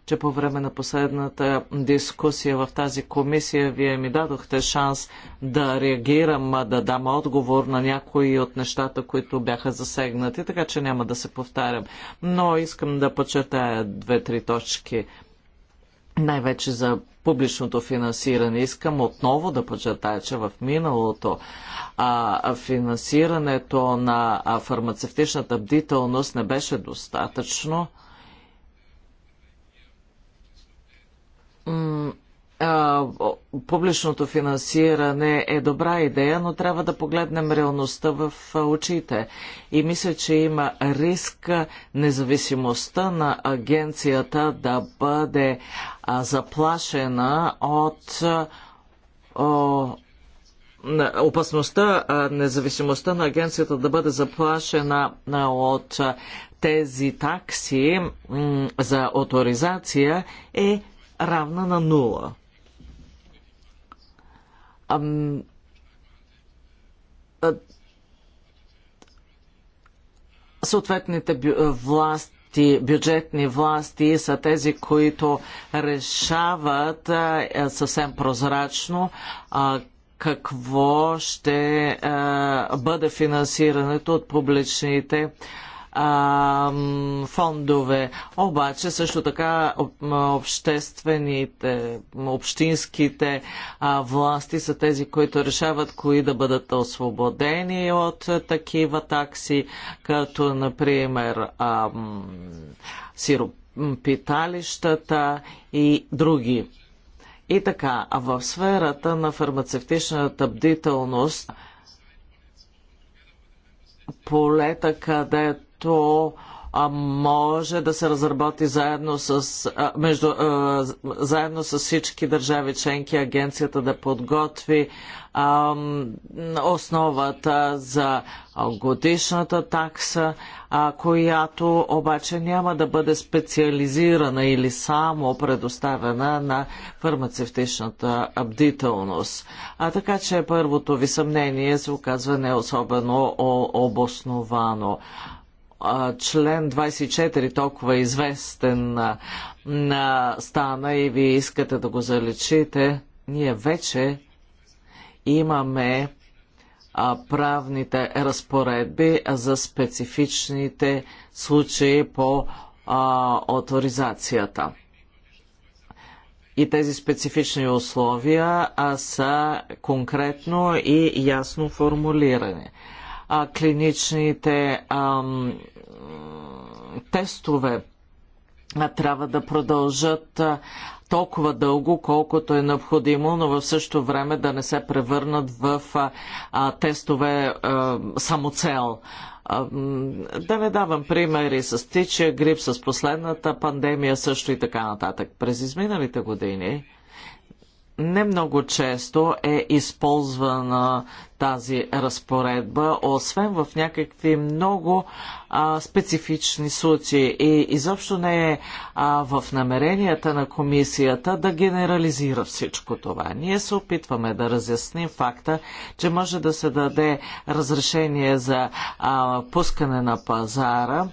че по време на последната дискусия в тази комисия вие ми дадохте шанс да реагирам, да дам отговор на някои от нещата, които бяха засегнати, така че няма да се повтарям. Но искам да подчертая две-три точки най-вече за публичното финансиране. Искам отново да подчертая, че в миналото а, финансирането на фармацевтичната бдителност не беше достатъчно а, публичното финансиране е добра идея, но трябва да погледнем реалността в очите. И мисля, че има риск независимостта на агенцията да бъде а, заплашена от опасността независимостта на агенцията да бъде заплашена от тези такси за авторизация е равна на нула. Ам, а, съответните бю, власти власти, бюджетни власти са тези, които решават е, съвсем прозрачно какво ще бъде финансирането от публичните а, фондове. Обаче също така обществените, общинските а, власти са тези, които решават кои да бъдат освободени от такива такси, като например а, сиропиталищата и други. И така, а в сферата на фармацевтичната бдителност полета, където който може да се разработи заедно с, между, заедно с всички държави членки, агенцията да подготви основата за годишната такса, която обаче няма да бъде специализирана или само предоставена на фармацевтичната бдителност. А така че първото ви съмнение се оказва не особено обосновано член 24 толкова известен на стана и вие искате да го заличите, ние вече имаме правните разпоредби за специфичните случаи по авторизацията. И тези специфични условия са конкретно и ясно формулирани а, клиничните а, тестове а, трябва да продължат а, толкова дълго, колкото е необходимо, но в същото време да не се превърнат в а, а, тестове а, самоцел. да не давам примери с тичия грип, с последната пандемия, също и така нататък. През изминалите години не много често е използвана тази разпоредба, освен в някакви много а, специфични случаи. И изобщо не е а, в намеренията на комисията да генерализира всичко това. Ние се опитваме да разясним факта, че може да се даде разрешение за а, пускане на пазара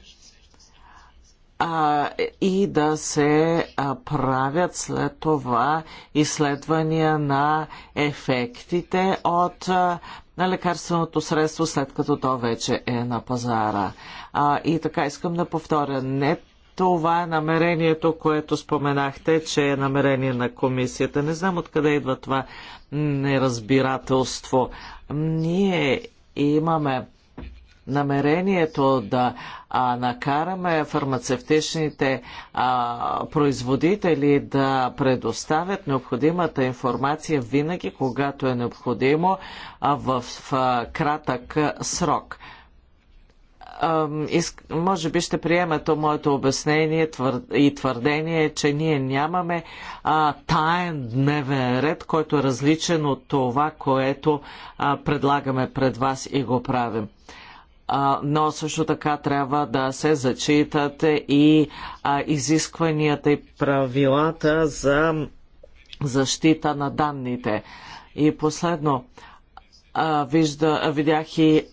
а, и да се а, правят след това изследвания на ефектите от а, на лекарственото средство, след като то вече е на пазара. А, и така искам да повторя, не това е намерението, което споменахте, че е намерение на комисията. Не знам откъде идва това неразбирателство. Ние имаме намерението да а, накараме фармацевтичните а, производители да предоставят необходимата информация винаги, когато е необходимо, а, в, в а, кратък срок може би ще приемете моето обяснение и твърдение, че ние нямаме таен дневен ред, който е различен от това, което предлагаме пред вас и го правим но също така трябва да се зачитат и изискванията и правилата за защита на данните. И последно, вижда, видях и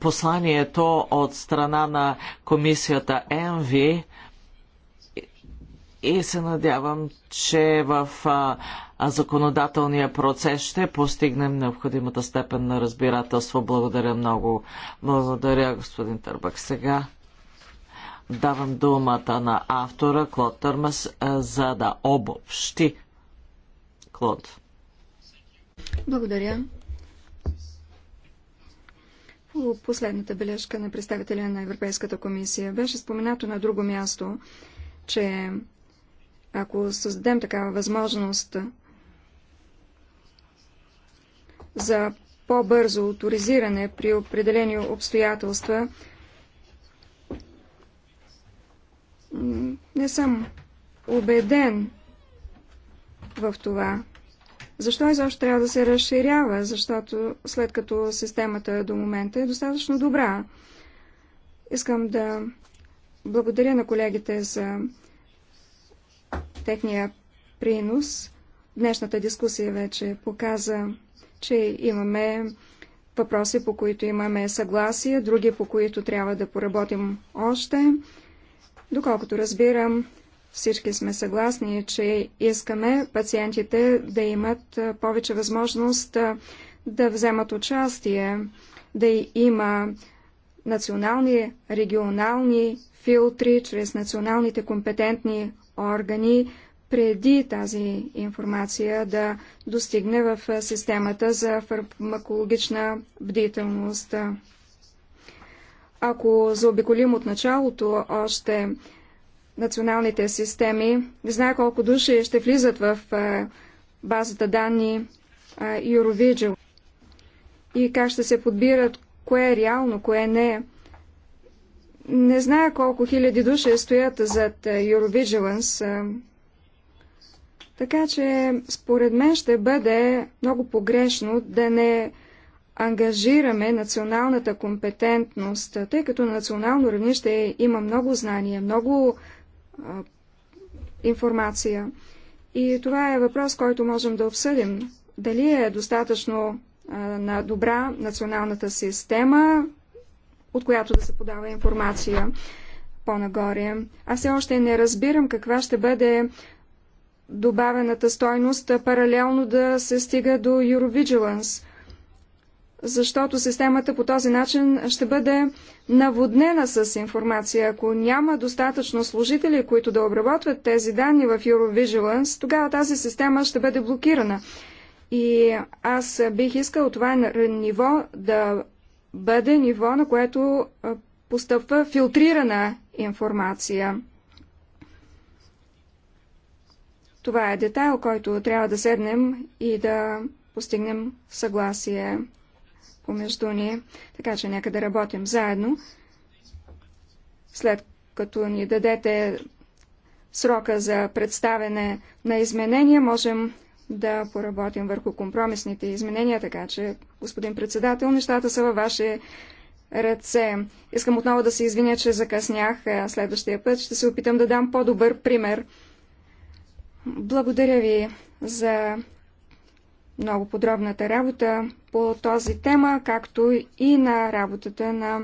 посланието от страна на комисията ЕНВИ и се надявам, че в а, законодателния процес ще постигнем необходимата степен на разбирателство. Благодаря много. Благодаря, господин Търбак. Сега давам думата на автора Клод Търмас, за да обобщи. Клод. Благодаря. По последната бележка на представителя на Европейската комисия беше споменато на друго място, че ако създадем такава възможност за по-бързо авторизиране при определени обстоятелства, не съм убеден в това. Защо изобщо трябва да се разширява? Защото след като системата до момента е достатъчно добра. Искам да благодаря на колегите за техния принос. Днешната дискусия вече показа, че имаме въпроси, по които имаме съгласие, други, по които трябва да поработим още. Доколкото разбирам, всички сме съгласни, че искаме пациентите да имат повече възможност да вземат участие, да има национални, регионални филтри чрез националните компетентни органи преди тази информация да достигне в системата за фармакологична бдителност. Ако заобиколим от началото още националните системи, не знае колко души ще влизат в базата данни Eurovigil и как ще се подбират кое е реално, кое не е. Не зная колко хиляди души стоят зад е, Eurovigilance. Е. Така че, според мен, ще бъде много погрешно да не ангажираме националната компетентност, тъй като на национално равнище има много знания, много а, информация. И това е въпрос, който можем да обсъдим. Дали е достатъчно а, на добра националната система, от която да се подава информация по-нагоре. Аз все още не разбирам каква ще бъде добавената стойност, паралелно да се стига до Eurovigilance, защото системата по този начин ще бъде наводнена с информация. Ако няма достатъчно служители, които да обработват тези данни в Eurovigilance, тогава тази система ще бъде блокирана. И аз бих искал това ниво да бъде ниво, на което постъпва филтрирана информация. Това е детайл, който трябва да седнем и да постигнем съгласие помежду ни, така че нека да работим заедно. След като ни дадете срока за представене на изменения, можем да поработим върху компромисните изменения, така че, господин председател, нещата са във ваше ръце. Искам отново да се извиня, че закъснях. Следващия път ще се опитам да дам по-добър пример. Благодаря ви за много подробната работа по този тема, както и на работата на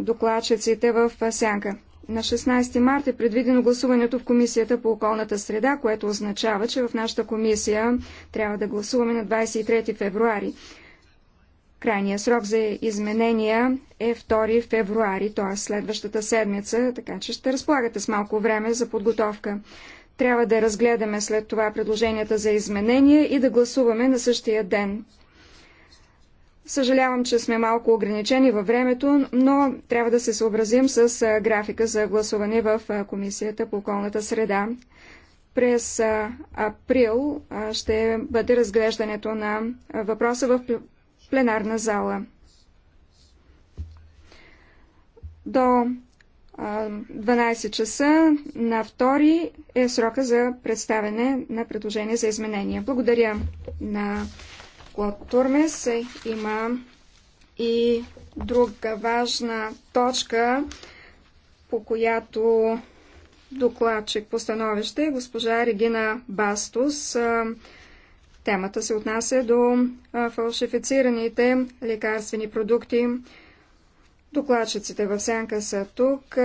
докладчиците в Сянка. На 16 марта е предвидено гласуването в Комисията по околната среда, което означава, че в нашата комисия трябва да гласуваме на 23 февруари. Крайният срок за изменения е 2 февруари, т.е. следващата седмица, така че ще разполагате с малко време за подготовка. Трябва да разгледаме след това предложенията за изменения и да гласуваме на същия ден. Съжалявам, че сме малко ограничени във времето, но трябва да се съобразим с графика за гласуване в Комисията по околната среда. През април ще бъде разглеждането на въпроса в пленарна зала. До 12 часа на 2 е срока за представяне на предложение за изменения. Благодаря на Клод Турмес. Има и друга важна точка, по която докладчик по становище е госпожа Регина Бастус. Темата се отнася до фалшифицираните лекарствени продукти. Докладчиците в сянка са тук.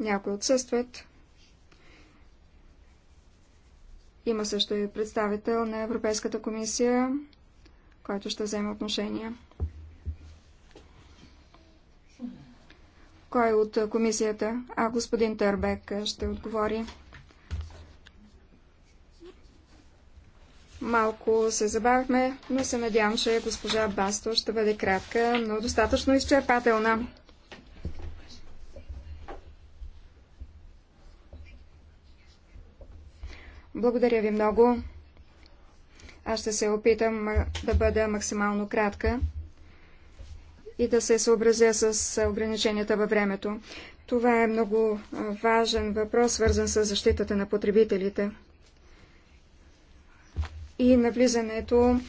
Някои отсъстват. Има също и представител на Европейската комисия, който ще вземе отношение. Кой от комисията? А, господин Търбек ще отговори. Малко се забавихме, но се надявам, че госпожа Басто ще бъде кратка, но достатъчно изчерпателна. Благодаря ви много. Аз ще се опитам да бъда максимално кратка и да се съобразя с ограниченията във времето. Това е много важен въпрос, свързан с защитата на потребителите и навлизането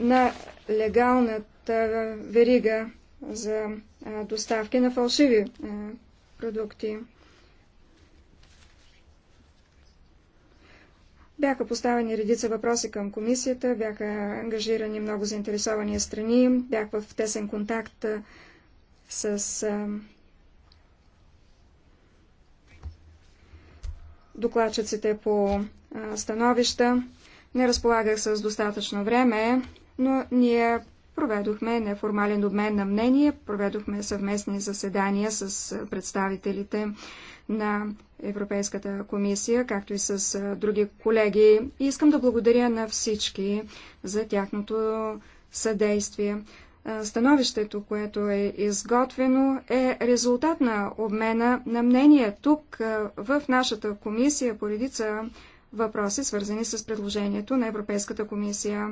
на легалната верига за доставки на фалшиви продукти. Бяха поставени редица въпроси към комисията, бяха ангажирани много заинтересовани страни, бях в тесен контакт с а, докладчиците по а, становища. Не разполагах с достатъчно време, но ние проведохме неформален обмен на мнение, проведохме съвместни заседания с представителите на Европейската комисия, както и с други колеги. И искам да благодаря на всички за тяхното съдействие. Становището, което е изготвено, е резултат на обмена на мнение тук в нашата комисия по редица въпроси, свързани с предложението на Европейската комисия.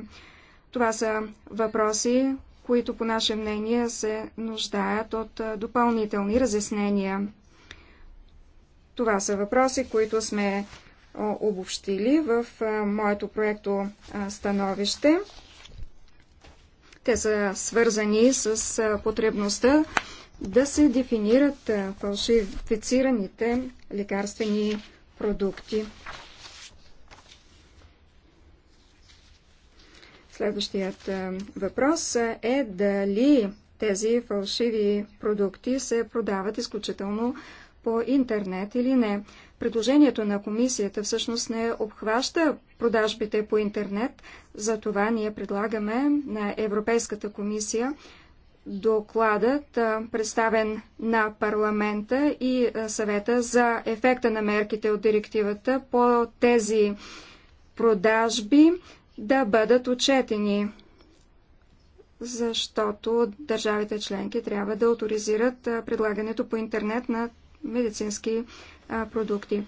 Това са въпроси, които по наше мнение се нуждаят от допълнителни разяснения. Това са въпроси, които сме обобщили в моето проекто становище. Те са свързани с потребността да се дефинират фалшифицираните лекарствени продукти. Следващият въпрос е дали тези фалшиви продукти се продават изключително по интернет или не. Предложението на комисията всъщност не обхваща продажбите по интернет, затова ние предлагаме на Европейската комисия докладът, представен на парламента и съвета за ефекта на мерките от директивата по тези продажби да бъдат отчетени, защото държавите членки трябва да авторизират предлагането по интернет на медицински продукти.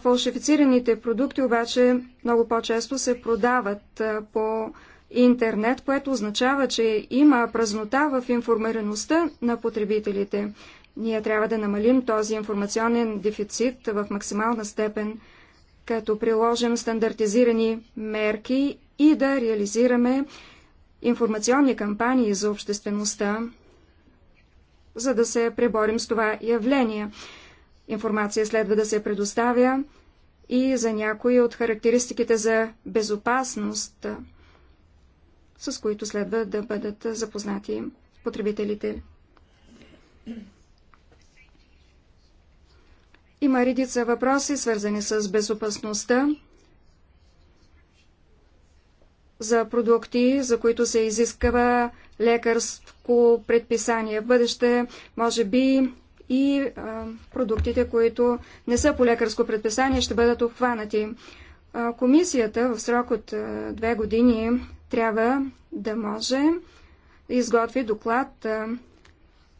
Фалшифицираните продукти обаче много по-често се продават по интернет, което означава, че има празнота в информираността на потребителите. Ние трябва да намалим този информационен дефицит в максимална степен, като приложим стандартизирани мерки и да реализираме информационни кампании за обществеността, за да се преборим с това явление. Информация следва да се предоставя и за някои от характеристиките за безопасност, с които следва да бъдат запознати потребителите. Има редица въпроси, свързани с безопасността за продукти, за които се изисква лекарско предписание в бъдеще, може би и а, продуктите, които не са по лекарско предписание, ще бъдат обхванати. А, комисията в срок от а, две години трябва да може да изготви доклад а,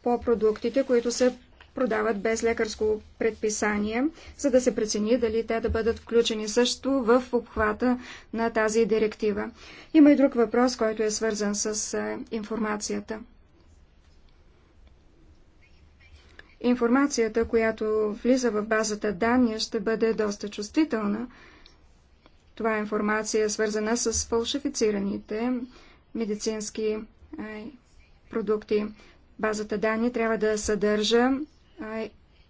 по продуктите, които са продават без лекарско предписание, за да се прецени дали те да бъдат включени също в обхвата на тази директива. Има и друг въпрос, който е свързан с информацията. Информацията, която влиза в базата данни, ще бъде доста чувствителна. Това е информация свързана с фалшифицираните медицински продукти. Базата данни трябва да съдържа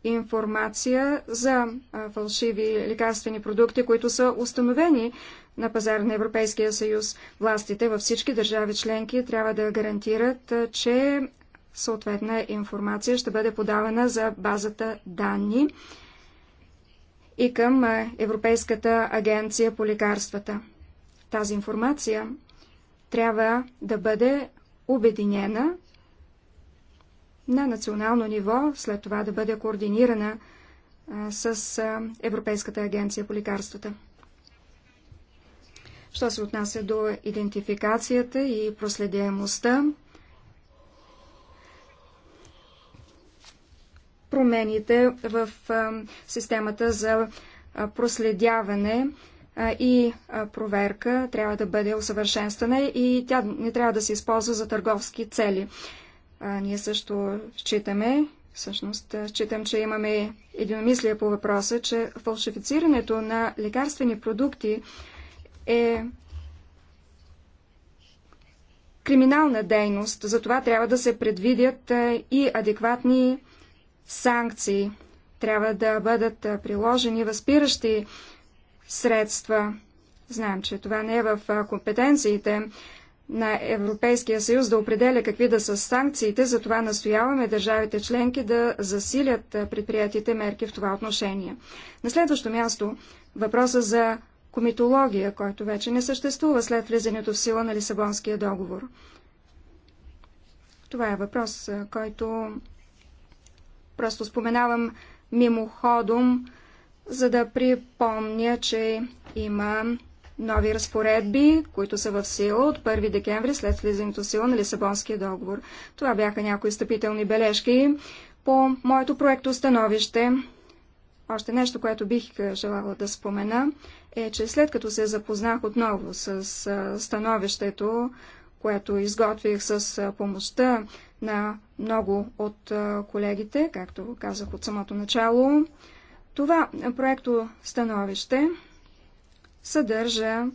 информация за фалшиви лекарствени продукти, които са установени на пазара на Европейския съюз. Властите във всички държави членки трябва да гарантират, че съответна информация ще бъде подавана за базата данни и към Европейската агенция по лекарствата. Тази информация трябва да бъде обединена на национално ниво, след това да бъде координирана с Европейската агенция по лекарствата. Що се отнася до идентификацията и проследяемостта, промените в системата за проследяване и проверка трябва да бъде усъвършенствана и тя не трябва да се използва за търговски цели. А, ние също считаме, всъщност считам, че имаме единомислие по въпроса, че фалшифицирането на лекарствени продукти е криминална дейност. Затова трябва да се предвидят и адекватни санкции. Трябва да бъдат приложени възпиращи средства. Знаем, че това не е в компетенциите на Европейския съюз да определя какви да са санкциите, затова настояваме държавите членки да засилят предприятите мерки в това отношение. На следващо място въпроса за комитология, който вече не съществува след влизането в сила на Лисабонския договор. Това е въпрос, който просто споменавам мимоходом, за да припомня, че има нови разпоредби, които са в сила от 1 декември след влизането сила на Лисабонския договор. Това бяха някои стъпителни бележки по моето проекто становище. Още нещо, което бих желала да спомена, е, че след като се запознах отново с становището, което изготвих с помощта на много от колегите, както казах от самото начало, това проекто становище съдържа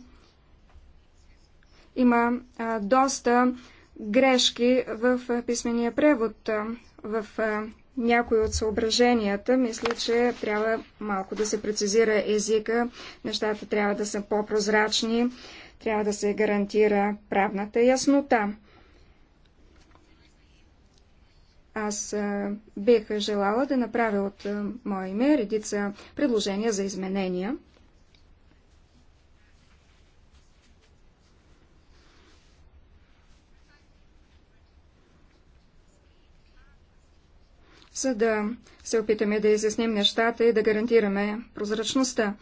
има а, доста грешки в а, писмения превод. А, в а, някои от съображенията мисля, че трябва малко да се прецизира езика, нещата трябва да са по-прозрачни, трябва да се гарантира правната яснота. Аз а, бих желала да направя от а, мое име редица предложения за изменения. за да се опитаме да изясним нещата и да гарантираме прозрачността,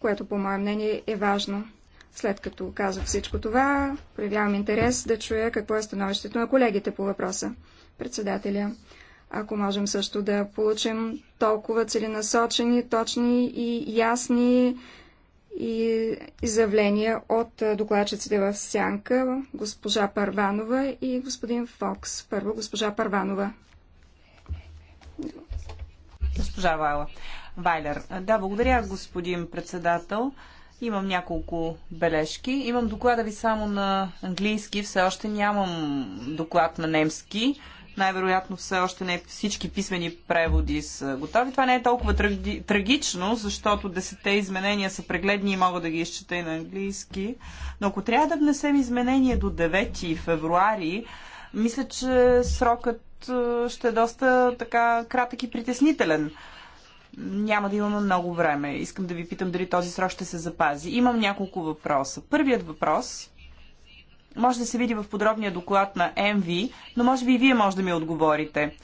което по мое мнение е важно. След като казах всичко това, проявявам интерес да чуя какво е становището на колегите по въпроса. Председателя, ако можем също да получим толкова целенасочени, точни и ясни и изявления от докладчиците в Сянка, госпожа Парванова и господин Фокс. Първо госпожа Парванова. Госпожа Вайла. Вайлер. Да, благодаря, господин председател. Имам няколко бележки. Имам доклада ви само на английски, все още нямам доклад на немски. Най-вероятно все още не всички писмени преводи са готови. Това не е толкова трагично, защото десетте изменения са прегледни и мога да ги изчета и на английски. Но ако трябва да внесем изменения до 9 февруари, мисля, че срокът е, ще е доста така кратък и притеснителен няма да имаме много време. Искам да ви питам дали този срок ще се запази. Имам няколко въпроса. Първият въпрос може да се види в подробния доклад на МВ, но може би и вие може да ми отговорите.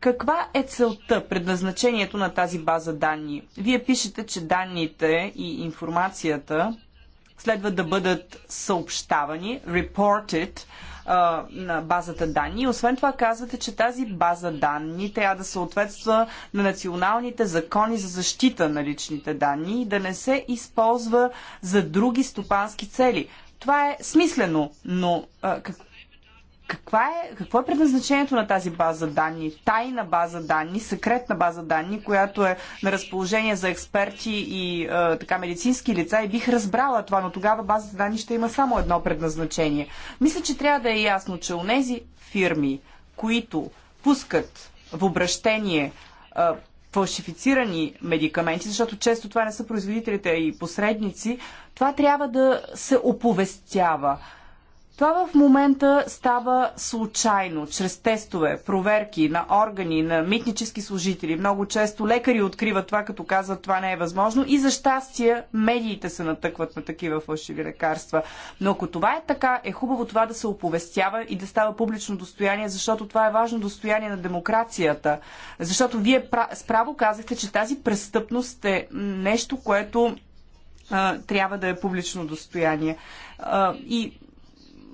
Каква е целта, предназначението на тази база данни? Вие пишете, че данните и информацията следва да бъдат съобщавани, reported, а, на базата данни. Освен това казвате, че тази база данни трябва да съответства на националните закони за защита на личните данни и да не се използва за други стопански цели. Това е смислено, но а, как, каква е, какво е предназначението на тази база данни? Тайна база данни, секретна база данни, която е на разположение за експерти и а, така медицински лица и бих разбрала това, но тогава базата данни ще има само едно предназначение. Мисля, че трябва да е ясно, че у нези фирми, които пускат в обращение фалшифицирани медикаменти, защото често това не са производителите и посредници, това трябва да се оповестява. Това в момента става случайно, чрез тестове, проверки на органи, на митнически служители. Много често лекари откриват това, като казват това не е възможно и за щастие медиите се натъкват на такива фалшиви лекарства. Но ако това е така, е хубаво това да се оповестява и да става публично достояние, защото това е важно достояние на демокрацията. Защото вие справо казахте, че тази престъпност е нещо, което трябва да е публично достояние. и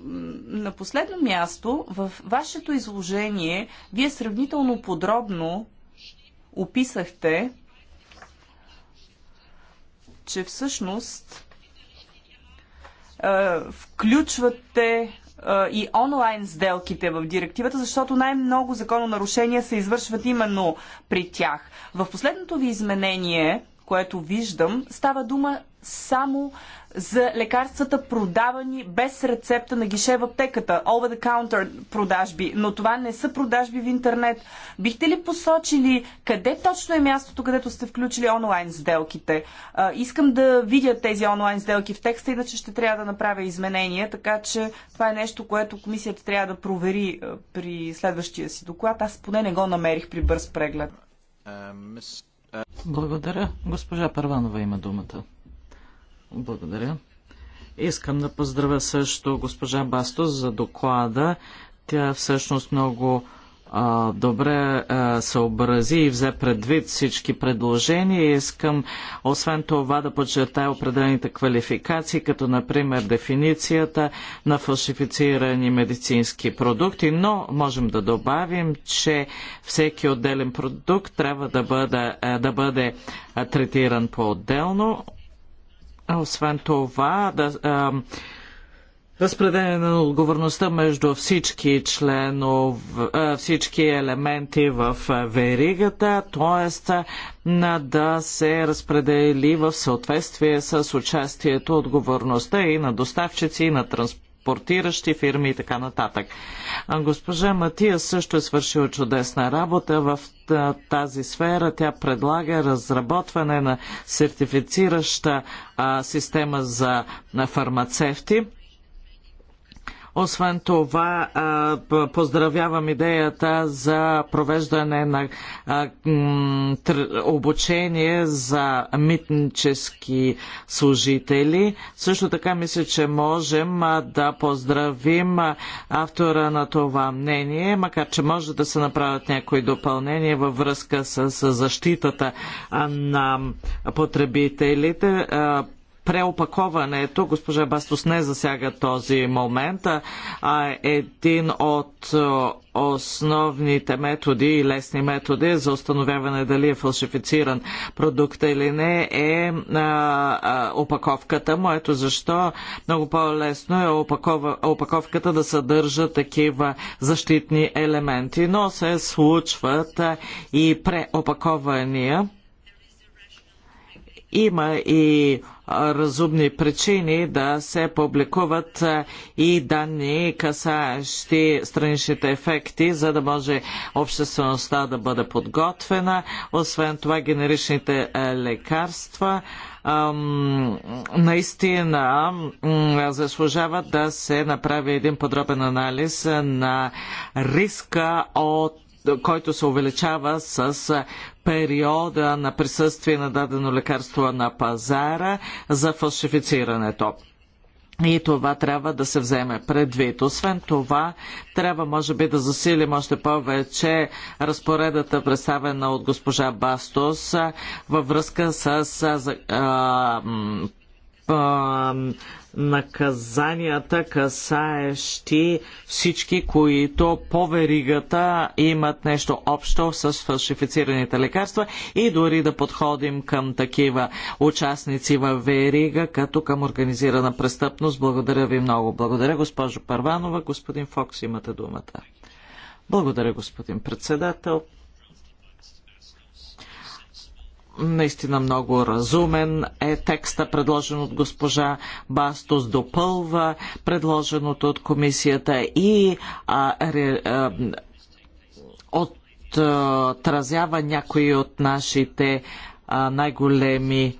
на последно място, в вашето изложение, вие сравнително подробно описахте, че всъщност включвате и онлайн сделките в директивата, защото най-много закононарушения се извършват именно при тях. В последното ви изменение, което виждам, става дума само за лекарствата продавани без рецепта на гише в аптеката, over the counter продажби, но това не са продажби в интернет. Бихте ли посочили къде точно е мястото, където сте включили онлайн сделките? А, искам да видя тези онлайн сделки в текста, иначе ще трябва да направя изменения, така че това е нещо, което комисията трябва да провери при следващия си доклад. Аз поне не го намерих при бърз преглед. Благодаря. Госпожа Първанова има думата. Благодаря. Искам да поздравя също госпожа Бастос за доклада. Тя всъщност много а, добре а, съобрази и взе предвид всички предложения. Искам освен това да подчертая определените квалификации, като например дефиницията на фалшифицирани медицински продукти, но можем да добавим, че всеки отделен продукт трябва да бъде, да бъде третиран по-отделно освен това, да, а, разпределение на отговорността между всички членов, всички елементи в веригата, т.е. да се разпредели в съответствие с участието, отговорността и на доставчици, и на транспорт транспортиращи фирми и така нататък. Госпожа Матия също е свършила чудесна работа в тази сфера. Тя предлага разработване на сертифицираща система за фармацевти освен това, поздравявам идеята за провеждане на обучение за митнически служители. Също така мисля, че можем да поздравим автора на това мнение, макар че може да се направят някои допълнения във връзка с защитата на потребителите преопаковането, госпожа Бастос не засяга този момент, а е един от основните методи и лесни методи за установяване дали е фалшифициран продукт или не е а, а, опаковката му. Ето защо много по-лесно е опакова, опаковката да съдържа такива защитни елементи, но се случват а, и преопакования. Има и разумни причини да се публикуват и данни, касаещи страничните ефекти, за да може обществеността да бъде подготвена. Освен това, генеричните лекарства наистина заслужават да се направи един подробен анализ на риска от който се увеличава с периода на присъствие на дадено лекарство на пазара за фалшифицирането. И това трябва да се вземе предвид. Освен това, трябва може би да засилим още повече разпоредата, представена от госпожа Бастос във връзка с а, наказанията, касаещи всички, които по веригата имат нещо общо с фалшифицираните лекарства и дори да подходим към такива участници в верига, като към организирана престъпност. Благодаря ви много. Благодаря, госпожо Парванова. Господин Фокс, имате думата. Благодаря, господин председател. Наистина много разумен е текста, предложен от госпожа Бастос, допълва предложеното от комисията и а, ре, а, отразява някои от нашите най-големи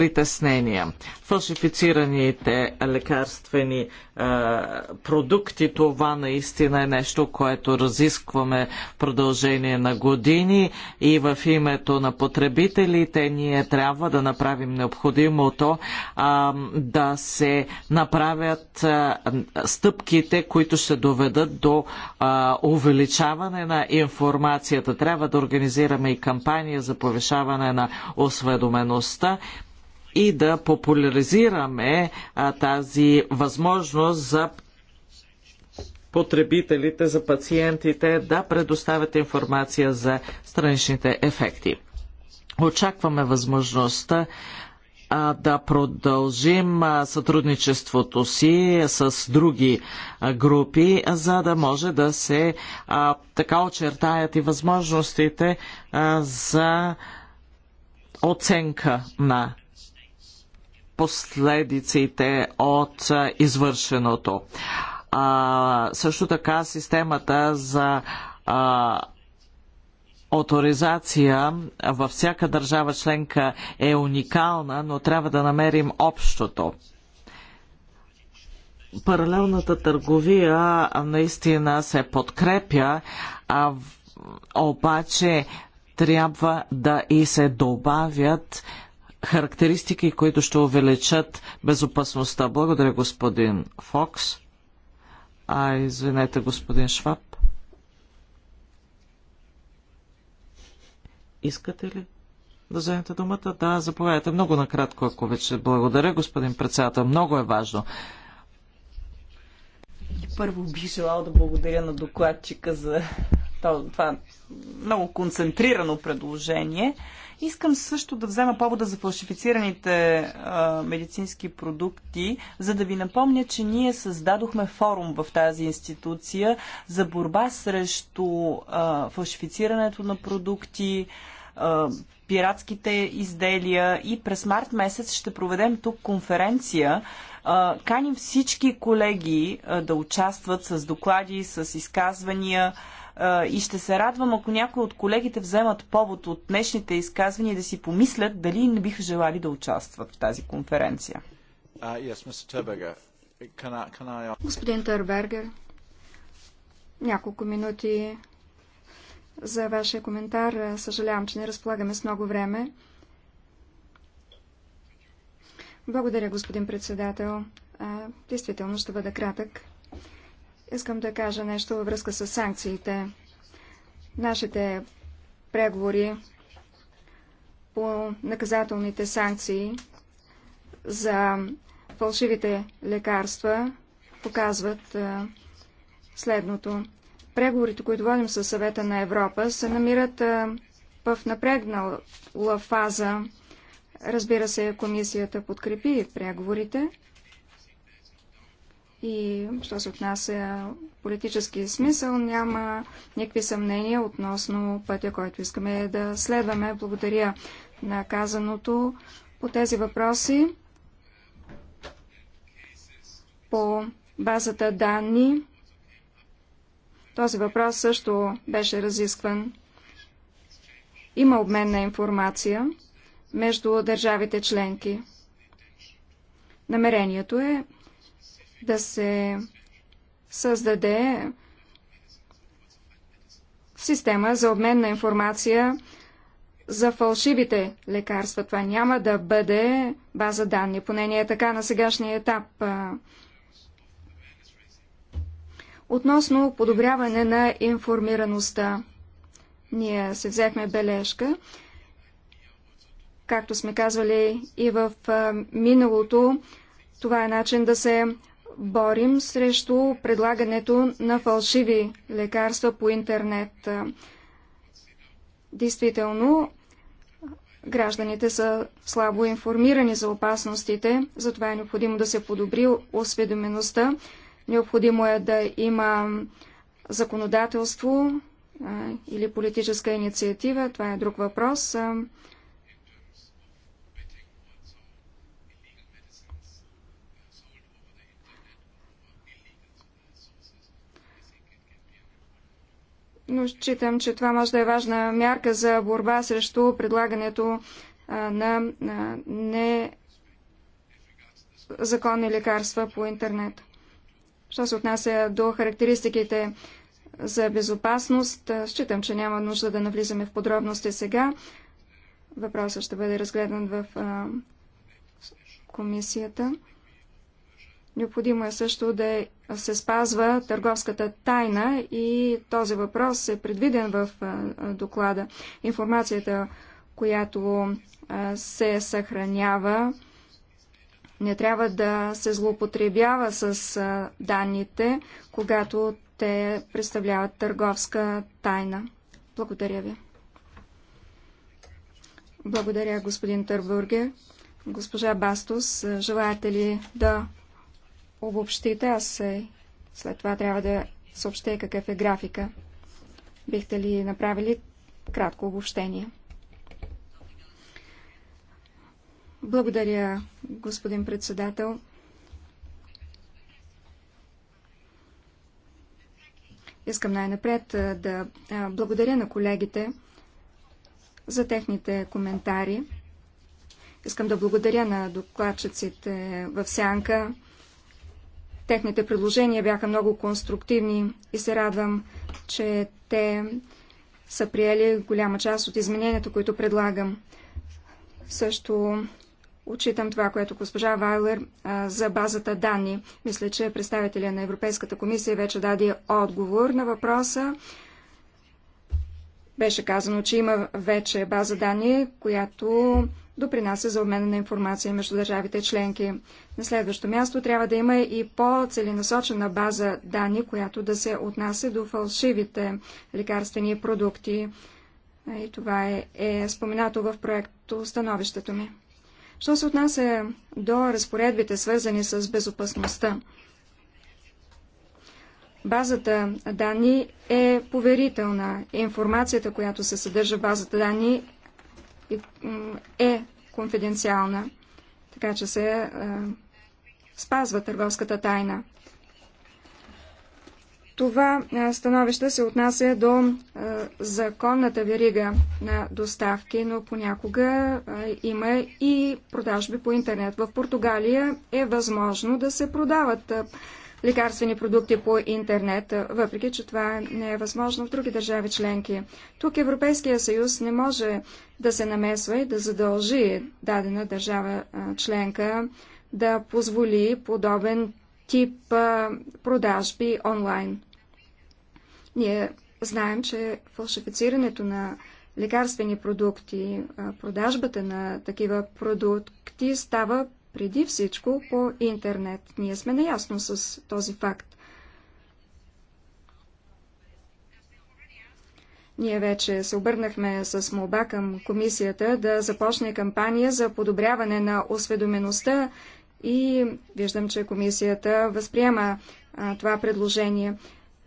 притеснения. Фалшифицираните лекарствени а, продукти, това наистина е нещо, което разискваме в продължение на години и в името на потребителите ние трябва да направим необходимото а, да се направят а, стъпките, които ще доведат до а, увеличаване на информацията. Трябва да организираме и кампания за повишаване на осведомеността и да популяризираме а, тази възможност за потребителите, за пациентите да предоставят информация за страничните ефекти. Очакваме възможността а, да продължим а, сътрудничеството си с други а, групи, за да може да се а, така очертаят и възможностите а, за оценка на последиците от извършеното. А, също така системата за а, авторизация във всяка държава членка е уникална, но трябва да намерим общото. Паралелната търговия наистина се подкрепя, а обаче трябва да и се добавят характеристики, които ще увеличат безопасността. Благодаря, господин Фокс. А, извинете, господин Шваб. Искате ли да вземете думата? Да, заповядайте. Много накратко, ако вече. Благодаря, господин председател. Много е важно. И първо би желал да благодаря на докладчика за това е много концентрирано предложение. Искам също да взема повода за фалшифицираните а, медицински продукти, за да ви напомня, че ние създадохме форум в тази институция за борба срещу а, фалшифицирането на продукти, а, пиратските изделия и през март месец ще проведем тук конференция. А, каним всички колеги а, да участват с доклади, с изказвания и ще се радвам, ако някои от колегите вземат повод от днешните изказвания да си помислят дали не биха желали да участват в тази конференция. Uh, yes, can I, can I... Господин Търбергер, няколко минути за вашия коментар. Съжалявам, че не разполагаме с много време. Благодаря, господин председател. Действително ще бъда кратък. Искам да кажа нещо във връзка с санкциите. Нашите преговори по наказателните санкции за фалшивите лекарства показват следното. Преговорите, които водим със съвета на Европа, се намират в напрегнала фаза. Разбира се, комисията подкрепи преговорите. И що се отнася политически смисъл, няма никакви съмнения относно пътя, който искаме да следваме. Благодаря на казаното по тези въпроси. По базата данни. Този въпрос също беше разискван. Има обмен на информация между държавите членки. Намерението е да се създаде система за обмен на информация за фалшивите лекарства. Това няма да бъде база данни, поне не е така на сегашния етап. Относно подобряване на информираността, ние се взехме бележка, както сме казвали и в миналото, това е начин да се борим срещу предлагането на фалшиви лекарства по интернет. Действително, гражданите са слабо информирани за опасностите, затова е необходимо да се подобри осведомеността. Необходимо е да има законодателство или политическа инициатива, това е друг въпрос. но считам, че това може да е важна мярка за борба срещу предлагането на незаконни лекарства по интернет. Що се отнася до характеристиките за безопасност, считам, че няма нужда да навлизаме в подробности сега. Въпросът ще бъде разгледан в комисията. Необходимо е също да се спазва търговската тайна и този въпрос е предвиден в доклада. Информацията, която се съхранява, не трябва да се злоупотребява с данните, когато те представляват търговска тайна. Благодаря ви. Благодаря, господин Търбурге. Госпожа Бастус, желаете ли да обобщите, аз се... след това трябва да съобщя какъв е графика. Бихте ли направили кратко обобщение? Благодаря, господин председател. Искам най-напред да благодаря на колегите за техните коментари. Искам да благодаря на докладчиците в Сянка, Техните предложения бяха много конструктивни и се радвам, че те са приели голяма част от измененията, които предлагам. Също отчитам това, което госпожа Вайлер а, за базата данни. Мисля, че представителя на Европейската комисия вече даде отговор на въпроса. Беше казано, че има вече база данни, която допринася за обмена на информация между държавите членки. На следващо място трябва да има и по-целенасочена база данни, която да се отнася до фалшивите лекарствени продукти. И това е, е споменато в проекто становището ми. Що се отнася до разпоредбите, свързани с безопасността? Базата данни е поверителна. Информацията, която се съдържа в базата данни, е конфиденциална, така че се е, спазва търговската тайна. Това е, становище се отнася до е, законната верига на доставки, но понякога е, има и продажби по интернет. В Португалия е възможно да се продават лекарствени продукти по интернет, въпреки че това не е възможно в други държави членки. Тук Европейския съюз не може да се намесва и да задължи дадена държава членка да позволи подобен тип продажби онлайн. Ние знаем, че фалшифицирането на лекарствени продукти, продажбата на такива продукти става преди всичко по интернет. Ние сме наясно с този факт. Ние вече се обърнахме с молба към комисията да започне кампания за подобряване на осведомеността и виждам, че комисията възприема а, това предложение.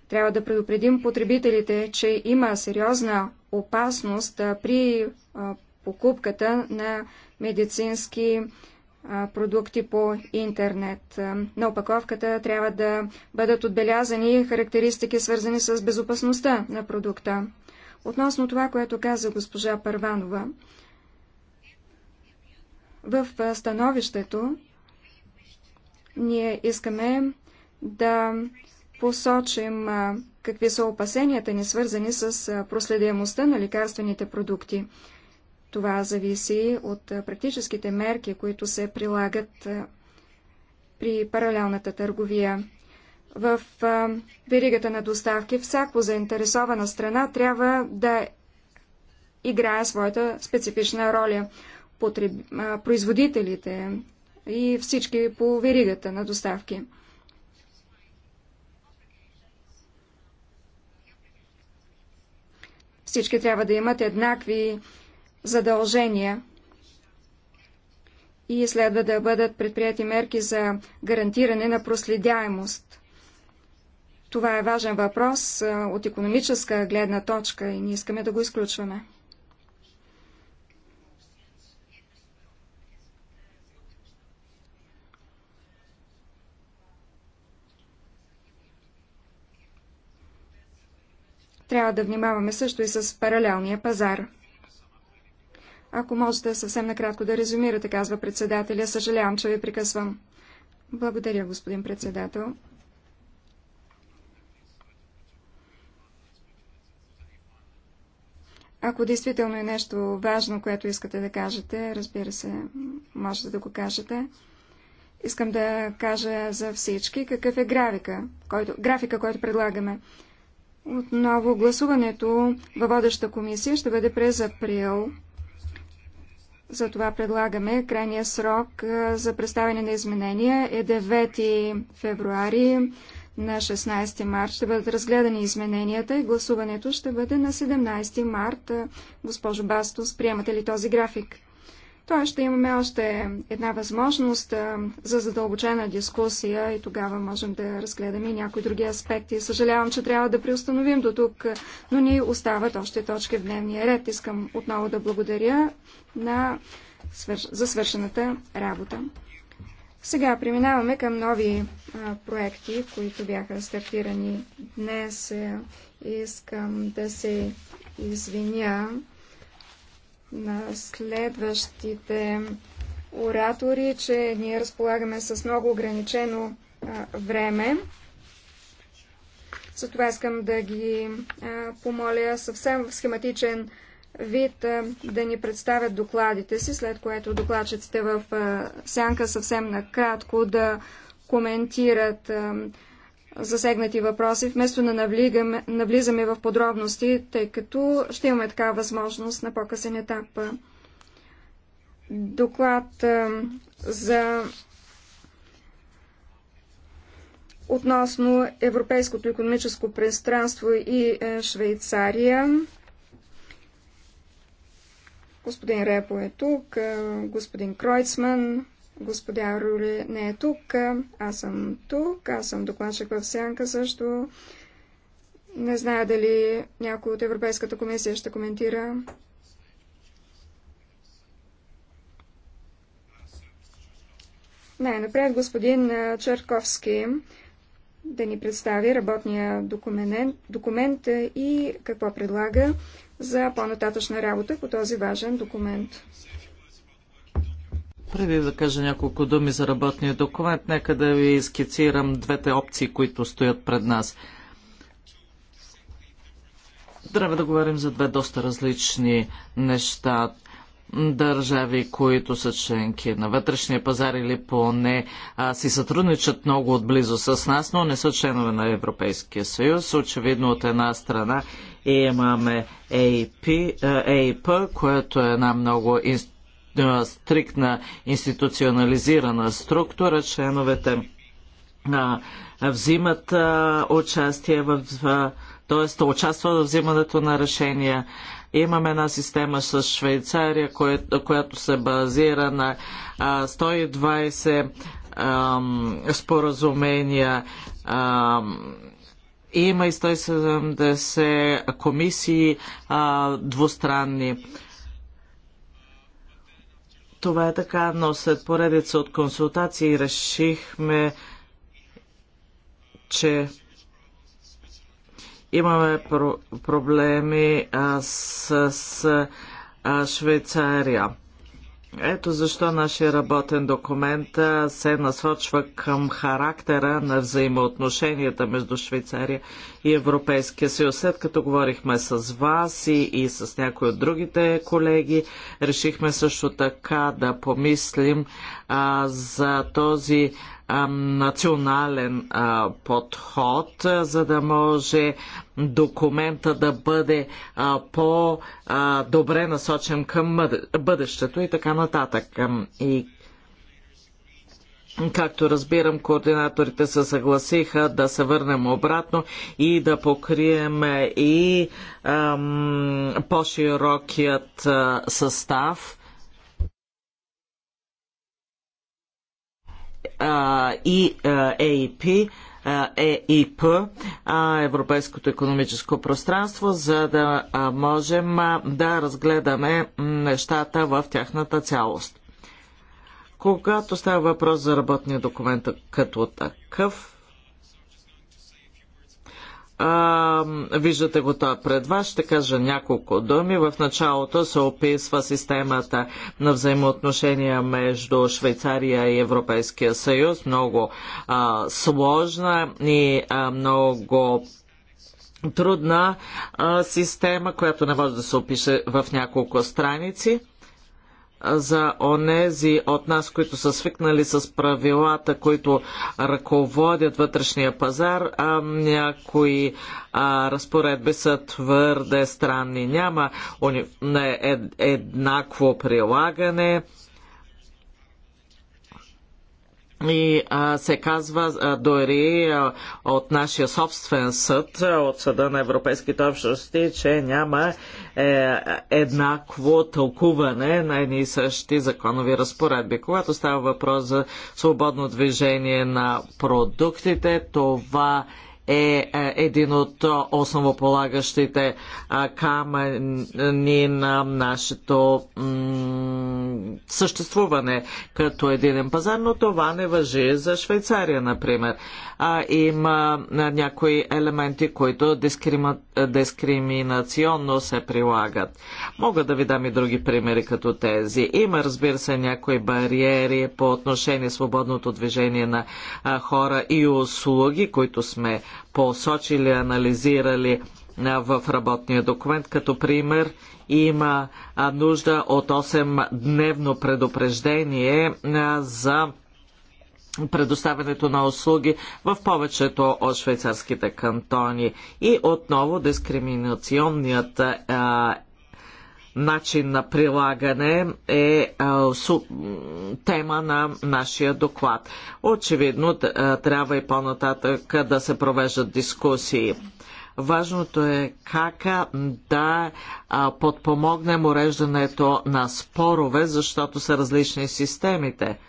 Трябва да предупредим потребителите, че има сериозна опасност а, при а, покупката на медицински а, продукти по интернет. На опаковката трябва да бъдат отбелязани характеристики, свързани с безопасността на продукта. Относно това, което каза госпожа Първанова, в становището ние искаме да посочим какви са опасенията ни, свързани с проследяемостта на лекарствените продукти. Това зависи от практическите мерки, които се прилагат при паралелната търговия. В веригата на доставки всяко заинтересована страна трябва да играе своята специфична роля. Потреб... Производителите и всички по веригата на доставки. Всички трябва да имат еднакви задължения и следва да бъдат предприяти мерки за гарантиране на проследяемост. Това е важен въпрос от економическа гледна точка и ние искаме да го изключваме. Трябва да внимаваме също и с паралелния пазар. Ако можете съвсем накратко да резюмирате, казва председателя, съжалявам, че ви прекъсвам. Благодаря, господин председател. Ако действително е нещо важно, което искате да кажете, разбира се, можете да го кажете. Искам да кажа за всички какъв е графика, който, графика, който предлагаме. Отново гласуването във водеща комисия ще бъде през април затова предлагаме крайния срок за представяне на изменения е 9 февруари на 16 март. Ще бъдат разгледани измененията и гласуването ще бъде на 17 март. Госпожо Бастос, приемате ли този график? Той ще имаме още една възможност за задълбочена дискусия и тогава можем да разгледаме и някои други аспекти. Съжалявам, че трябва да приустановим до тук, но ни остават още точки в дневния ред. Искам отново да благодаря на... за свършената работа. Сега преминаваме към нови а, проекти, които бяха стартирани днес. Искам да се извиня на следващите оратори, че ние разполагаме с много ограничено а, време. Затова искам да ги а, помоля съвсем в схематичен вид а, да ни представят докладите си, след което докладчиците в сянка съвсем накратко да коментират засегнати въпроси, вместо да навлигаме, навлизаме в подробности, тъй като ще имаме така възможност на по-късен етап. Доклад е, за относно Европейското економическо пространство и е, Швейцария. Господин Репо е тук, е, господин Кройцман, Господя Руле не е тук, аз съм тук, аз съм докладчик в Сянка също. Не зная дали някой от Европейската комисия ще коментира. Най-напред господин Черковски да ни представи работния документ, документ и какво предлага за по-нататъчна работа по този важен документ. Преди да кажа няколко думи за работния документ, нека да ви скицирам двете опции, които стоят пред нас. Трябва да говорим за две доста различни неща. Държави, които са членки на вътрешния пазар или поне а, си сътрудничат много отблизо с нас, но не са членове на Европейския съюз. Очевидно от една страна имаме ЕИП, което е една много инст стриктна институционализирана структура, членовете а, взимат а, участие в т.е. участват в взимането на решения. Имаме една система с Швейцария, която, която се базира на а, 120 споразумения. има и 170 комисии двустранни. Това е така, но след поредица от консултации решихме, че имаме про- проблеми а, с, с а, Швейцария. Ето защо нашия работен документ се насочва към характера на взаимоотношенията между Швейцария и Европейския съюз. След като говорихме с вас и, и с някои от другите колеги, решихме също така да помислим а, за този национален подход, за да може документа да бъде по-добре насочен към бъдещето и така нататък. И Както разбирам, координаторите се съгласиха да се върнем обратно и да покрием и по-широкият състав и ЕИП, ЕИП, e e Европейското економическо пространство, за да можем да разгледаме нещата в тяхната цялост. Когато става въпрос за работния документ като такъв, а, виждате го това пред вас, ще кажа няколко думи. В началото се описва системата на взаимоотношения между Швейцария и Европейския съюз, много а, сложна и а, много трудна а, система, която не може да се опише в няколко страници за онези от нас, които са свикнали с правилата, които ръководят вътрешния пазар, а някои а, разпоредби са твърде странни. Няма е еднакво прилагане и а, се казва а, дори а, от нашия собствен съд, от съда на Европейските общности, че няма е, еднакво тълкуване на едни и същи законови разпоредби. Когато става въпрос за свободно движение на продуктите, това е е, е един от основополагащите камъни на нашето съществуване като единен пазар, но това не въжи за Швейцария, например а, има някои елементи, които дискрима, дискриминационно се прилагат. Мога да ви дам и други примери като тези. Има, разбира се, някои бариери по отношение свободното движение на а, хора и услуги, които сме посочили, анализирали в работния документ. Като пример има нужда от 8-дневно предупреждение за предоставянето на услуги в повечето от швейцарските кантони. И отново дискриминационният а, начин на прилагане е а, су, тема на нашия доклад. Очевидно, а, трябва и по-нататък да се провеждат дискусии. Важното е как да подпомогнем уреждането на спорове, защото са различни системите –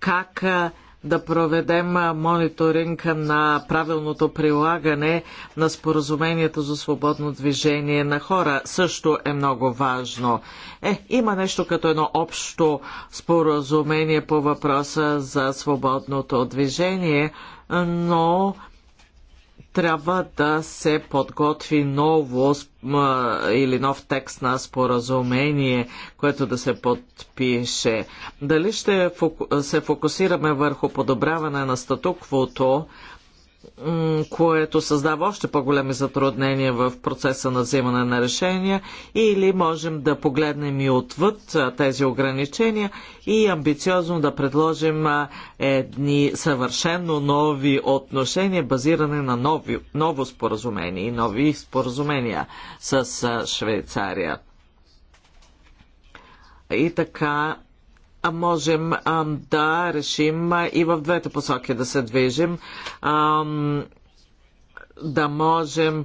как да проведем мониторинг на правилното прилагане на споразумението за свободно движение на хора също е много важно. Е, има нещо като едно общо споразумение по въпроса за свободното движение, но трябва да се подготви ново или нов текст на споразумение, което да се подпише. Дали ще се фокусираме върху подобряване на статуквото което създава още по-големи затруднения в процеса на взимане на решения, или можем да погледнем и отвъд тези ограничения и амбициозно да предложим едни съвършенно нови отношения, базиране на нови, ново споразумение и нови споразумения с Швейцария. И така можем да решим и в двете посоки да се движим, да можем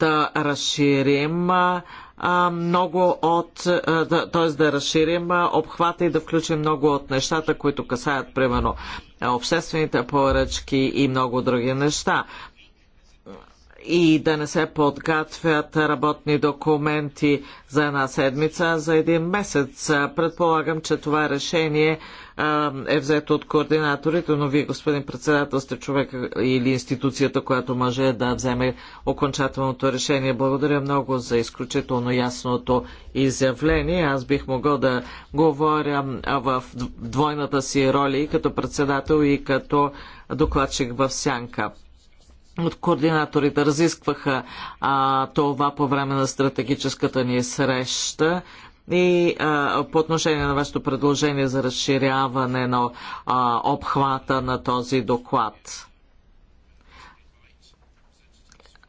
да разширим много от, т.е. да разширим обхвата и да включим много от нещата, които касаят, примерно, обществените поръчки и много други неща и да не се подготвят работни документи за една седмица, а за един месец. Предполагам, че това решение е взето от координаторите, но вие, господин председател, сте човек или институцията, която може да вземе окончателното решение. Благодаря много за изключително ясното изявление. Аз бих могъл да говоря в двойната си роли и като председател и като докладчик в сянка от координаторите разискваха а, това по време на стратегическата ни среща и а, по отношение на вашето предложение за разширяване на а, обхвата на този доклад.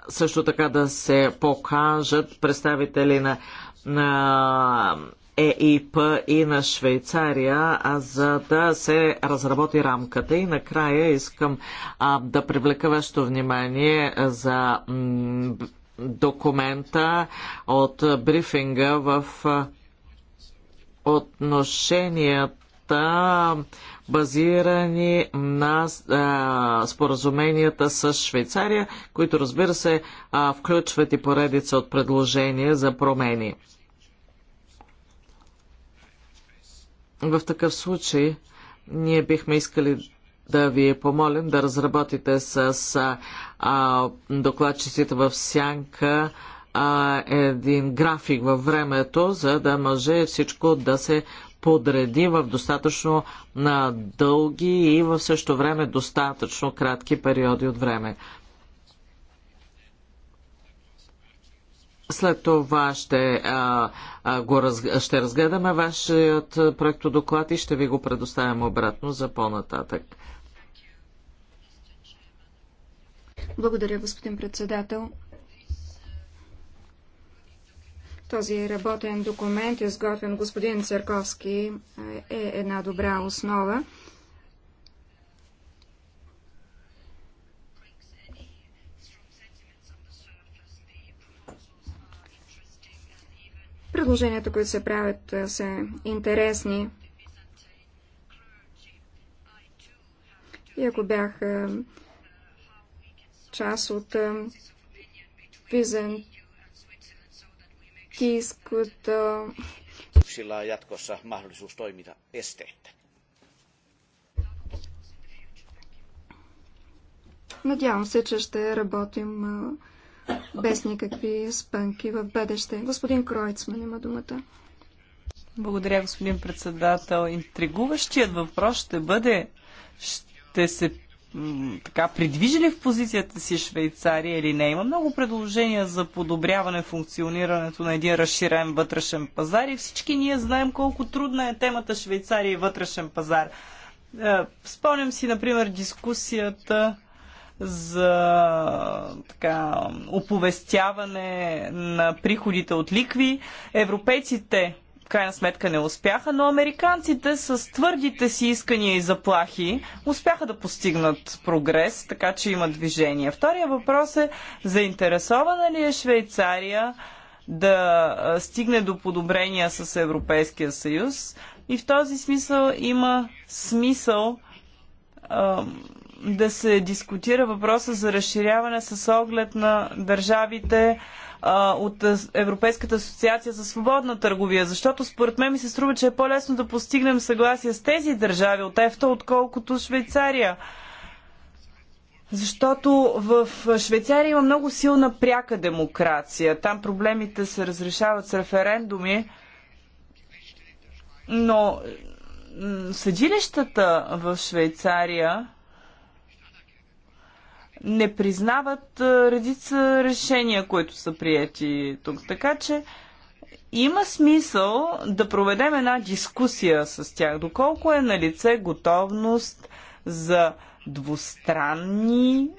Също така да се покажат представители на, на ЕИП и на Швейцария, за да се разработи рамката. И накрая искам а, да привлека вашето внимание за документа от брифинга в отношенията базирани на а, споразуменията с Швейцария, които разбира се а, включват и поредица от предложения за промени. В такъв случай ние бихме искали да ви помолим да разработите с а, докладчиците в сянка а, един график във времето, за да може всичко да се подреди в достатъчно на дълги и в същото време достатъчно кратки периоди от време. След това ще, а, а, го раз, ще разгледаме вашият проектодоклад и ще ви го предоставим обратно за по-нататък. Благодаря, господин председател. Този работен документ, изготвен господин Църковски, е една добра основа. Предложенията, които се правят, са интересни. И ако бях част от византийското yrityksillä on jatkossa mahdollisuus toimia esteettä. Надявам се, че ще работим без никакви спънки в бъдеще. Господин Кройцман има думата. Благодаря, господин председател. Интригуващият въпрос ще бъде, ще се така, придвижи ли в позицията си Швейцария или не? Има много предложения за подобряване функционирането на един разширен вътрешен пазар и всички ние знаем колко трудна е темата Швейцария и вътрешен пазар. Е, спомням си, например, дискусията за така, оповестяване на приходите от ликви. Европейците в крайна сметка не успяха, но американците с твърдите си искания и заплахи успяха да постигнат прогрес, така че има движение. Втория въпрос е заинтересована ли е Швейцария да стигне до подобрения с Европейския съюз? И в този смисъл има смисъл да се дискутира въпроса за разширяване с оглед на държавите от Европейската асоциация за свободна търговия, защото според мен ми се струва, че е по-лесно да постигнем съгласие с тези държави от ЕФТА, отколкото Швейцария. Защото в Швейцария има много силна пряка демокрация. Там проблемите се разрешават с референдуми, но съдилищата в Швейцария не признават редица решения, които са прияти тук. Така че има смисъл да проведем една дискусия с тях, доколко е на лице готовност за двустранни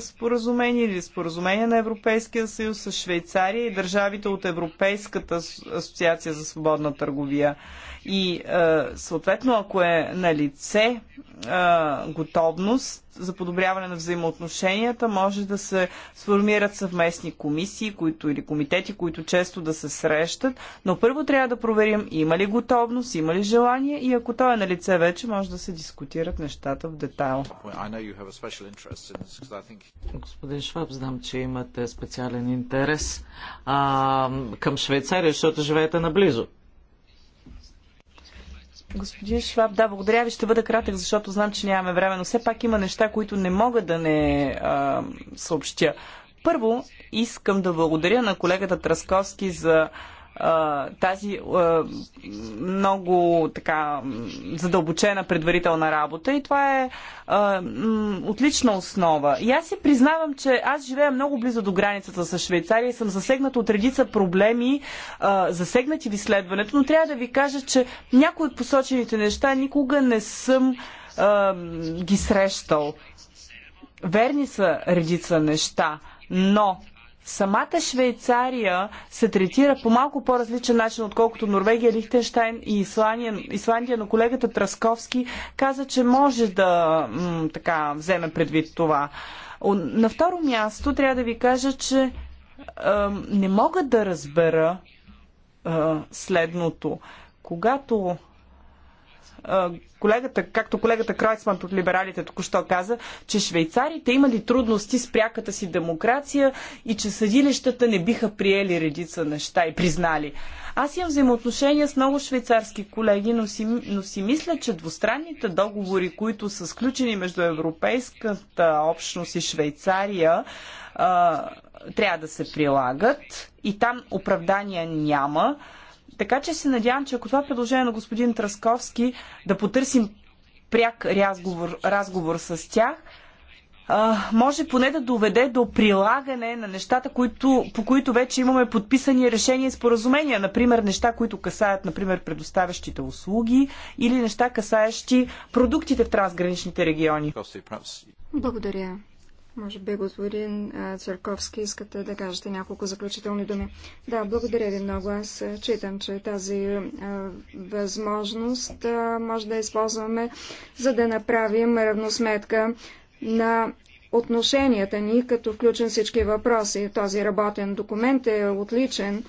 споразумения или споразумения на Европейския съюз с Швейцария и държавите от Европейската асоциация за свободна търговия. И е, съответно, ако е на лице е, готовност за подобряване на взаимоотношенията, може да се сформират съвместни комисии които, или комитети, които често да се срещат. Но първо трябва да проверим има ли готовност, има ли желание и ако то е на лице вече, може да се дискутират нещата в детайл. Господин Шваб, знам, че имате специален интерес а, към Швейцария, защото живеете наблизо. Господин Шваб, да, благодаря ви. Ще бъда кратък, защото знам, че нямаме време, но все пак има неща, които не мога да не а, съобщя. Първо, искам да благодаря на колегата Трасковски за тази много така задълбочена предварителна работа и това е отлична основа. И аз си признавам, че аз живея много близо до границата с Швейцария и съм засегната от редица проблеми, засегнати в изследването, но трябва да ви кажа, че някои от посочените неща никога не съм ги срещал. Верни са редица неща, но самата Швейцария се третира по малко по-различен начин, отколкото Норвегия, Лихтенштайн и Исландия, Исландия, но колегата Трасковски каза, че може да така, вземе предвид това. На второ място трябва да ви кажа, че е, не мога да разбера е, следното. Когато колегата, както колегата Кройцман от либералите току-що каза, че швейцарите имали трудности с пряката си демокрация и че съдилищата не биха приели редица неща и признали. Аз имам взаимоотношения с много швейцарски колеги, но си, но си мисля, че двустранните договори, които са сключени между Европейската общност и Швейцария, а, трябва да се прилагат и там оправдания няма. Така че се надявам, че ако това е предложение на господин Трасковски да потърсим пряк разговор, разговор с тях, може поне да доведе до прилагане на нещата, които, по които вече имаме подписани решения и споразумения. Например, неща, които касаят, например, предоставящите услуги или неща, касаещи продуктите в трансграничните региони. Благодаря. Може би, господин Църковски, искате да кажете няколко заключителни думи. Да, благодаря ви много. Аз читам, че тази възможност може да използваме, за да направим равносметка на отношенията ни, като включен всички въпроси. Този работен документ е отличен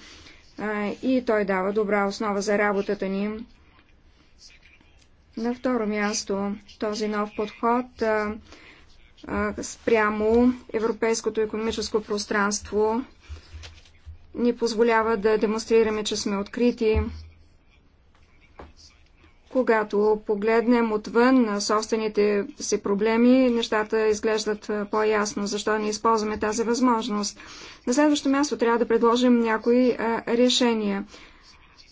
и той дава добра основа за работата ни. На второ място, този нов подход спрямо европейското економическо пространство ни позволява да демонстрираме, че сме открити. Когато погледнем отвън на собствените си проблеми, нещата изглеждат по-ясно, защо не използваме тази възможност. На следващо място трябва да предложим някои решения.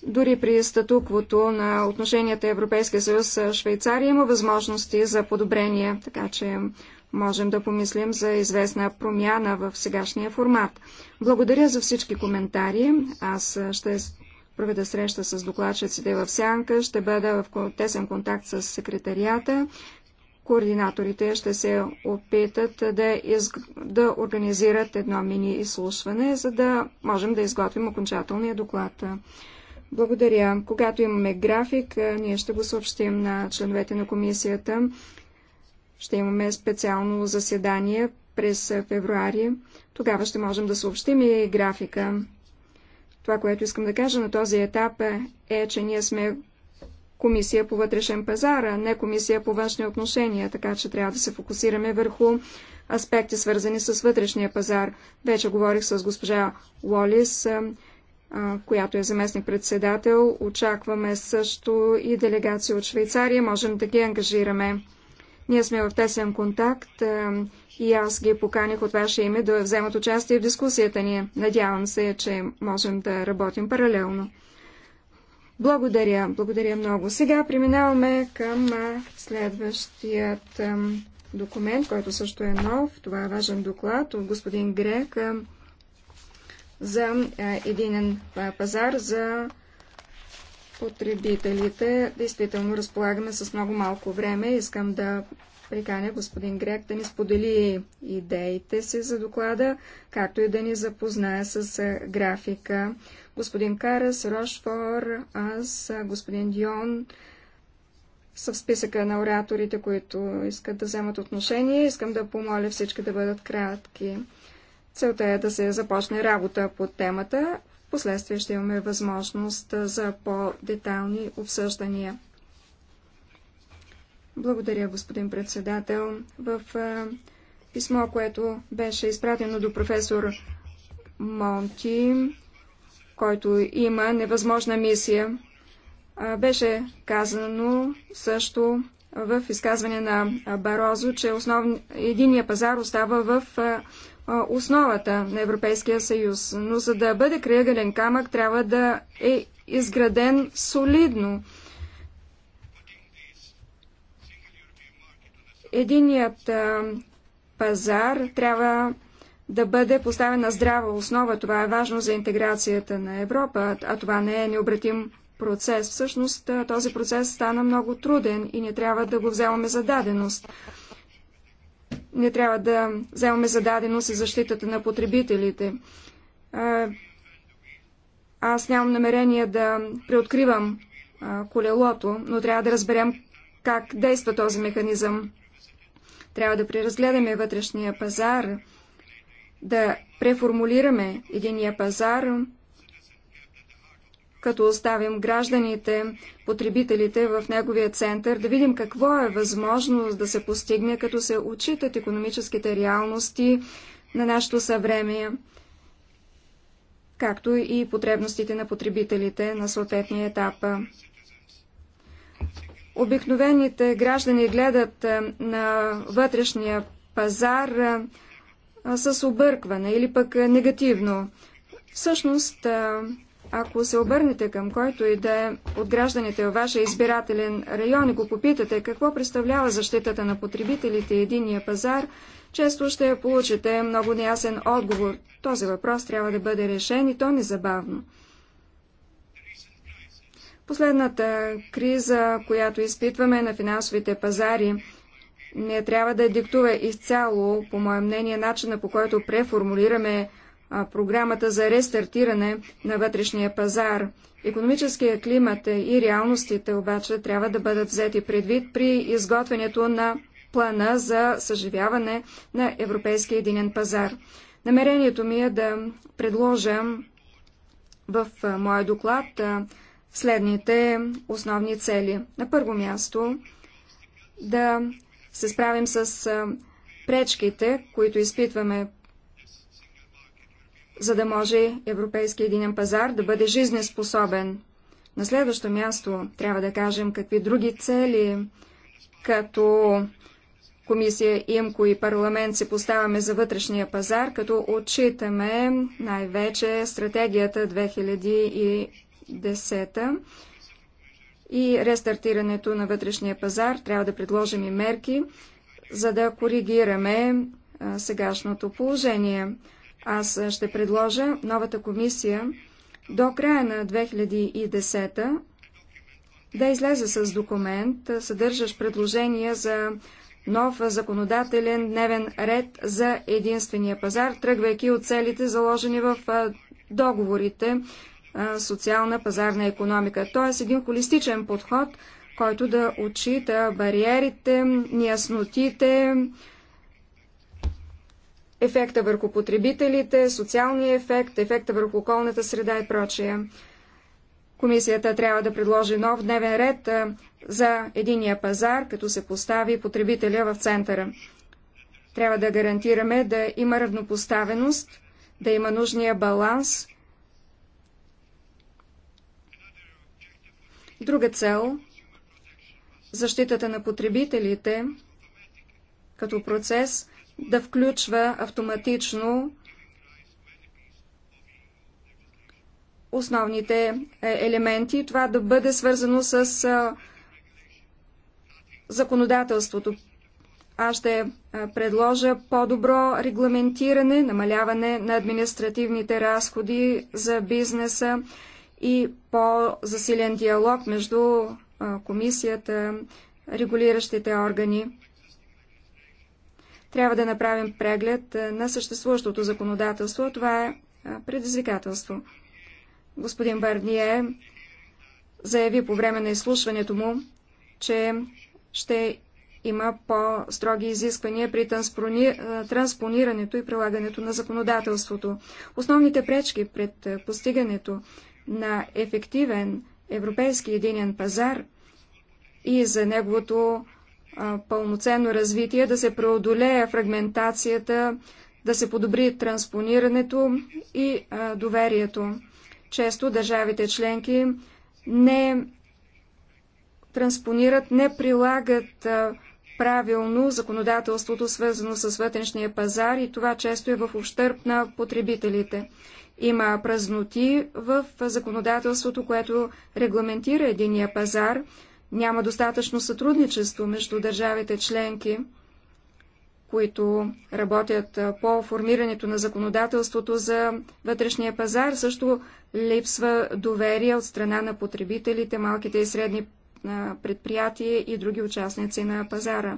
Дори при статуквото на отношенията Европейския съюз с Швейцария има възможности за подобрение, така че можем да помислим за известна промяна в сегашния формат. Благодаря за всички коментари. Аз ще проведа среща с докладчиците в Сянка, ще бъда в тесен контакт с секретарията. Координаторите ще се опитат да, из... да организират едно мини изслушване, за да можем да изготвим окончателния доклад. Благодаря. Когато имаме график, ние ще го съобщим на членовете на комисията. Ще имаме специално заседание през февруари. Тогава ще можем да съобщим и графика. Това, което искам да кажа на този етап е, че ние сме комисия по вътрешен пазар, а не комисия по външни отношения, така че трябва да се фокусираме върху аспекти, свързани с вътрешния пазар. Вече говорих с госпожа Лолис, която е заместник-председател. Очакваме също и делегация от Швейцария. Можем да ги ангажираме. Ние сме в тесен контакт е, и аз ги поканих от ваше име да вземат участие в дискусията ни. Надявам се, че можем да работим паралелно. Благодаря, благодаря много. Сега преминаваме към следващият е, документ, който също е нов. Това е важен доклад от господин Грек е, за единен пазар за потребителите. Действително разполагаме с много малко време. Искам да приканя господин Грек да ни сподели идеите си за доклада, както и да ни запознае с графика. Господин Карас, Рошфор, аз, господин Дион са в списъка на ораторите, които искат да вземат отношение. Искам да помоля всички да бъдат кратки. Целта е да се започне работа по темата. Последствие ще имаме възможност за по-детални обсъждания. Благодаря, господин председател. В писмо, което беше изпратено до професор Монти, който има невъзможна мисия, беше казано също в изказване на Барозо, че основ... единия пазар остава в основата на Европейския съюз. Но за да бъде крайъгълен камък, трябва да е изграден солидно. Единият пазар трябва да бъде поставен на здрава основа. Това е важно за интеграцията на Европа, а това не е необратим процес. Всъщност този процес стана много труден и не трябва да го вземаме за даденост не трябва да вземаме зададено с защитата на потребителите. Аз нямам намерение да преоткривам колелото, но трябва да разберем как действа този механизъм. Трябва да преразгледаме вътрешния пазар, да преформулираме единия пазар, като оставим гражданите, потребителите в неговия център, да видим какво е възможно да се постигне, като се отчитат економическите реалности на нашето съвремие, както и потребностите на потребителите на съответния етап. Обикновените граждани гледат е, на вътрешния пазар е, с объркване или пък е, негативно. Всъщност, ако се обърнете към който и да е от гражданите във вашия избирателен район и го попитате какво представлява защитата на потребителите и единия пазар, често ще получите много неясен отговор. Този въпрос трябва да бъде решен и то незабавно. Последната криза, която изпитваме на финансовите пазари, не трябва да диктува изцяло, по мое мнение, начина по който преформулираме програмата за рестартиране на вътрешния пазар. Економическия климат е и реалностите обаче трябва да бъдат взети предвид при изготвянето на плана за съживяване на Европейския единен пазар. Намерението ми е да предложа в моя доклад следните основни цели. На първо място да се справим с пречките, които изпитваме за да може Европейския единен пазар да бъде жизнеспособен. На следващо място трябва да кажем какви други цели, като комисия ИМКО и парламент се поставяме за вътрешния пазар, като отчитаме най-вече стратегията 2010 и рестартирането на вътрешния пазар. Трябва да предложим и мерки, за да коригираме сегашното положение. Аз ще предложа новата комисия до края на 2010 да излезе с документ, съдържащ предложения за нов законодателен дневен ред за единствения пазар, тръгвайки от целите заложени в договорите социална пазарна економика. Т.е. един холистичен подход, който да отчита бариерите, неяснотите, ефекта върху потребителите, социалния ефект, ефекта върху околната среда и прочее. Комисията трябва да предложи нов дневен ред за единия пазар, като се постави потребителя в центъра. Трябва да гарантираме да има равнопоставеност, да има нужния баланс. Друга цел – защитата на потребителите като процес – да включва автоматично основните е, елементи, това да бъде свързано с законодателството. Аз ще предложа по-добро регламентиране, намаляване на административните разходи за бизнеса и по-засилен диалог между комисията, регулиращите органи. Трябва да направим преглед на съществуващото законодателство. Това е предизвикателство. Господин Барние заяви по време на изслушването му, че ще има по-строги изисквания при транспонирането и прилагането на законодателството. Основните пречки пред постигането на ефективен европейски единен пазар и за неговото пълноценно развитие, да се преодолее фрагментацията, да се подобри транспонирането и доверието. Често държавите членки не транспонират, не прилагат правилно законодателството, свързано с вътрешния пазар и това често е в ущърп на потребителите. Има празноти в законодателството, което регламентира единия пазар, няма достатъчно сътрудничество между държавите членки, които работят по формирането на законодателството за вътрешния пазар. Също липсва доверие от страна на потребителите, малките и средни предприятия и други участници на пазара.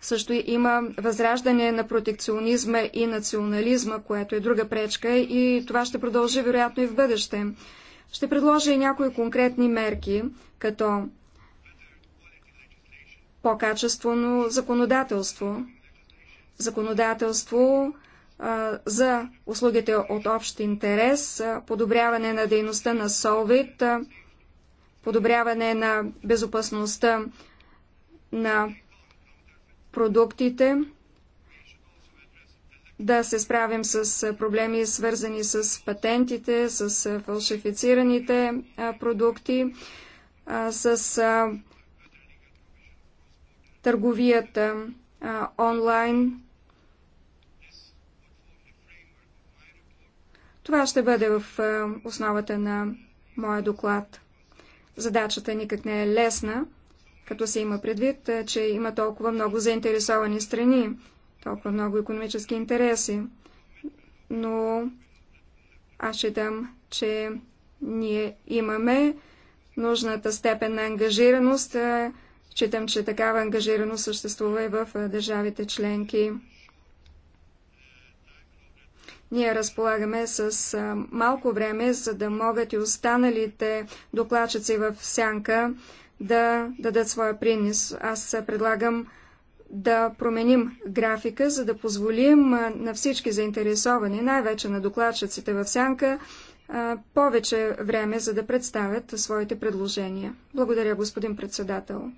Също има възраждане на протекционизма и национализма, което е друга пречка и това ще продължи вероятно и в бъдеще. Ще предложа и някои конкретни мерки, като по-качествено законодателство, законодателство а, за услугите от общ интерес, а, подобряване на дейността на Солвит, а, подобряване на безопасността на продуктите, да се справим с проблеми, свързани с патентите, с фалшифицираните продукти, с търговията онлайн. Това ще бъде в основата на моя доклад. Задачата никак не е лесна, като се има предвид, че има толкова много заинтересовани страни толкова много економически интереси. Но аз считам, че ние имаме нужната степен на ангажираност. Е, считам, че такава ангажираност съществува и в е, държавите членки. Ние разполагаме с е, малко време, за да могат и останалите докладчици в сянка да дадат своя принес. Аз предлагам да променим графика, за да позволим на всички заинтересовани, най-вече на докладчиците в сянка, повече време, за да представят своите предложения. Благодаря, господин председател.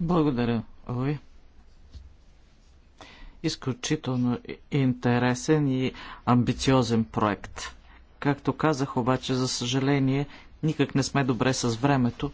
Благодаря, ви. Изключително интересен и амбициозен проект. Както казах, обаче, за съжаление, никак не сме добре с времето,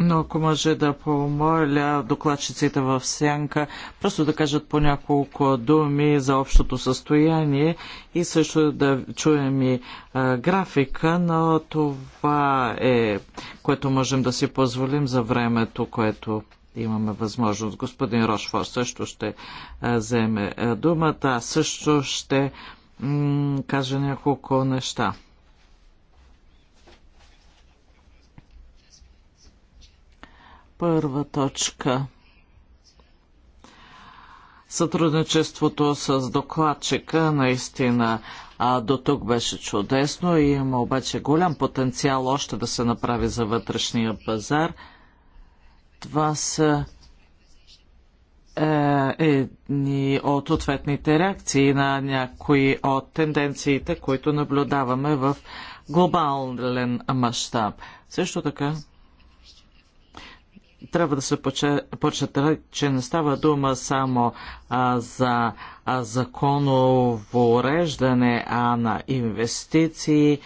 Но ако може да помоля докладчиците в сянка просто да кажат по няколко думи за общото състояние и също да чуем и а, графика, но това е което можем да си позволим за времето, което имаме възможност. Господин Рошфор също ще а, вземе а, думата, също ще м- кажа няколко неща. Първа точка. Сътрудничеството с докладчика наистина а, до тук беше чудесно и има обаче голям потенциал още да се направи за вътрешния пазар. Това са е, едни от ответните реакции на някои от тенденциите, които наблюдаваме в глобален мащаб. Също така трябва да се почета, че не става дума само а, за а, законово уреждане, а на инвестиции,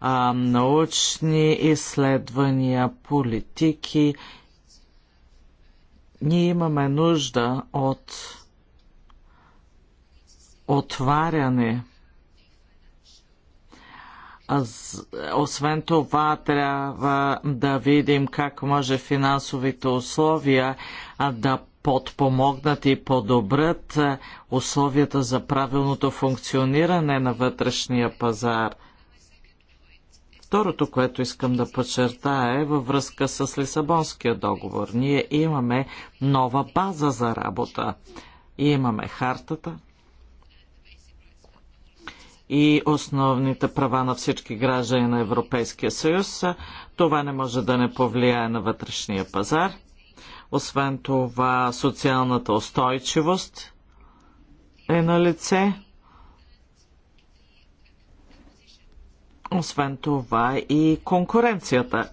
а, научни изследвания, политики. Ние имаме нужда от отваряне освен това, трябва да видим как може финансовите условия да подпомогнат и подобрят условията за правилното функциониране на вътрешния пазар. Второто, което искам да подчертая е във връзка с Лисабонския договор. Ние имаме нова база за работа. имаме хартата, и основните права на всички граждани на Европейския съюз. Това не може да не повлияе на вътрешния пазар. Освен това, социалната устойчивост е на лице. Освен това и конкуренцията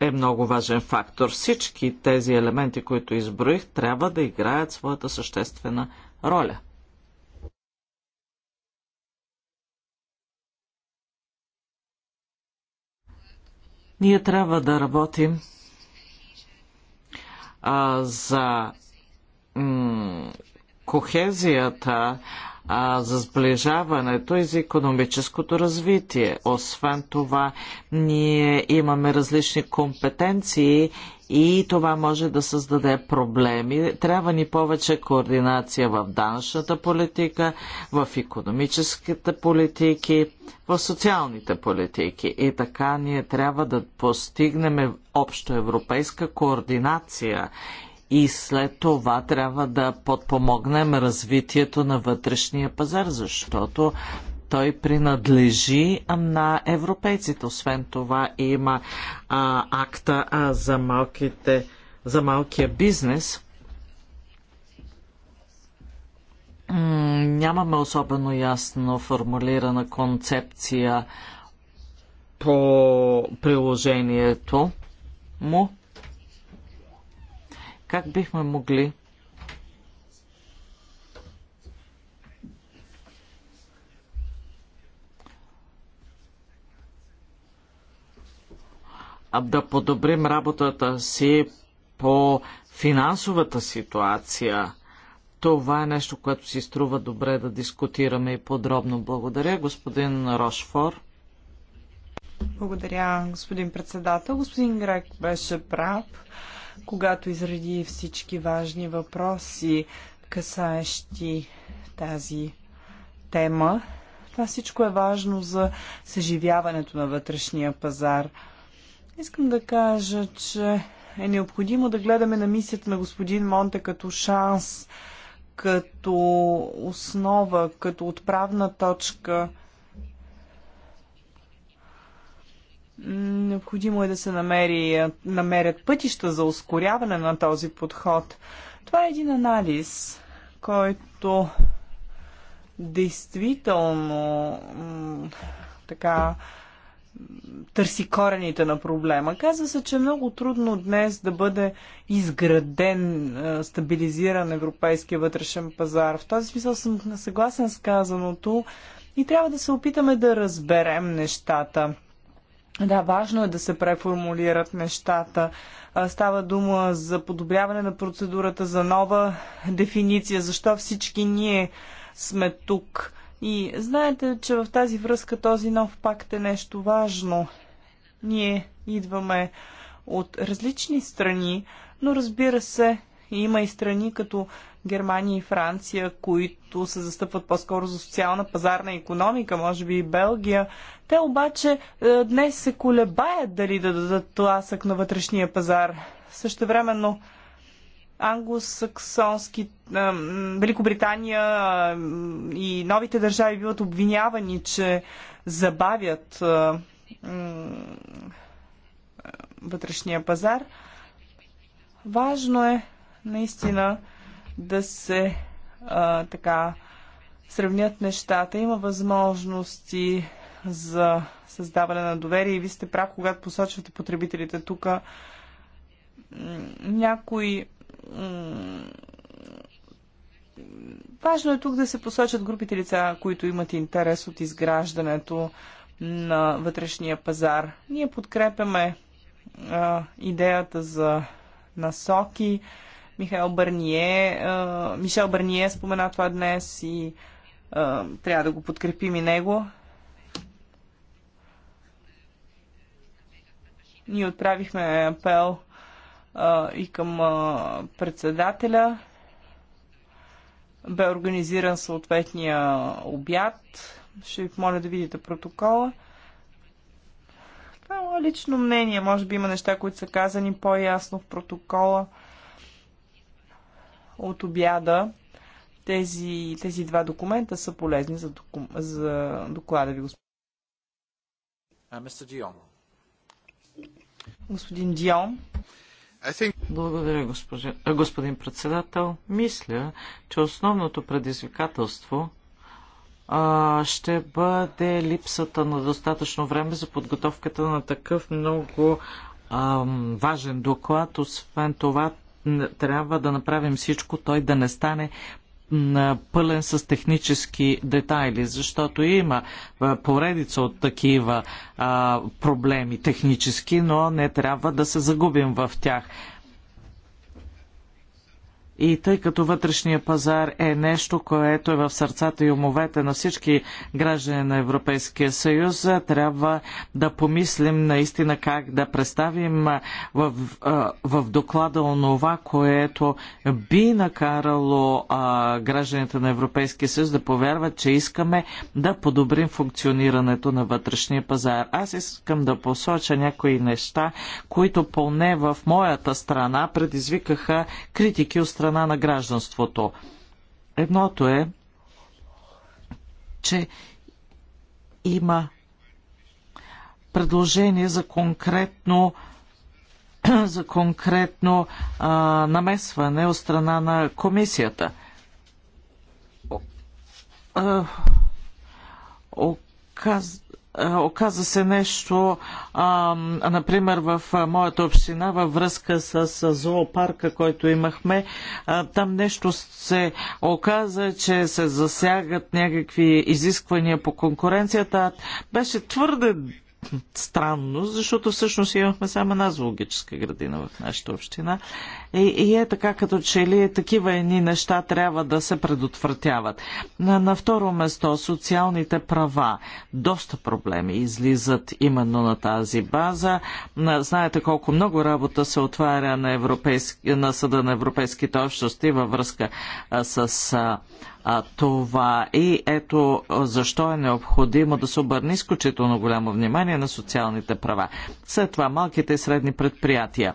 е много важен фактор. Всички тези елементи, които изброих, трябва да играят своята съществена роля. Ние трябва да работим а, за кохезията, а, за сближаването и за економическото развитие. Освен това, ние имаме различни компетенции и това може да създаде проблеми. Трябва ни повече координация в данъчната политика, в економическите политики, в социалните политики. И така ние трябва да постигнем общоевропейска координация и след това трябва да подпомогнем развитието на вътрешния пазар, защото той принадлежи на европейците. Освен това има а, акта а, за, малките, за малкия бизнес. М нямаме особено ясно формулирана концепция по приложението му. Как бихме могли да подобрим работата си по финансовата ситуация. Това е нещо, което си струва добре да дискутираме и подробно. Благодаря, господин Рошфор. Благодаря, господин председател. Господин Грек беше прав когато изреди всички важни въпроси, касаещи тази тема. Това всичко е важно за съживяването на вътрешния пазар. Искам да кажа, че е необходимо да гледаме на мисията на господин Монте като шанс, като основа, като отправна точка – Необходимо е да се намери, намерят пътища за ускоряване на този подход. Това е един анализ, който действително така търси корените на проблема. Казва се, че е много трудно днес да бъде изграден, е, стабилизиран европейския вътрешен пазар. В този смисъл съм съгласен с казаното и трябва да се опитаме да разберем нещата. Да, важно е да се преформулират нещата. Става дума за подобряване на процедурата, за нова дефиниция. Защо всички ние сме тук? И знаете, че в тази връзка този нов пакт е нещо важно. Ние идваме от различни страни, но разбира се, има и страни като Германия и Франция, които се застъпват по-скоро за социална пазарна економика, може би и Белгия. Те обаче е, днес се колебаят дали да дадат тласък на вътрешния пазар. Същевременно англосаксонски, е, Великобритания е, и новите държави биват обвинявани, че забавят вътрешния пазар. Важно е наистина да се а, така сравнят нещата. Има възможности за създаване на доверие и ви сте прав, когато посочвате потребителите тук. Някои Важно е тук да се посочат групите лица, които имат интерес от изграждането на вътрешния пазар. Ние подкрепяме а, идеята за насоки, Михаил Бърние, Мишел Бърние спомена това днес и трябва да го подкрепим и него. Ние отправихме апел и към председателя. Бе организиран съответния обяд. Ще ви помоля да видите протокола. Това е лично мнение. Може би има неща, които са казани по-ясно в протокола от обяда тези, тези два документа са полезни за, доку... за доклада ви, господин. Господин Дион. Think... Благодаря, госпожа... господин председател. Мисля, че основното предизвикателство а, ще бъде липсата на достатъчно време за подготовката на такъв много а, важен доклад. Освен това, трябва да направим всичко той да не стане пълен с технически детайли, защото има поредица от такива а, проблеми технически, но не трябва да се загубим в тях. И тъй като вътрешния пазар е нещо, което е в сърцата и умовете на всички граждани на Европейския съюз, трябва да помислим наистина как да представим в, в доклада онова, което би накарало гражданите на Европейския съюз да повярват, че искаме да подобрим функционирането на вътрешния пазар. Аз искам да посоча някои неща, които поне в моята страна предизвикаха критики от страна страна на гражданството. Едното е, че има предложение за конкретно [CLEARS THROAT] за конкретно а, намесване от страна на комисията. О, а, оказ... Е, оказа се нещо, а, например, в моята община, във връзка с, с зоопарка, който имахме, а, там нещо се оказа, че се засягат някакви изисквания по конкуренцията. Беше твърде странно, защото всъщност имахме само една зоологическа градина в нашата община. И, и е така, като че ли такива едни неща трябва да се предотвратяват. На, на второ место, социалните права. Доста проблеми излизат именно на тази база. Знаете колко много работа се отваря на, европейски, на Съда на Европейските общности във връзка а, с. А, а, това. И ето защо е необходимо да се обърне изключително голямо внимание на социалните права. След това малките и средни предприятия.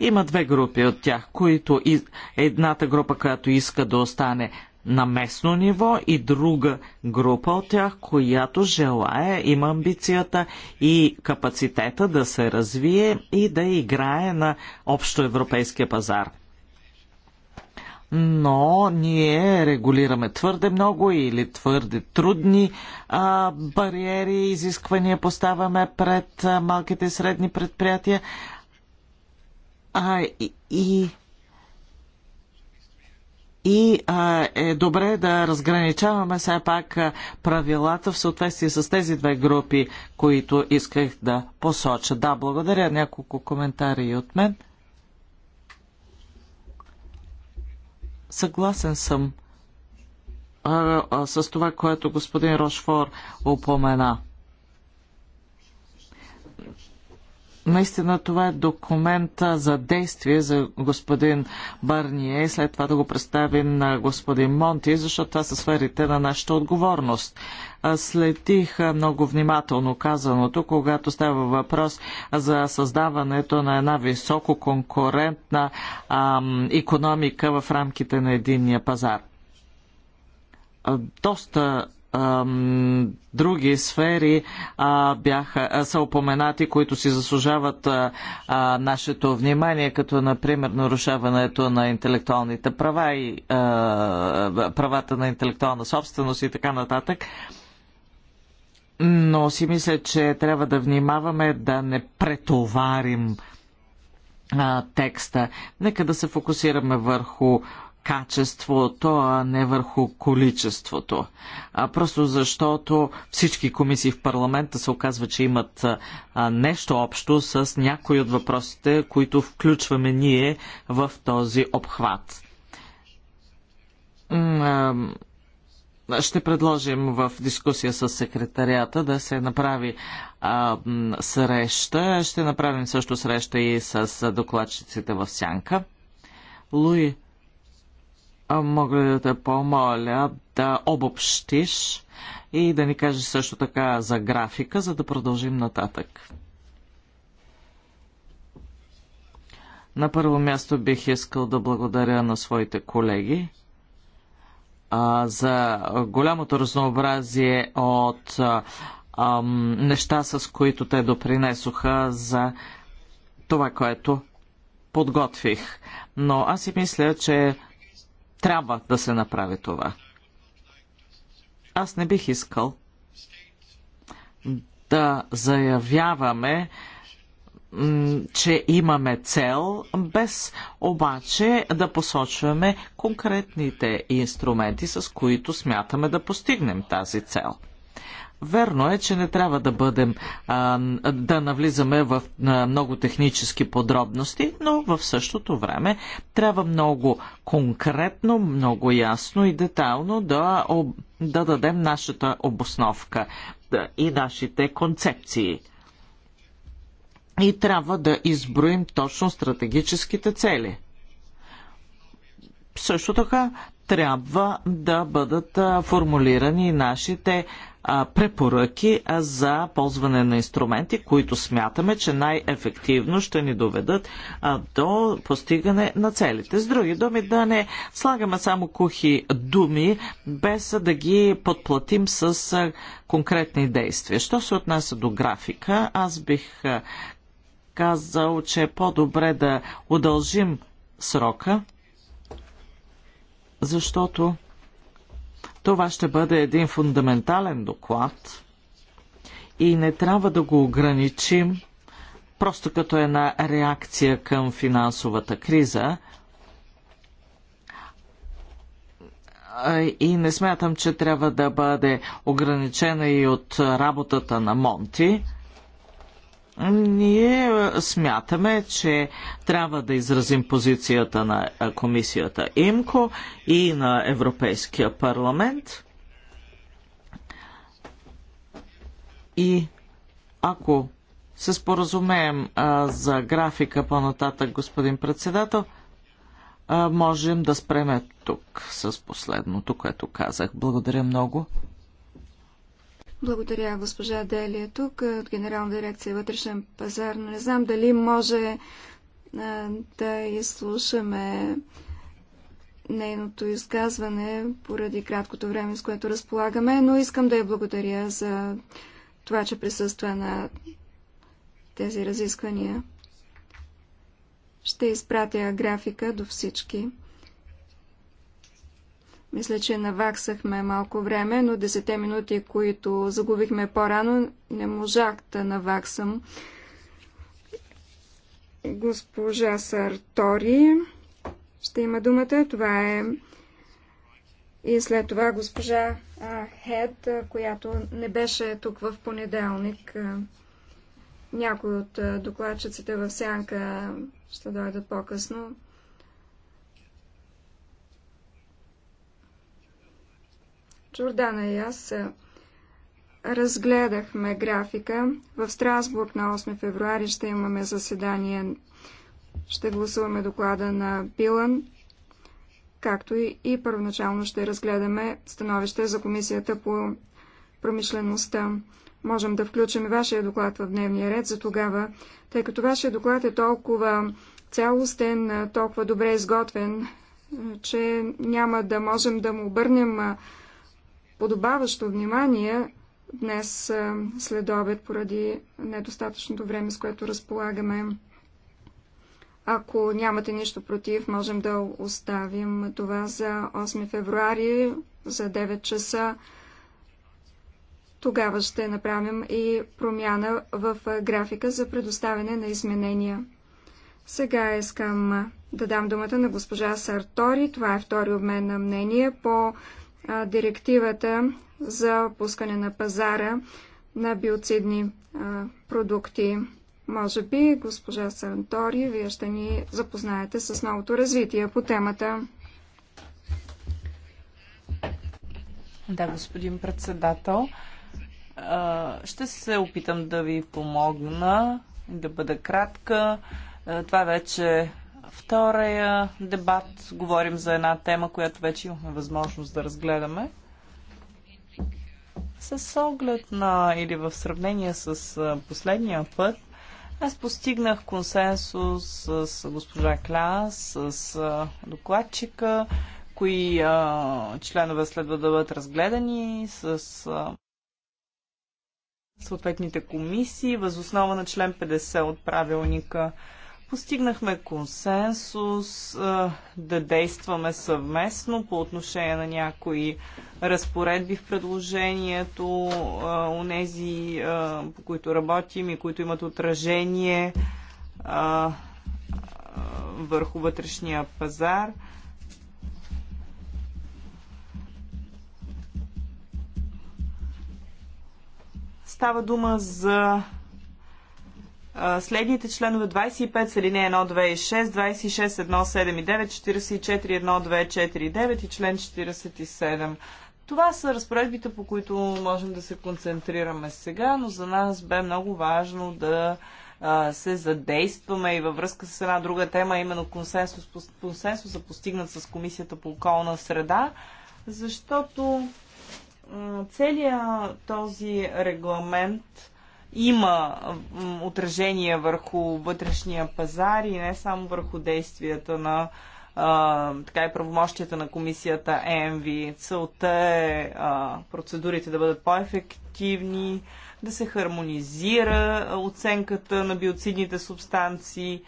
Има две групи от тях, които и, едната група, която иска да остане на местно ниво и друга група от тях, която желая, има амбицията и капацитета да се развие и да играе на общо европейския пазар но ние регулираме твърде много или твърде трудни а, бариери и изисквания поставяме пред а, малките и средни предприятия. А, и, и а, е добре да разграничаваме все пак правилата в съответствие с тези две групи, които исках да посоча. Да, благодаря. Няколко коментари от мен. Съгласен съм а, а, с това, което господин Рошфор упомена. наистина това е документа за действие за господин Барние и след това да го представим на господин Монти, защото това са сферите на нашата отговорност. Следих много внимателно казаното, когато става въпрос за създаването на една високо конкурентна ам, економика в рамките на единния пазар. Доста други сфери а, бяха, а, са упоменати, които си заслужават а, а, нашето внимание, като например нарушаването на интелектуалните права и а, правата на интелектуална собственост и така нататък. Но си мисля, че трябва да внимаваме да не претоварим а, текста. Нека да се фокусираме върху качеството, а не върху количеството. А просто защото всички комисии в парламента се оказва, че имат а, нещо общо с някои от въпросите, които включваме ние в този обхват. Ще предложим в дискусия с секретарията да се направи а, среща. Ще направим също среща и с докладчиците в Сянка. Луи, мога ли да те помоля да обобщиш и да ни кажеш също така за графика, за да продължим нататък. На първо място бих искал да благодаря на своите колеги а, за голямото разнообразие от а, а, неща, с които те допринесоха за това, което подготвих. Но аз си мисля, че трябва да се направи това. Аз не бих искал да заявяваме, че имаме цел, без обаче да посочваме конкретните инструменти, с които смятаме да постигнем тази цел. Верно е, че не трябва да бъдем, а, да навлизаме в а, много технически подробности, но в същото време трябва много конкретно, много ясно и детайлно да, да дадем нашата обосновка да, и нашите концепции. И трябва да изброим точно стратегическите цели. Също така трябва да бъдат формулирани нашите препоръки за ползване на инструменти, които смятаме, че най-ефективно ще ни доведат до постигане на целите. С други думи, да не слагаме само кухи думи, без да ги подплатим с конкретни действия. Що се отнася до графика, аз бих казал, че е по-добре да удължим срока, защото това ще бъде един фундаментален доклад и не трябва да го ограничим просто като една реакция към финансовата криза. И не смятам, че трябва да бъде ограничена и от работата на Монти. Ние е, смятаме, че трябва да изразим позицията на е, комисията ИМКО и на Европейския парламент. И ако се споразумеем а, е, за графика по-нататък, господин председател, а, можем да спреме тук с последното, което казах. Благодаря много. Благодаря, госпожа Делия. Тук е, от Генерална дирекция вътрешен пазар. Не знам дали може а, е, да изслушаме нейното изказване поради краткото време, с което разполагаме, но искам да я благодаря за това, че присъства на тези разисквания. Ще изпратя графика до всички. Мисля, че наваксахме малко време, но 10 минути, които загубихме по-рано, не можах да наваксам. Госпожа Сартори ще има думата. Това е и след това госпожа Хед, която не беше тук в понеделник. Някои от докладчиците в сянка ще дойдат по-късно. Джордана и аз разгледахме графика. В Страсбург на 8 февруари ще имаме заседание. Ще гласуваме доклада на Билан, както и първоначално ще разгледаме становище за комисията по промишлеността. Можем да включим вашия доклад в дневния ред за тогава, тъй като вашия доклад е толкова цялостен, толкова добре изготвен, че няма да можем да му обърнем подобаващо внимание днес след обед поради недостатъчното време, с което разполагаме. Ако нямате нищо против, можем да оставим това за 8 февруари, за 9 часа. Тогава ще направим и промяна в графика за предоставяне на изменения. Сега искам да дам думата на госпожа Сартори. Това е втори обмен на мнение по директивата за пускане на пазара на биоцидни продукти. Може би, госпожа Сантори, вие ще ни запознаете с новото развитие по темата. Да, господин председател. Ще се опитам да ви помогна, да бъда кратка. Това вече втория дебат говорим за една тема, която вече имахме възможност да разгледаме. С оглед на или в сравнение с последния път, аз постигнах консенсус с госпожа Кляс, с докладчика, кои а, членове следва да бъдат разгледани, с а, съответните комисии, възоснова на член 50 от правилника. Постигнахме консенсус да действаме съвместно по отношение на някои разпоредби в предложението, нези, по които работим и които имат отражение върху вътрешния пазар. Става дума за следните членове 25 с линия 1, 2 и 6, 26, 1, 7 и 9, 44, 1, 2, 4 и 9 и член 47. Това са разпоредбите, по които можем да се концентрираме сега, но за нас бе много важно да се задействаме и във връзка с една друга тема, именно консенсус, консенсуса постигнат с Комисията по околна среда, защото целият този регламент има отражение върху вътрешния пазар и не само върху действията на а, така и правомощията на комисията ЕМВ. Целта е а, процедурите да бъдат по-ефективни, да се хармонизира оценката на биоцидните субстанции,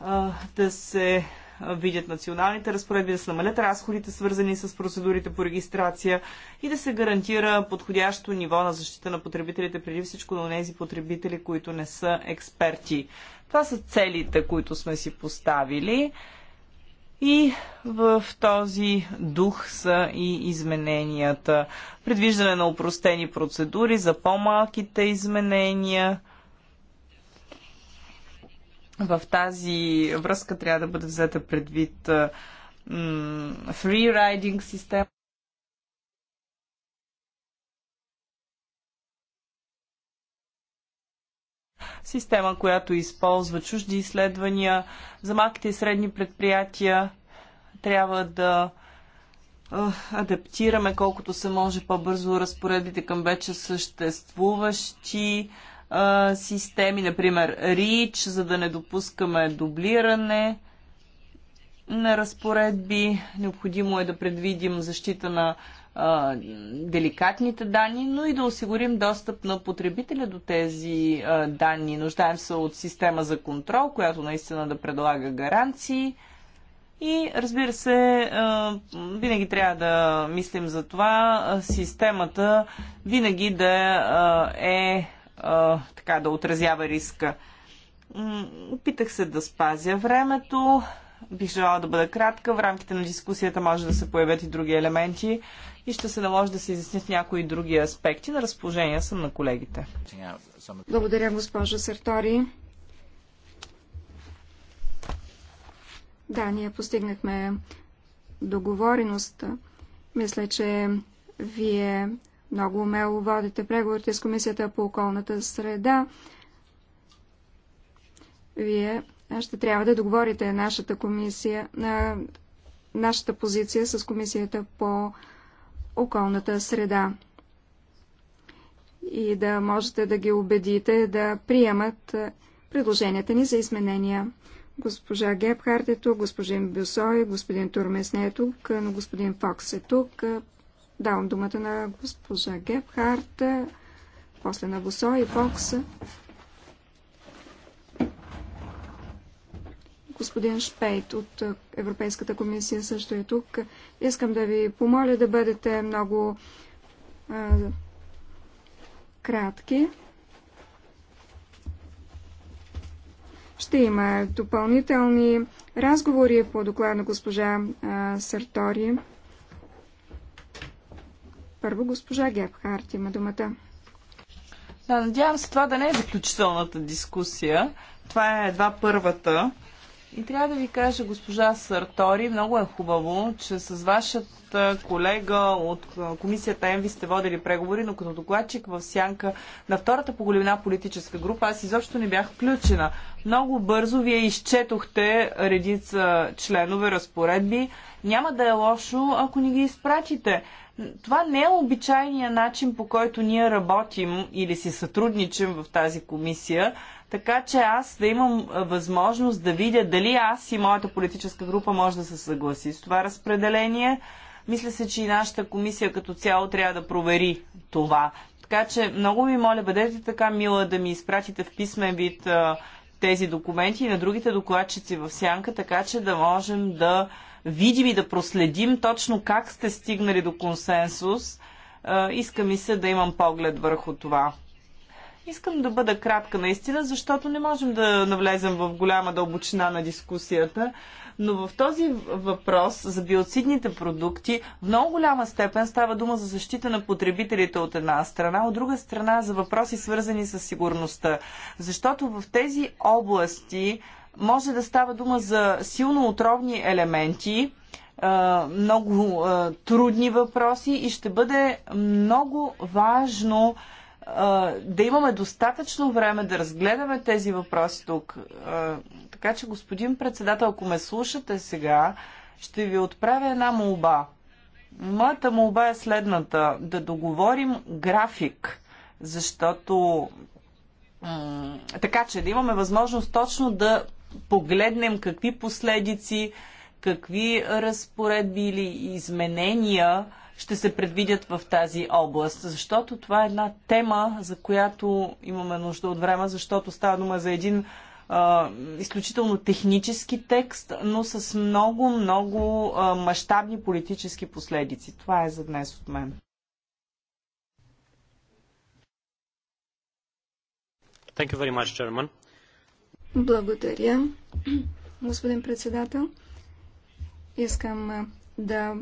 а, да се видят националните разпоредби, да се намалят разходите, свързани с процедурите по регистрация и да се гарантира подходящо ниво на защита на потребителите, преди всичко на тези потребители, които не са експерти. Това са целите, които сме си поставили. И в този дух са и измененията. Предвиждане на упростени процедури за по-малките изменения в тази връзка трябва да бъде взета предвид фрирайдинг система. Система, която използва чужди изследвания за малките и средни предприятия, трябва да адаптираме колкото се може по-бързо разпоредите към вече съществуващи а, системи, например РИЧ, за да не допускаме дублиране на разпоредби. Необходимо е да предвидим защита на а, деликатните данни, но и да осигурим достъп на потребителя до тези а, данни. Нуждаем се от система за контрол, която наистина да предлага гаранции. И разбира се, винаги трябва да мислим за това, системата винаги да е а, така да отразява риска. Опитах се да спазя времето. Бих желала да бъда кратка. В рамките на дискусията може да се появят и други елементи и ще се наложи да се изяснят някои други аспекти. На разположение съм на колегите. Благодаря, госпожо Сартори. Да, ние постигнахме договореност. Мисля, че вие много умело водите преговорите с Комисията по околната среда. Вие ще трябва да договорите нашата комисия, на нашата позиция с Комисията по околната среда и да можете да ги убедите да приемат предложенията ни за изменения. Госпожа Гепхарт е тук, господин Бюсой, господин Турмес не е тук, но господин Фокс е тук. Давам думата на госпожа Гепхарт, после на Госо и Фокс. Господин Шпейт от Европейската комисия също е тук. Искам да ви помоля да бъдете много а, кратки. Ще има допълнителни разговори по доклад на госпожа а, Сартори. Първо госпожа Гебхарт има думата. Да, надявам се това да не е заключителната дискусия. Това е едва първата. И трябва да ви кажа, госпожа Сартори, много е хубаво, че с вашата колега от комисията ЕМВИ сте водили преговори, но като докладчик в сянка на втората по големина политическа група, аз изобщо не бях включена. Много бързо вие изчетохте редица членове, разпоредби. Няма да е лошо, ако ни ги изпратите. Това не е обичайният начин, по който ние работим или си сътрудничим в тази комисия, така че аз да имам възможност да видя дали аз и моята политическа група може да се съгласи с това разпределение. Мисля се, че и нашата комисия като цяло трябва да провери това. Така че много ви моля, бъдете така мила да ми изпратите в писмен вид тези документи и на другите докладчици в сянка, така че да можем да видим и да проследим точно как сте стигнали до консенсус. Иска ми се да имам поглед върху това. Искам да бъда кратка наистина, защото не можем да навлезем в голяма дълбочина на дискусията, но в този въпрос за биоцидните продукти в много голяма степен става дума за защита на потребителите от една страна, от друга страна за въпроси свързани с сигурността. Защото в тези области може да става дума за силно отровни елементи, много трудни въпроси и ще бъде много важно да имаме достатъчно време да разгледаме тези въпроси тук. Така че, господин председател, ако ме слушате сега, ще ви отправя една молба. Моята молба е следната. Да договорим график, защото така че да имаме възможност точно да погледнем какви последици, какви разпоредби или изменения ще се предвидят в тази област. Защото това е една тема, за която имаме нужда от време, защото става дума за един а, изключително технически текст, но с много, много а, мащабни политически последици. Това е за днес от мен. Thank you very much, благодаря, господин председател. Искам да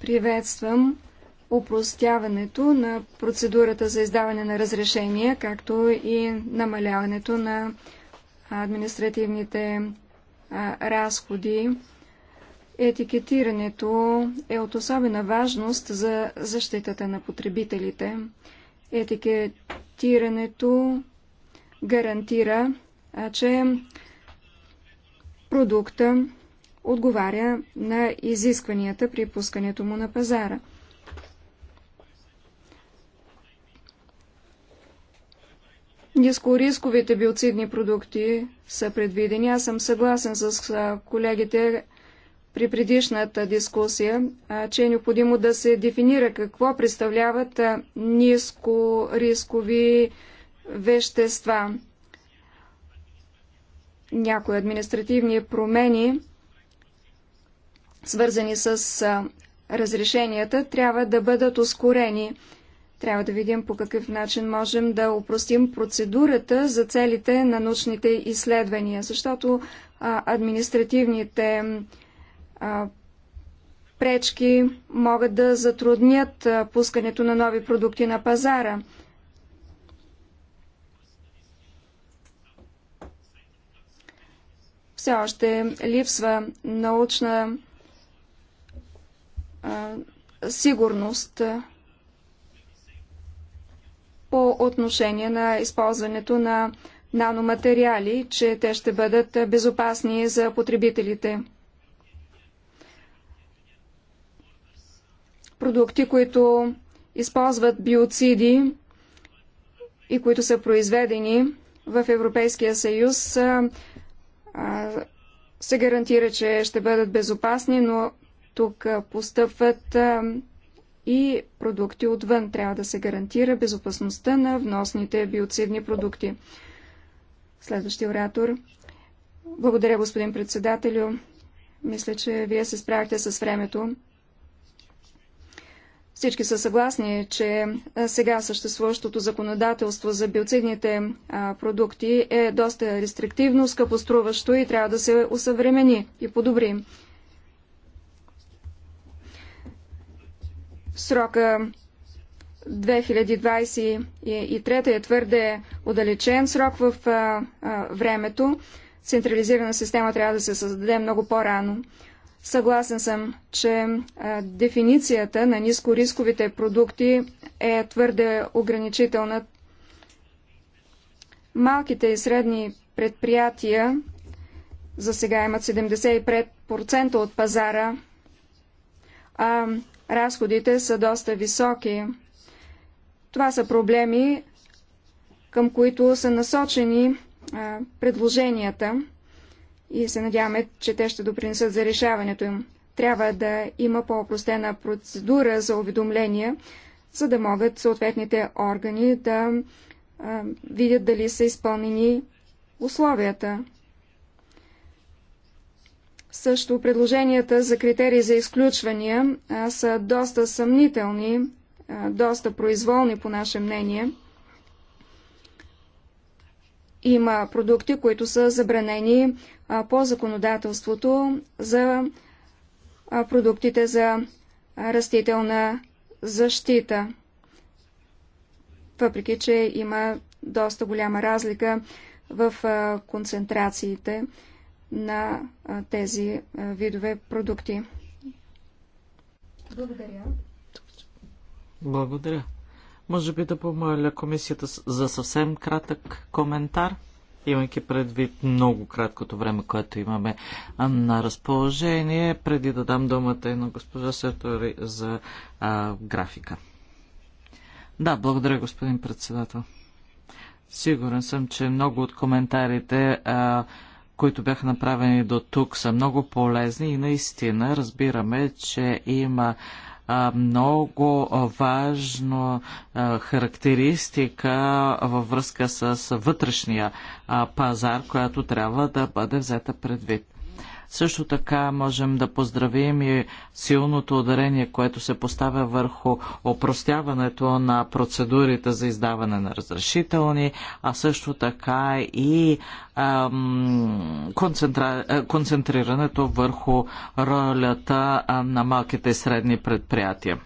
приветствам упростяването на процедурата за издаване на разрешения, както и намаляването на административните разходи. Етикетирането е от особена важност за защитата на потребителите. Етикетирането гарантира че продукта отговаря на изискванията при пускането му на пазара. Нискорисковите биоцидни продукти са предвидени. Аз съм съгласен с колегите при предишната дискусия, че е необходимо да се дефинира какво представляват нискорискови вещества някои административни промени, свързани с разрешенията, трябва да бъдат ускорени. Трябва да видим по какъв начин можем да упростим процедурата за целите на научните изследвания, защото административните пречки могат да затруднят пускането на нови продукти на пазара. все още липсва научна а, сигурност по отношение на използването на наноматериали, че те ще бъдат безопасни за потребителите. Продукти, които използват биоциди и които са произведени в Европейския съюз, са се гарантира, че ще бъдат безопасни, но тук постъпват и продукти отвън. Трябва да се гарантира безопасността на вносните биоцидни продукти. Следващия оратор. Благодаря, господин председателю. Мисля, че вие се справихте с времето. Всички са съгласни, че сега съществуващото законодателство за биоцидните продукти е доста рестриктивно, скъпоструващо и трябва да се усъвремени и подобри. Срока 2023 е твърде удалечен срок в времето. Централизирана система трябва да се създаде много по-рано. Съгласен съм, че дефиницията на нискорисковите продукти е твърде ограничителна. Малките и средни предприятия за сега имат 75% от пазара, а разходите са доста високи. Това са проблеми, към които са насочени предложенията и се надяваме, че те ще допринесат за решаването им. Трябва да има по-опростена процедура за уведомления, за да могат съответните органи да а, видят дали са изпълнени условията. Също предложенията за критерии за изключвания а, са доста съмнителни, а, доста произволни по наше мнение – има продукти, които са забранени по законодателството за продуктите за растителна защита. Въпреки, че има доста голяма разлика в концентрациите на тези видове продукти. Благодаря. Благодаря. Може би да помоля комисията за съвсем кратък коментар, имайки предвид много краткото време, което имаме на разположение, преди да дам думата и на госпожа Сетори за а, графика. Да, благодаря, господин председател. Сигурен съм, че много от коментарите, а, които бяха направени до тук, са много полезни и наистина разбираме, че има много важна характеристика във връзка с вътрешния пазар, която трябва да бъде взета предвид. Също така можем да поздравим и силното ударение, което се поставя върху опростяването на процедурите за издаване на разрешителни, а също така и ам, концентра... концентрирането върху ролята на малките и средни предприятия.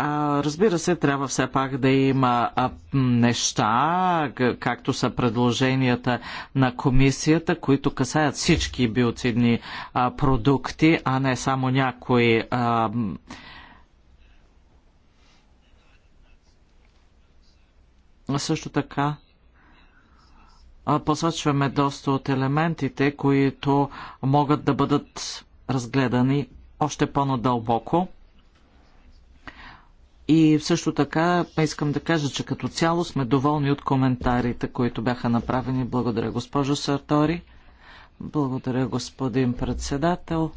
А, разбира се, трябва все пак да има а, неща, както са предложенията на комисията, които касаят всички биоцидни а, продукти, а не само някои. А, също така посочваме доста от елементите, които могат да бъдат разгледани още по-надълбоко и също така искам да кажа, че като цяло сме доволни от коментарите, които бяха направени. Благодаря, госпожо Сартори. Благодаря, господин председател.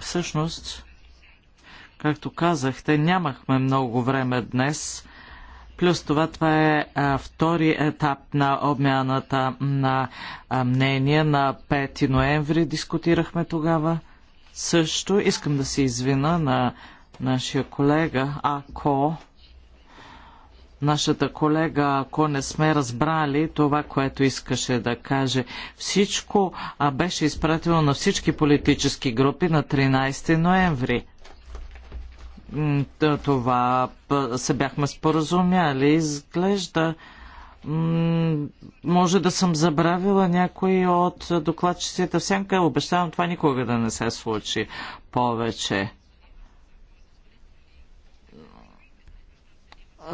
Всъщност, както казахте, нямахме много време днес. Плюс това, това е а, втори етап на обмяната на а, мнение на 5 ноември. Дискутирахме тогава. Също искам да се извина на нашия колега, ако нашата колега, ако не сме разбрали това, което искаше да каже. Всичко а беше изпратено на всички политически групи на 13 ноември. Това се бяхме споразумяли. Изглежда може да съм забравила някой от докладчиците в сянка. Обещавам това никога да не се случи повече.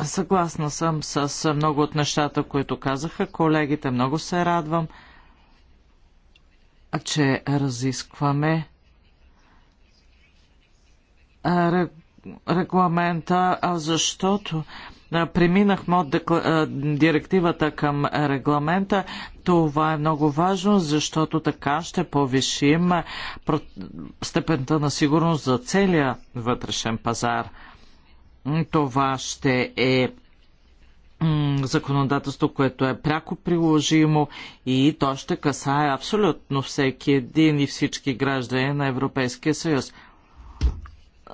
Съгласна съм с много от нещата, които казаха колегите. Много се радвам, че разискваме регламента, защото е, преминахме от е, директивата към регламента. Това е много важно, защото така ще повишим е, степента на сигурност за целия вътрешен пазар. Това ще е законодателство, което е пряко приложимо и то ще касае абсолютно всеки един и всички граждани на Европейския съюз.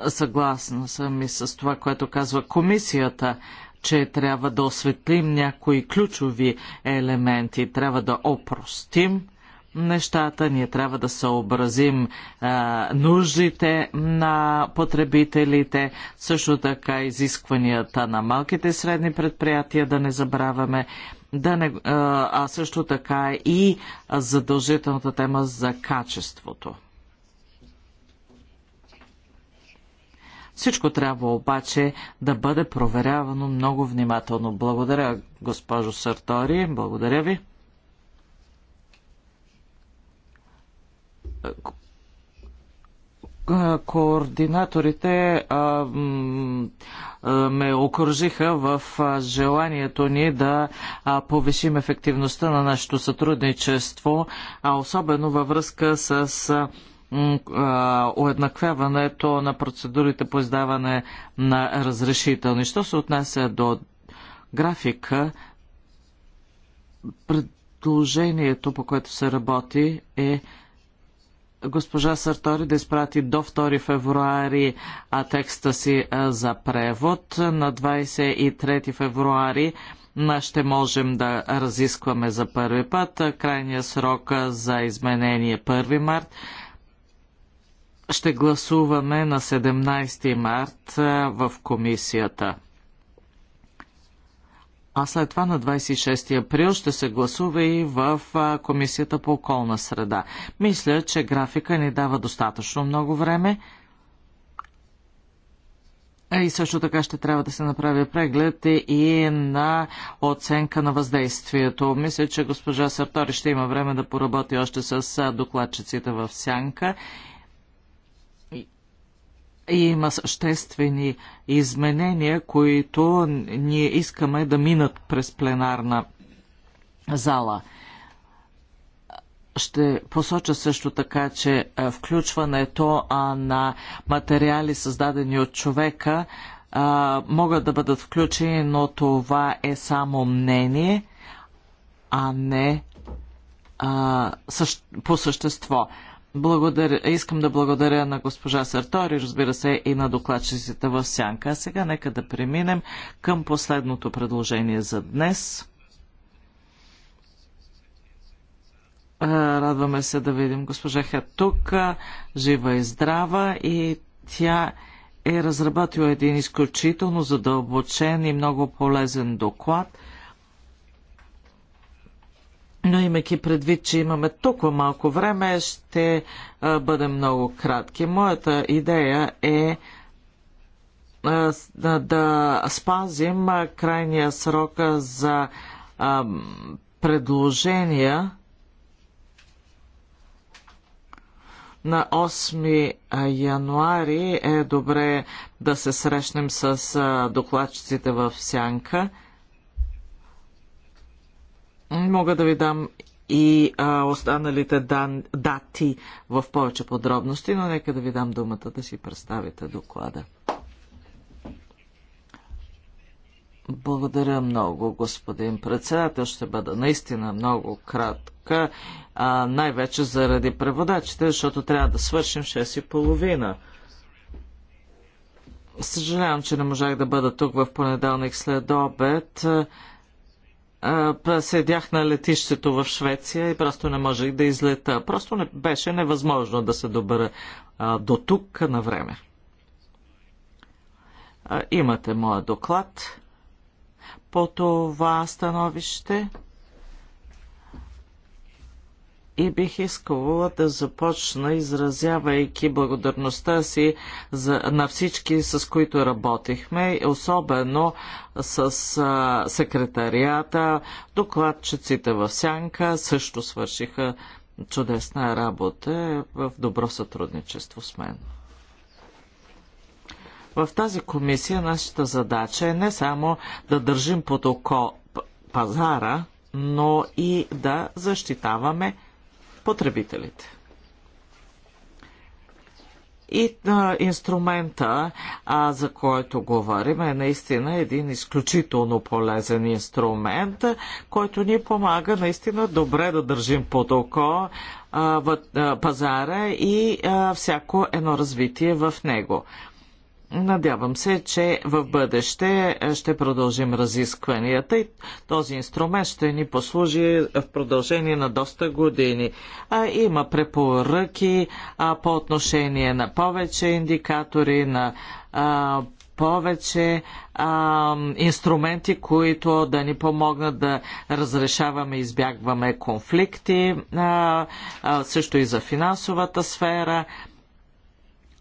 Съгласна съм и с това, което казва комисията че трябва да осветлим някои ключови елементи, трябва да опростим нещата, ние трябва да съобразим а, нуждите на потребителите, също така изискванията на малките и средни предприятия, да не забравяме, да не, а също така и задължителната тема за качеството. Всичко трябва обаче да бъде проверявано много внимателно. Благодаря, госпожо Сартори. Благодаря ви. координаторите а, ме окружиха в желанието ни да повишим ефективността на нашето сътрудничество, а особено във връзка с уеднаквяването на процедурите по издаване на разрешителни. Що се отнася до графика, предложението, по което се работи, е госпожа Сартори да изпрати до 2 февруари а текста си за превод. На 23 февруари ще можем да разискваме за първи път. Крайният срок за изменение 1 е март ще гласуваме на 17 март в комисията. А след това на 26 април ще се гласува и в Комисията по околна среда. Мисля, че графика ни дава достатъчно много време. И също така ще трябва да се направи преглед и на оценка на въздействието. Мисля, че госпожа Сартори ще има време да поработи още с докладчиците в Сянка има съществени изменения, които ние искаме да минат през пленарна зала. Ще посоча също така, че включването на материали, създадени от човека, могат да бъдат включени, но това е само мнение, а не по същество. Благодаря, искам да благодаря на госпожа Сартори, разбира се, и на докладчиците в Сянка. А сега нека да преминем към последното предложение за днес. Радваме се да видим госпожа Хатук, жива и здрава и тя е разработила един изключително задълбочен и много полезен доклад – но имайки предвид, че имаме толкова малко време, ще бъдем много кратки. Моята идея е да спазим крайния срок за предложения на 8 януари е добре да се срещнем с докладчиците в Сянка – Мога да ви дам и а, останалите дан, дати в повече подробности, но нека да ви дам думата да си представите доклада. Благодаря много, господин председател. Ще бъда наистина много кратка, най-вече заради преводачите, защото трябва да свършим 6.30. Съжалявам, че не можах да бъда тук в понеделник след обед седях на летището в Швеция и просто не можех да излета. Просто не, беше невъзможно да се добера а, до тук на време. А, имате моя доклад по това становище и бих искала да започна, изразявайки благодарността си за, на всички, с които работихме, особено с а, секретарията, докладчиците в Сянка също свършиха чудесна работа в добро сътрудничество с мен. В тази комисия нашата задача е не само да държим под око пазара, но и да защитаваме потребителите. И а, инструмента, а, за който говорим, е наистина един изключително полезен инструмент, който ни помага наистина добре да държим под око а, в, а, пазара и а, всяко едно развитие в него. Надявам се, че в бъдеще ще продължим разискванията и този инструмент ще ни послужи в продължение на доста години. А, има препоръки а, по отношение на повече индикатори, на а, повече а, инструменти, които да ни помогнат да разрешаваме и избягваме конфликти, а, а, също и за финансовата сфера.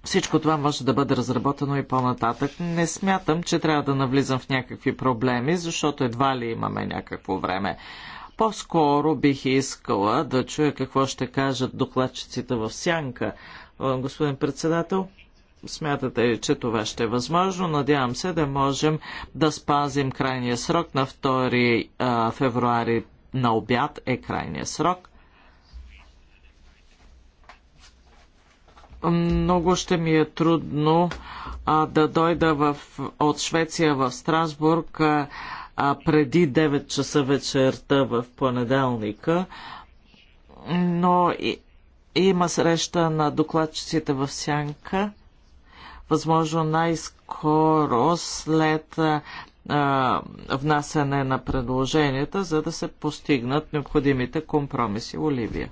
Всичко това може да бъде разработено и по-нататък. Не смятам, че трябва да навлизам в някакви проблеми, защото едва ли имаме някакво време. По-скоро бих искала да чуя какво ще кажат докладчиците в сянка. Господин председател, смятате, ли, че това ще е възможно. Надявам се да можем да спазим крайния срок на 2 февруари на обяд е крайния срок много ще ми е трудно а, да дойда в, от Швеция в Страсбург а, а, преди 9 часа вечерта в понеделника, но и, има среща на докладчиците в Сянка, възможно най-скоро след а, внасяне на предложенията, за да се постигнат необходимите компромиси. Оливия.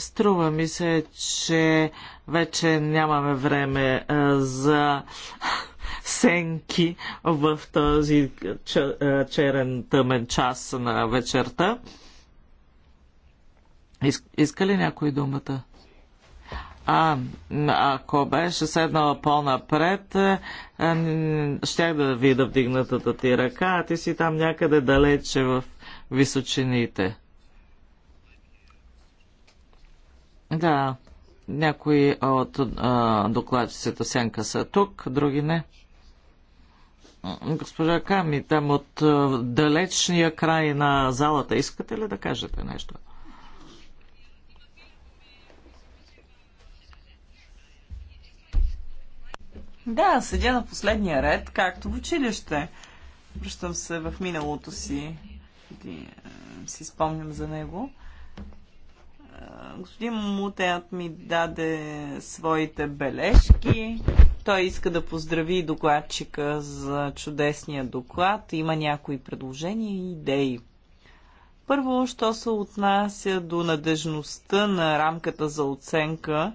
Струва ми се, че вече нямаме време а, за сенки в този черен тъмен час на вечерта. Иска ли някой думата? А, ако беше седнала по-напред, щях да видя вдигнатата ти ръка, а ти си там някъде далече в височините. Да, някои от а, докладчицата Сянка са тук, други не. Госпожа Ками, там от далечния край на залата, искате ли да кажете нещо? Да, седя на последния ред, както в училище. Връщам се в миналото си, си спомням за него господин Мутеят ми даде своите бележки. Той иска да поздрави докладчика за чудесния доклад. Има някои предложения и идеи. Първо, що се отнася до надежността на рамката за оценка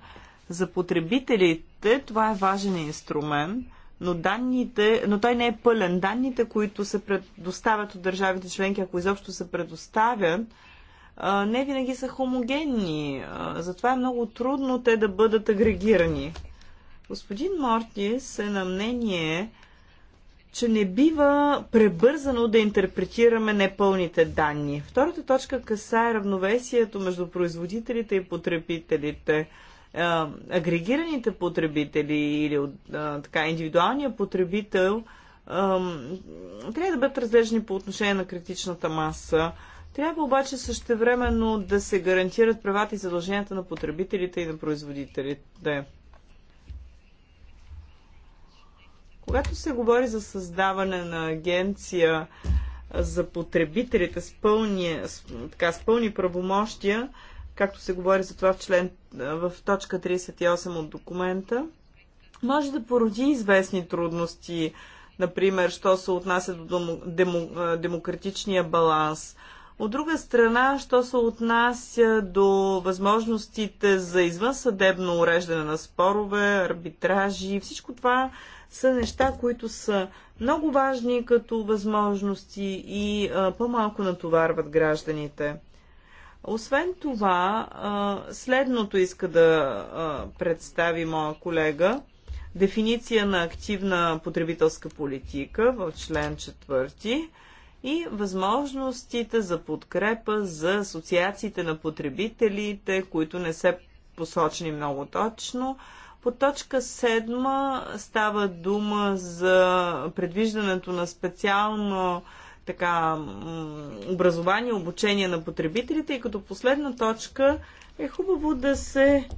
за потребителите, това е важен инструмент, но, данните, но той не е пълен. Данните, които се предоставят от държавите членки, ако изобщо се предоставят, не винаги са хомогенни. Затова е много трудно те да бъдат агрегирани. Господин Мортис е на мнение, че не бива пребързано да интерпретираме непълните данни. Втората точка касае равновесието между производителите и потребителите. Агрегираните потребители или така индивидуалния потребител трябва да бъдат разлежени по отношение на критичната маса. Трябва обаче същевременно да се гарантират правата и задълженията на потребителите и на производителите. Когато се говори за създаване на агенция за потребителите с пълни, така, с пълни правомощия, както се говори за това в, член, в точка 38 от документа, може да породи известни трудности, например, що се отнася до демо, демократичния баланс – от друга страна, що се отнася до възможностите за извънсъдебно уреждане на спорове, арбитражи, всичко това са неща, които са много важни като възможности и по-малко натоварват гражданите. Освен това, а, следното иска да а, представи моя колега. Дефиниция на активна потребителска политика в член 4 и възможностите за подкрепа за асоциациите на потребителите, които не се посочени много точно. По точка 7 става дума за предвиждането на специално така, образование, обучение на потребителите и като последна точка е хубаво да се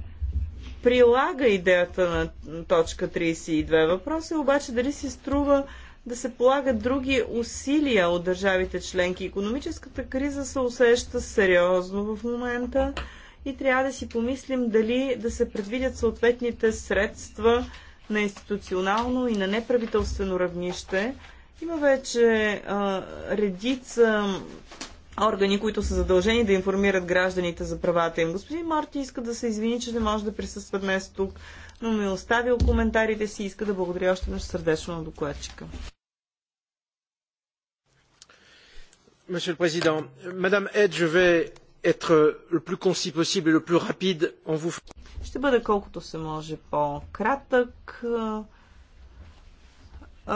прилага идеята на точка 32. Въпросът е обаче дали си струва да се полагат други усилия от държавите членки. Економическата криза се усеща сериозно в момента и трябва да си помислим дали да се предвидят съответните средства на институционално и на неправителствено равнище. Има вече а, редица органи, които са задължени да информират гражданите за правата им. Господин Марти иска да се извини, че не може да присъства днес тук но ми е оставил коментарите си и иска да благодаря още на сърдечно на докладчика. Monsieur le Président, Madame Ed, je vais être le plus concis possible et le plus rapide en vous. Ще бъда колкото се може по-кратък.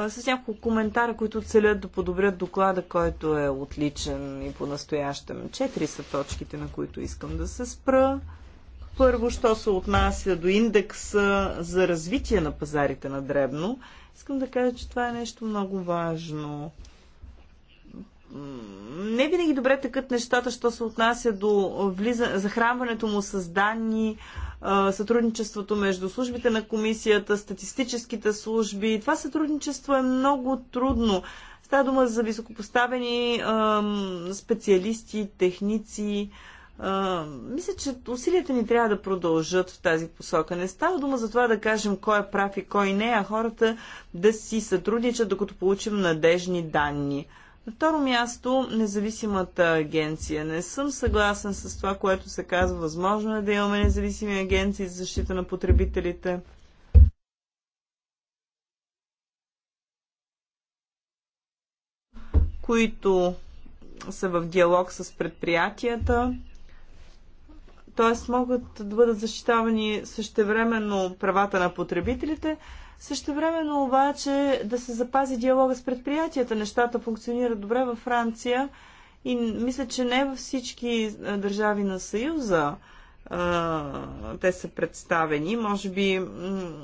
С няколко коментара, които целят да подобрят доклада, който е отличен и по-настоящем. Четири са точките, на които искам да се спра. Първо, що се отнася до индекса за развитие на пазарите на дребно, искам да кажа, че това е нещо много важно. Не винаги добре тъкат нещата, що се отнася до влиза... захранването му с данни, сътрудничеството между службите на комисията, статистическите служби. Това сътрудничество е много трудно. Става дума за високопоставени специалисти, техници, а, мисля, че усилията ни трябва да продължат в тази посока. Не става дума за това да кажем кой е прав и кой не, а хората да си сътрудничат, докато получим надежни данни. На второ място, независимата агенция. Не съм съгласен с това, което се казва. Възможно е да имаме независими агенции за защита на потребителите. които са в диалог с предприятията т.е. могат да бъдат защитавани същевременно правата на потребителите, същевременно обаче да се запази диалога с предприятията. Нещата функционират добре във Франция и мисля, че не във всички държави на Съюза те са представени. Може би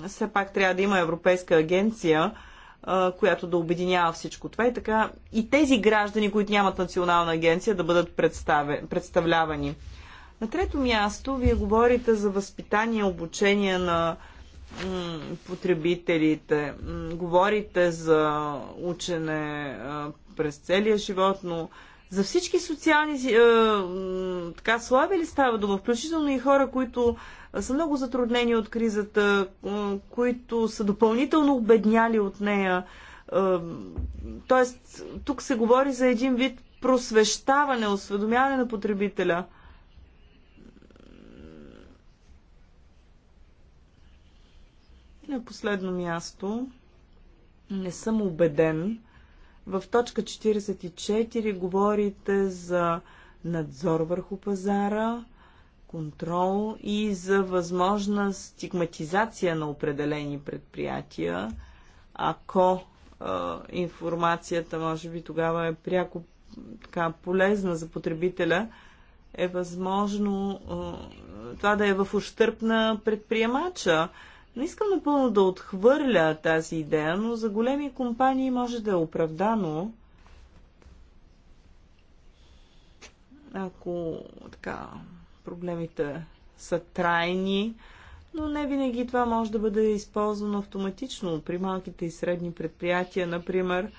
все пак трябва да има Европейска агенция, която да обединява всичко това и така и тези граждани, които нямат национална агенция, да бъдат представлявани. На трето място, вие говорите за възпитание, обучение на потребителите, говорите за учене през целия живот, но за всички социални е, така слаби ли става дума, включително и хора, които са много затруднени от кризата, които са допълнително обедняли от нея. Е, тоест, тук се говори за един вид просвещаване, осведомяване на потребителя – на последно място, не съм убеден, в точка 44 говорите за надзор върху пазара, контрол и за възможна стигматизация на определени предприятия, ако е, информацията, може би тогава е пряко така, полезна за потребителя, е възможно е, това да е в ущърп на предприемача. Е, не искам напълно да отхвърля тази идея, но за големи компании може да е оправдано, ако така, проблемите са трайни, но не винаги това може да бъде използвано автоматично. При малките и средни предприятия, например,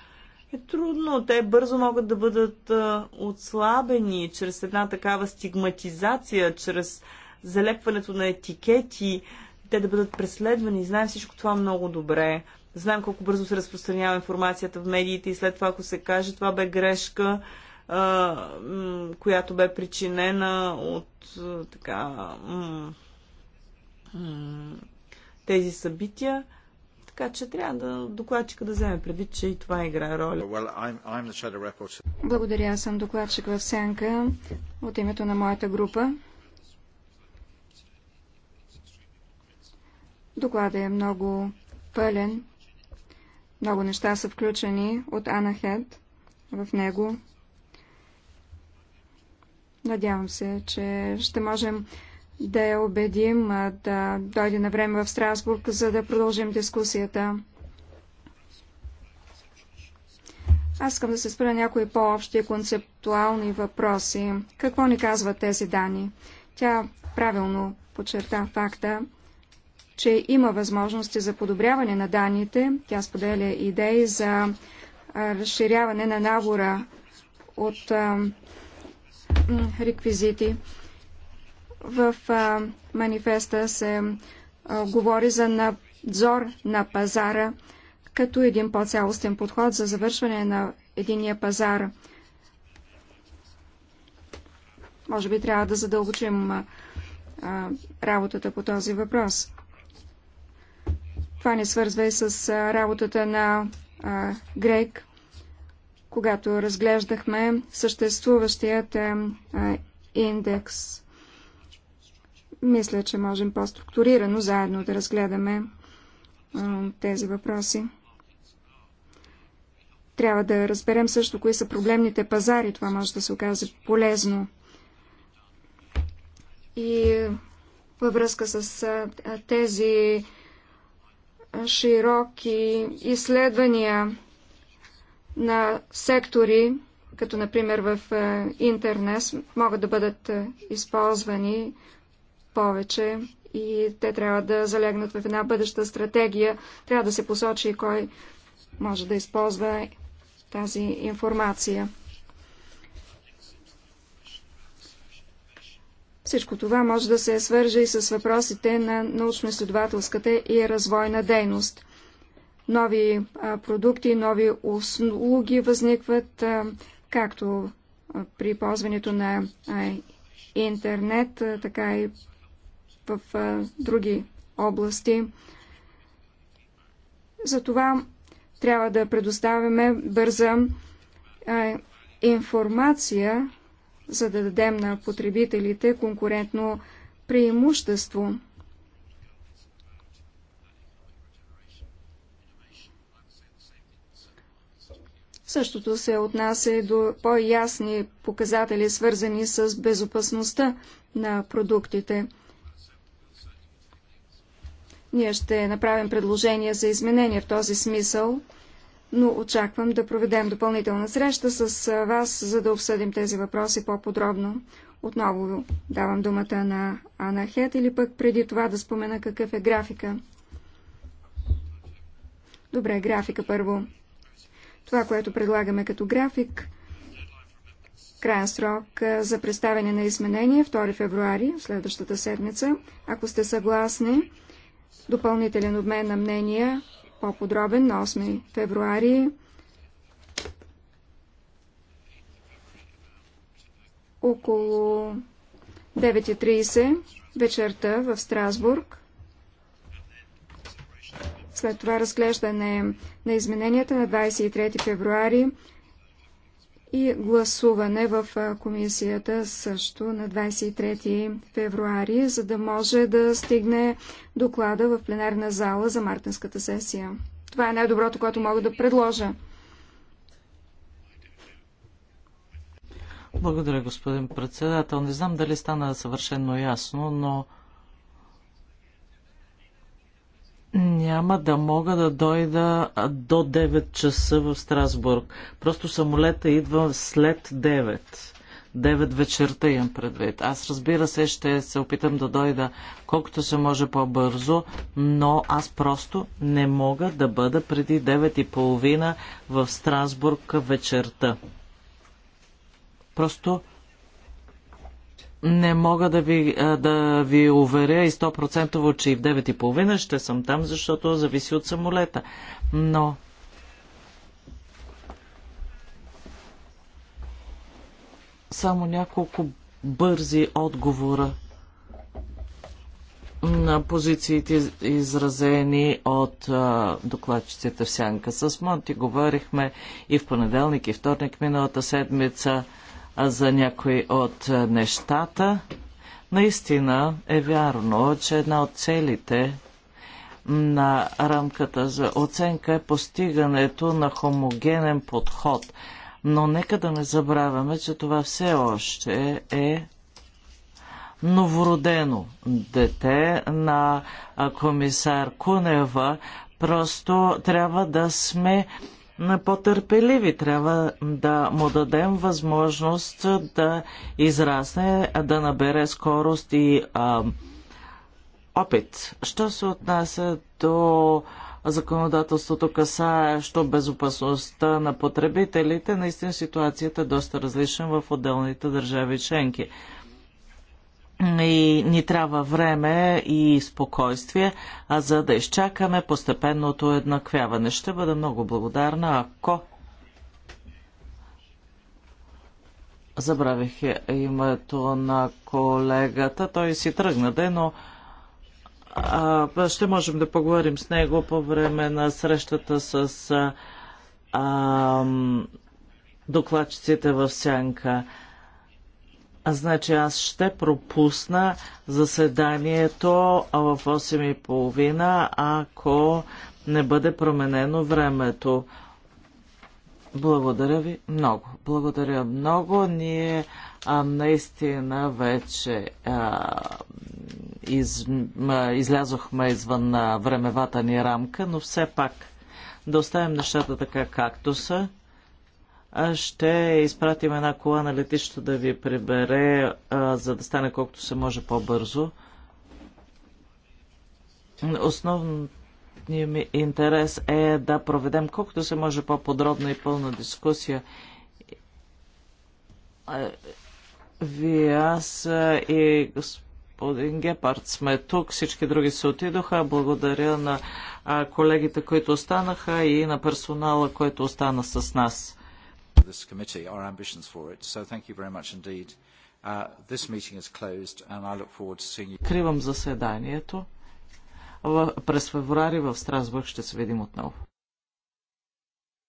е трудно. Те бързо могат да бъдат а, отслабени чрез една такава стигматизация, чрез залепването на етикети, те да бъдат преследвани. Знаем всичко това много добре. Знаем колко бързо се разпространява информацията в медиите и след това, ако се каже, това бе грешка, която бе причинена от така, тези събития. Така че трябва да докладчика да вземе преди, че и това играе роля. Well, I'm, I'm Благодаря, аз съм докладчик в Сянка от името на моята група. Докладът е много пълен. Много неща са включени от Анахед в него. Надявам се, че ще можем да я убедим да дойде на време в Страсбург, за да продължим дискусията. Аз искам да се спра някои по-общи концептуални въпроси. Какво ни казват тези данни? Тя правилно подчерта факта, че има възможности за подобряване на данните. Тя споделя идеи за разширяване на набора от реквизити. В манифеста се говори за надзор на пазара като един по-цялостен подход за завършване на единия пазар. Може би трябва да задълбочим работата по този въпрос. Това не свързва и с работата на а, Грек, когато разглеждахме съществуващият а, индекс. Мисля, че можем по-структурирано заедно да разгледаме а, тези въпроси. Трябва да разберем също кои са проблемните пазари. Това може да се окаже полезно. И във връзка с а, тези а, широки изследвания на сектори, като например в е, интернет, могат да бъдат е, използвани повече и те трябва да залегнат в една бъдеща стратегия. Трябва да се посочи кой може да използва тази информация. Всичко това може да се свърже и с въпросите на научно-изследователската и развойна дейност. Нови продукти, нови услуги възникват, както при ползването на интернет, така и в други области. Затова трябва да предоставяме бърза информация за да дадем на потребителите конкурентно преимущество. Същото се отнася и до по-ясни показатели, свързани с безопасността на продуктите. Ние ще направим предложение за изменение в този смисъл но очаквам да проведем допълнителна среща с вас, за да обсъдим тези въпроси по-подробно. Отново давам думата на Ана Хет или пък преди това да спомена какъв е графика. Добре, графика първо. Това, което предлагаме като график, крайен срок за представяне на изменения 2 февруари, следващата седмица. Ако сте съгласни, допълнителен обмен на мнения по-подробен на 8 февруари. Около 9.30 вечерта в Страсбург. След това разглеждане на измененията на 23 февруари и гласуване в комисията също на 23 февруари, за да може да стигне доклада в пленарна зала за мартинската сесия. Това е най-доброто, което мога да предложа. Благодаря, господин председател. Не знам дали стана съвършено ясно, но няма да мога да дойда до 9 часа в Страсбург. Просто самолета идва след 9. 9 вечерта имам предвид. Аз разбира се ще се опитам да дойда колкото се може по-бързо, но аз просто не мога да бъда преди 9.30 в Страсбург вечерта. Просто не мога да ви, да ви уверя и 100% че и в 9.30 ще съм там, защото зависи от самолета. Но само няколко бързи отговора на позициите изразени от а, докладчиците в Сянка. С Монти говорихме и в понеделник, и вторник миналата седмица – за някои от е, нещата. Наистина е вярно, че една от целите на рамката за оценка е постигането на хомогенен подход. Но нека да не забравяме, че това все още е новородено дете на комисар Кунева. Просто трябва да сме по-търпеливи. Трябва да му дадем възможност да израсне, да набере скорост и а, опит. Що се отнася до законодателството касаещо безопасността на потребителите, наистина ситуацията е доста различна в отделните държави членки и ни трябва време и спокойствие, а за да изчакаме постепенното еднаквяване. Ще бъда много благодарна, ако Забравих името на колегата. Той си тръгна, де, но а, ще можем да поговорим с него по време на срещата с а, а, докладчиците в Сянка. Значи аз ще пропусна заседанието в 8.30, ако не бъде променено времето. Благодаря ви много. Благодаря много. Ние а, наистина вече а, из, а, излязохме извън на времевата ни рамка, но все пак да оставим нещата така както са ще изпратим една кола на летището да ви прибере, за да стане колкото се може по-бързо. Основният ми интерес е да проведем колкото се може по-подробна и пълна дискусия. Вие, аз и господин Гепард сме тук, всички други се отидоха. Благодаря на колегите, които останаха и на персонала, който остана с нас this committee, our ambitions for it. So thank you very much indeed. Uh, this meeting is closed and I look forward to seeing you. Кривам заседанието. през февруари в Страсбург ще се видим отново.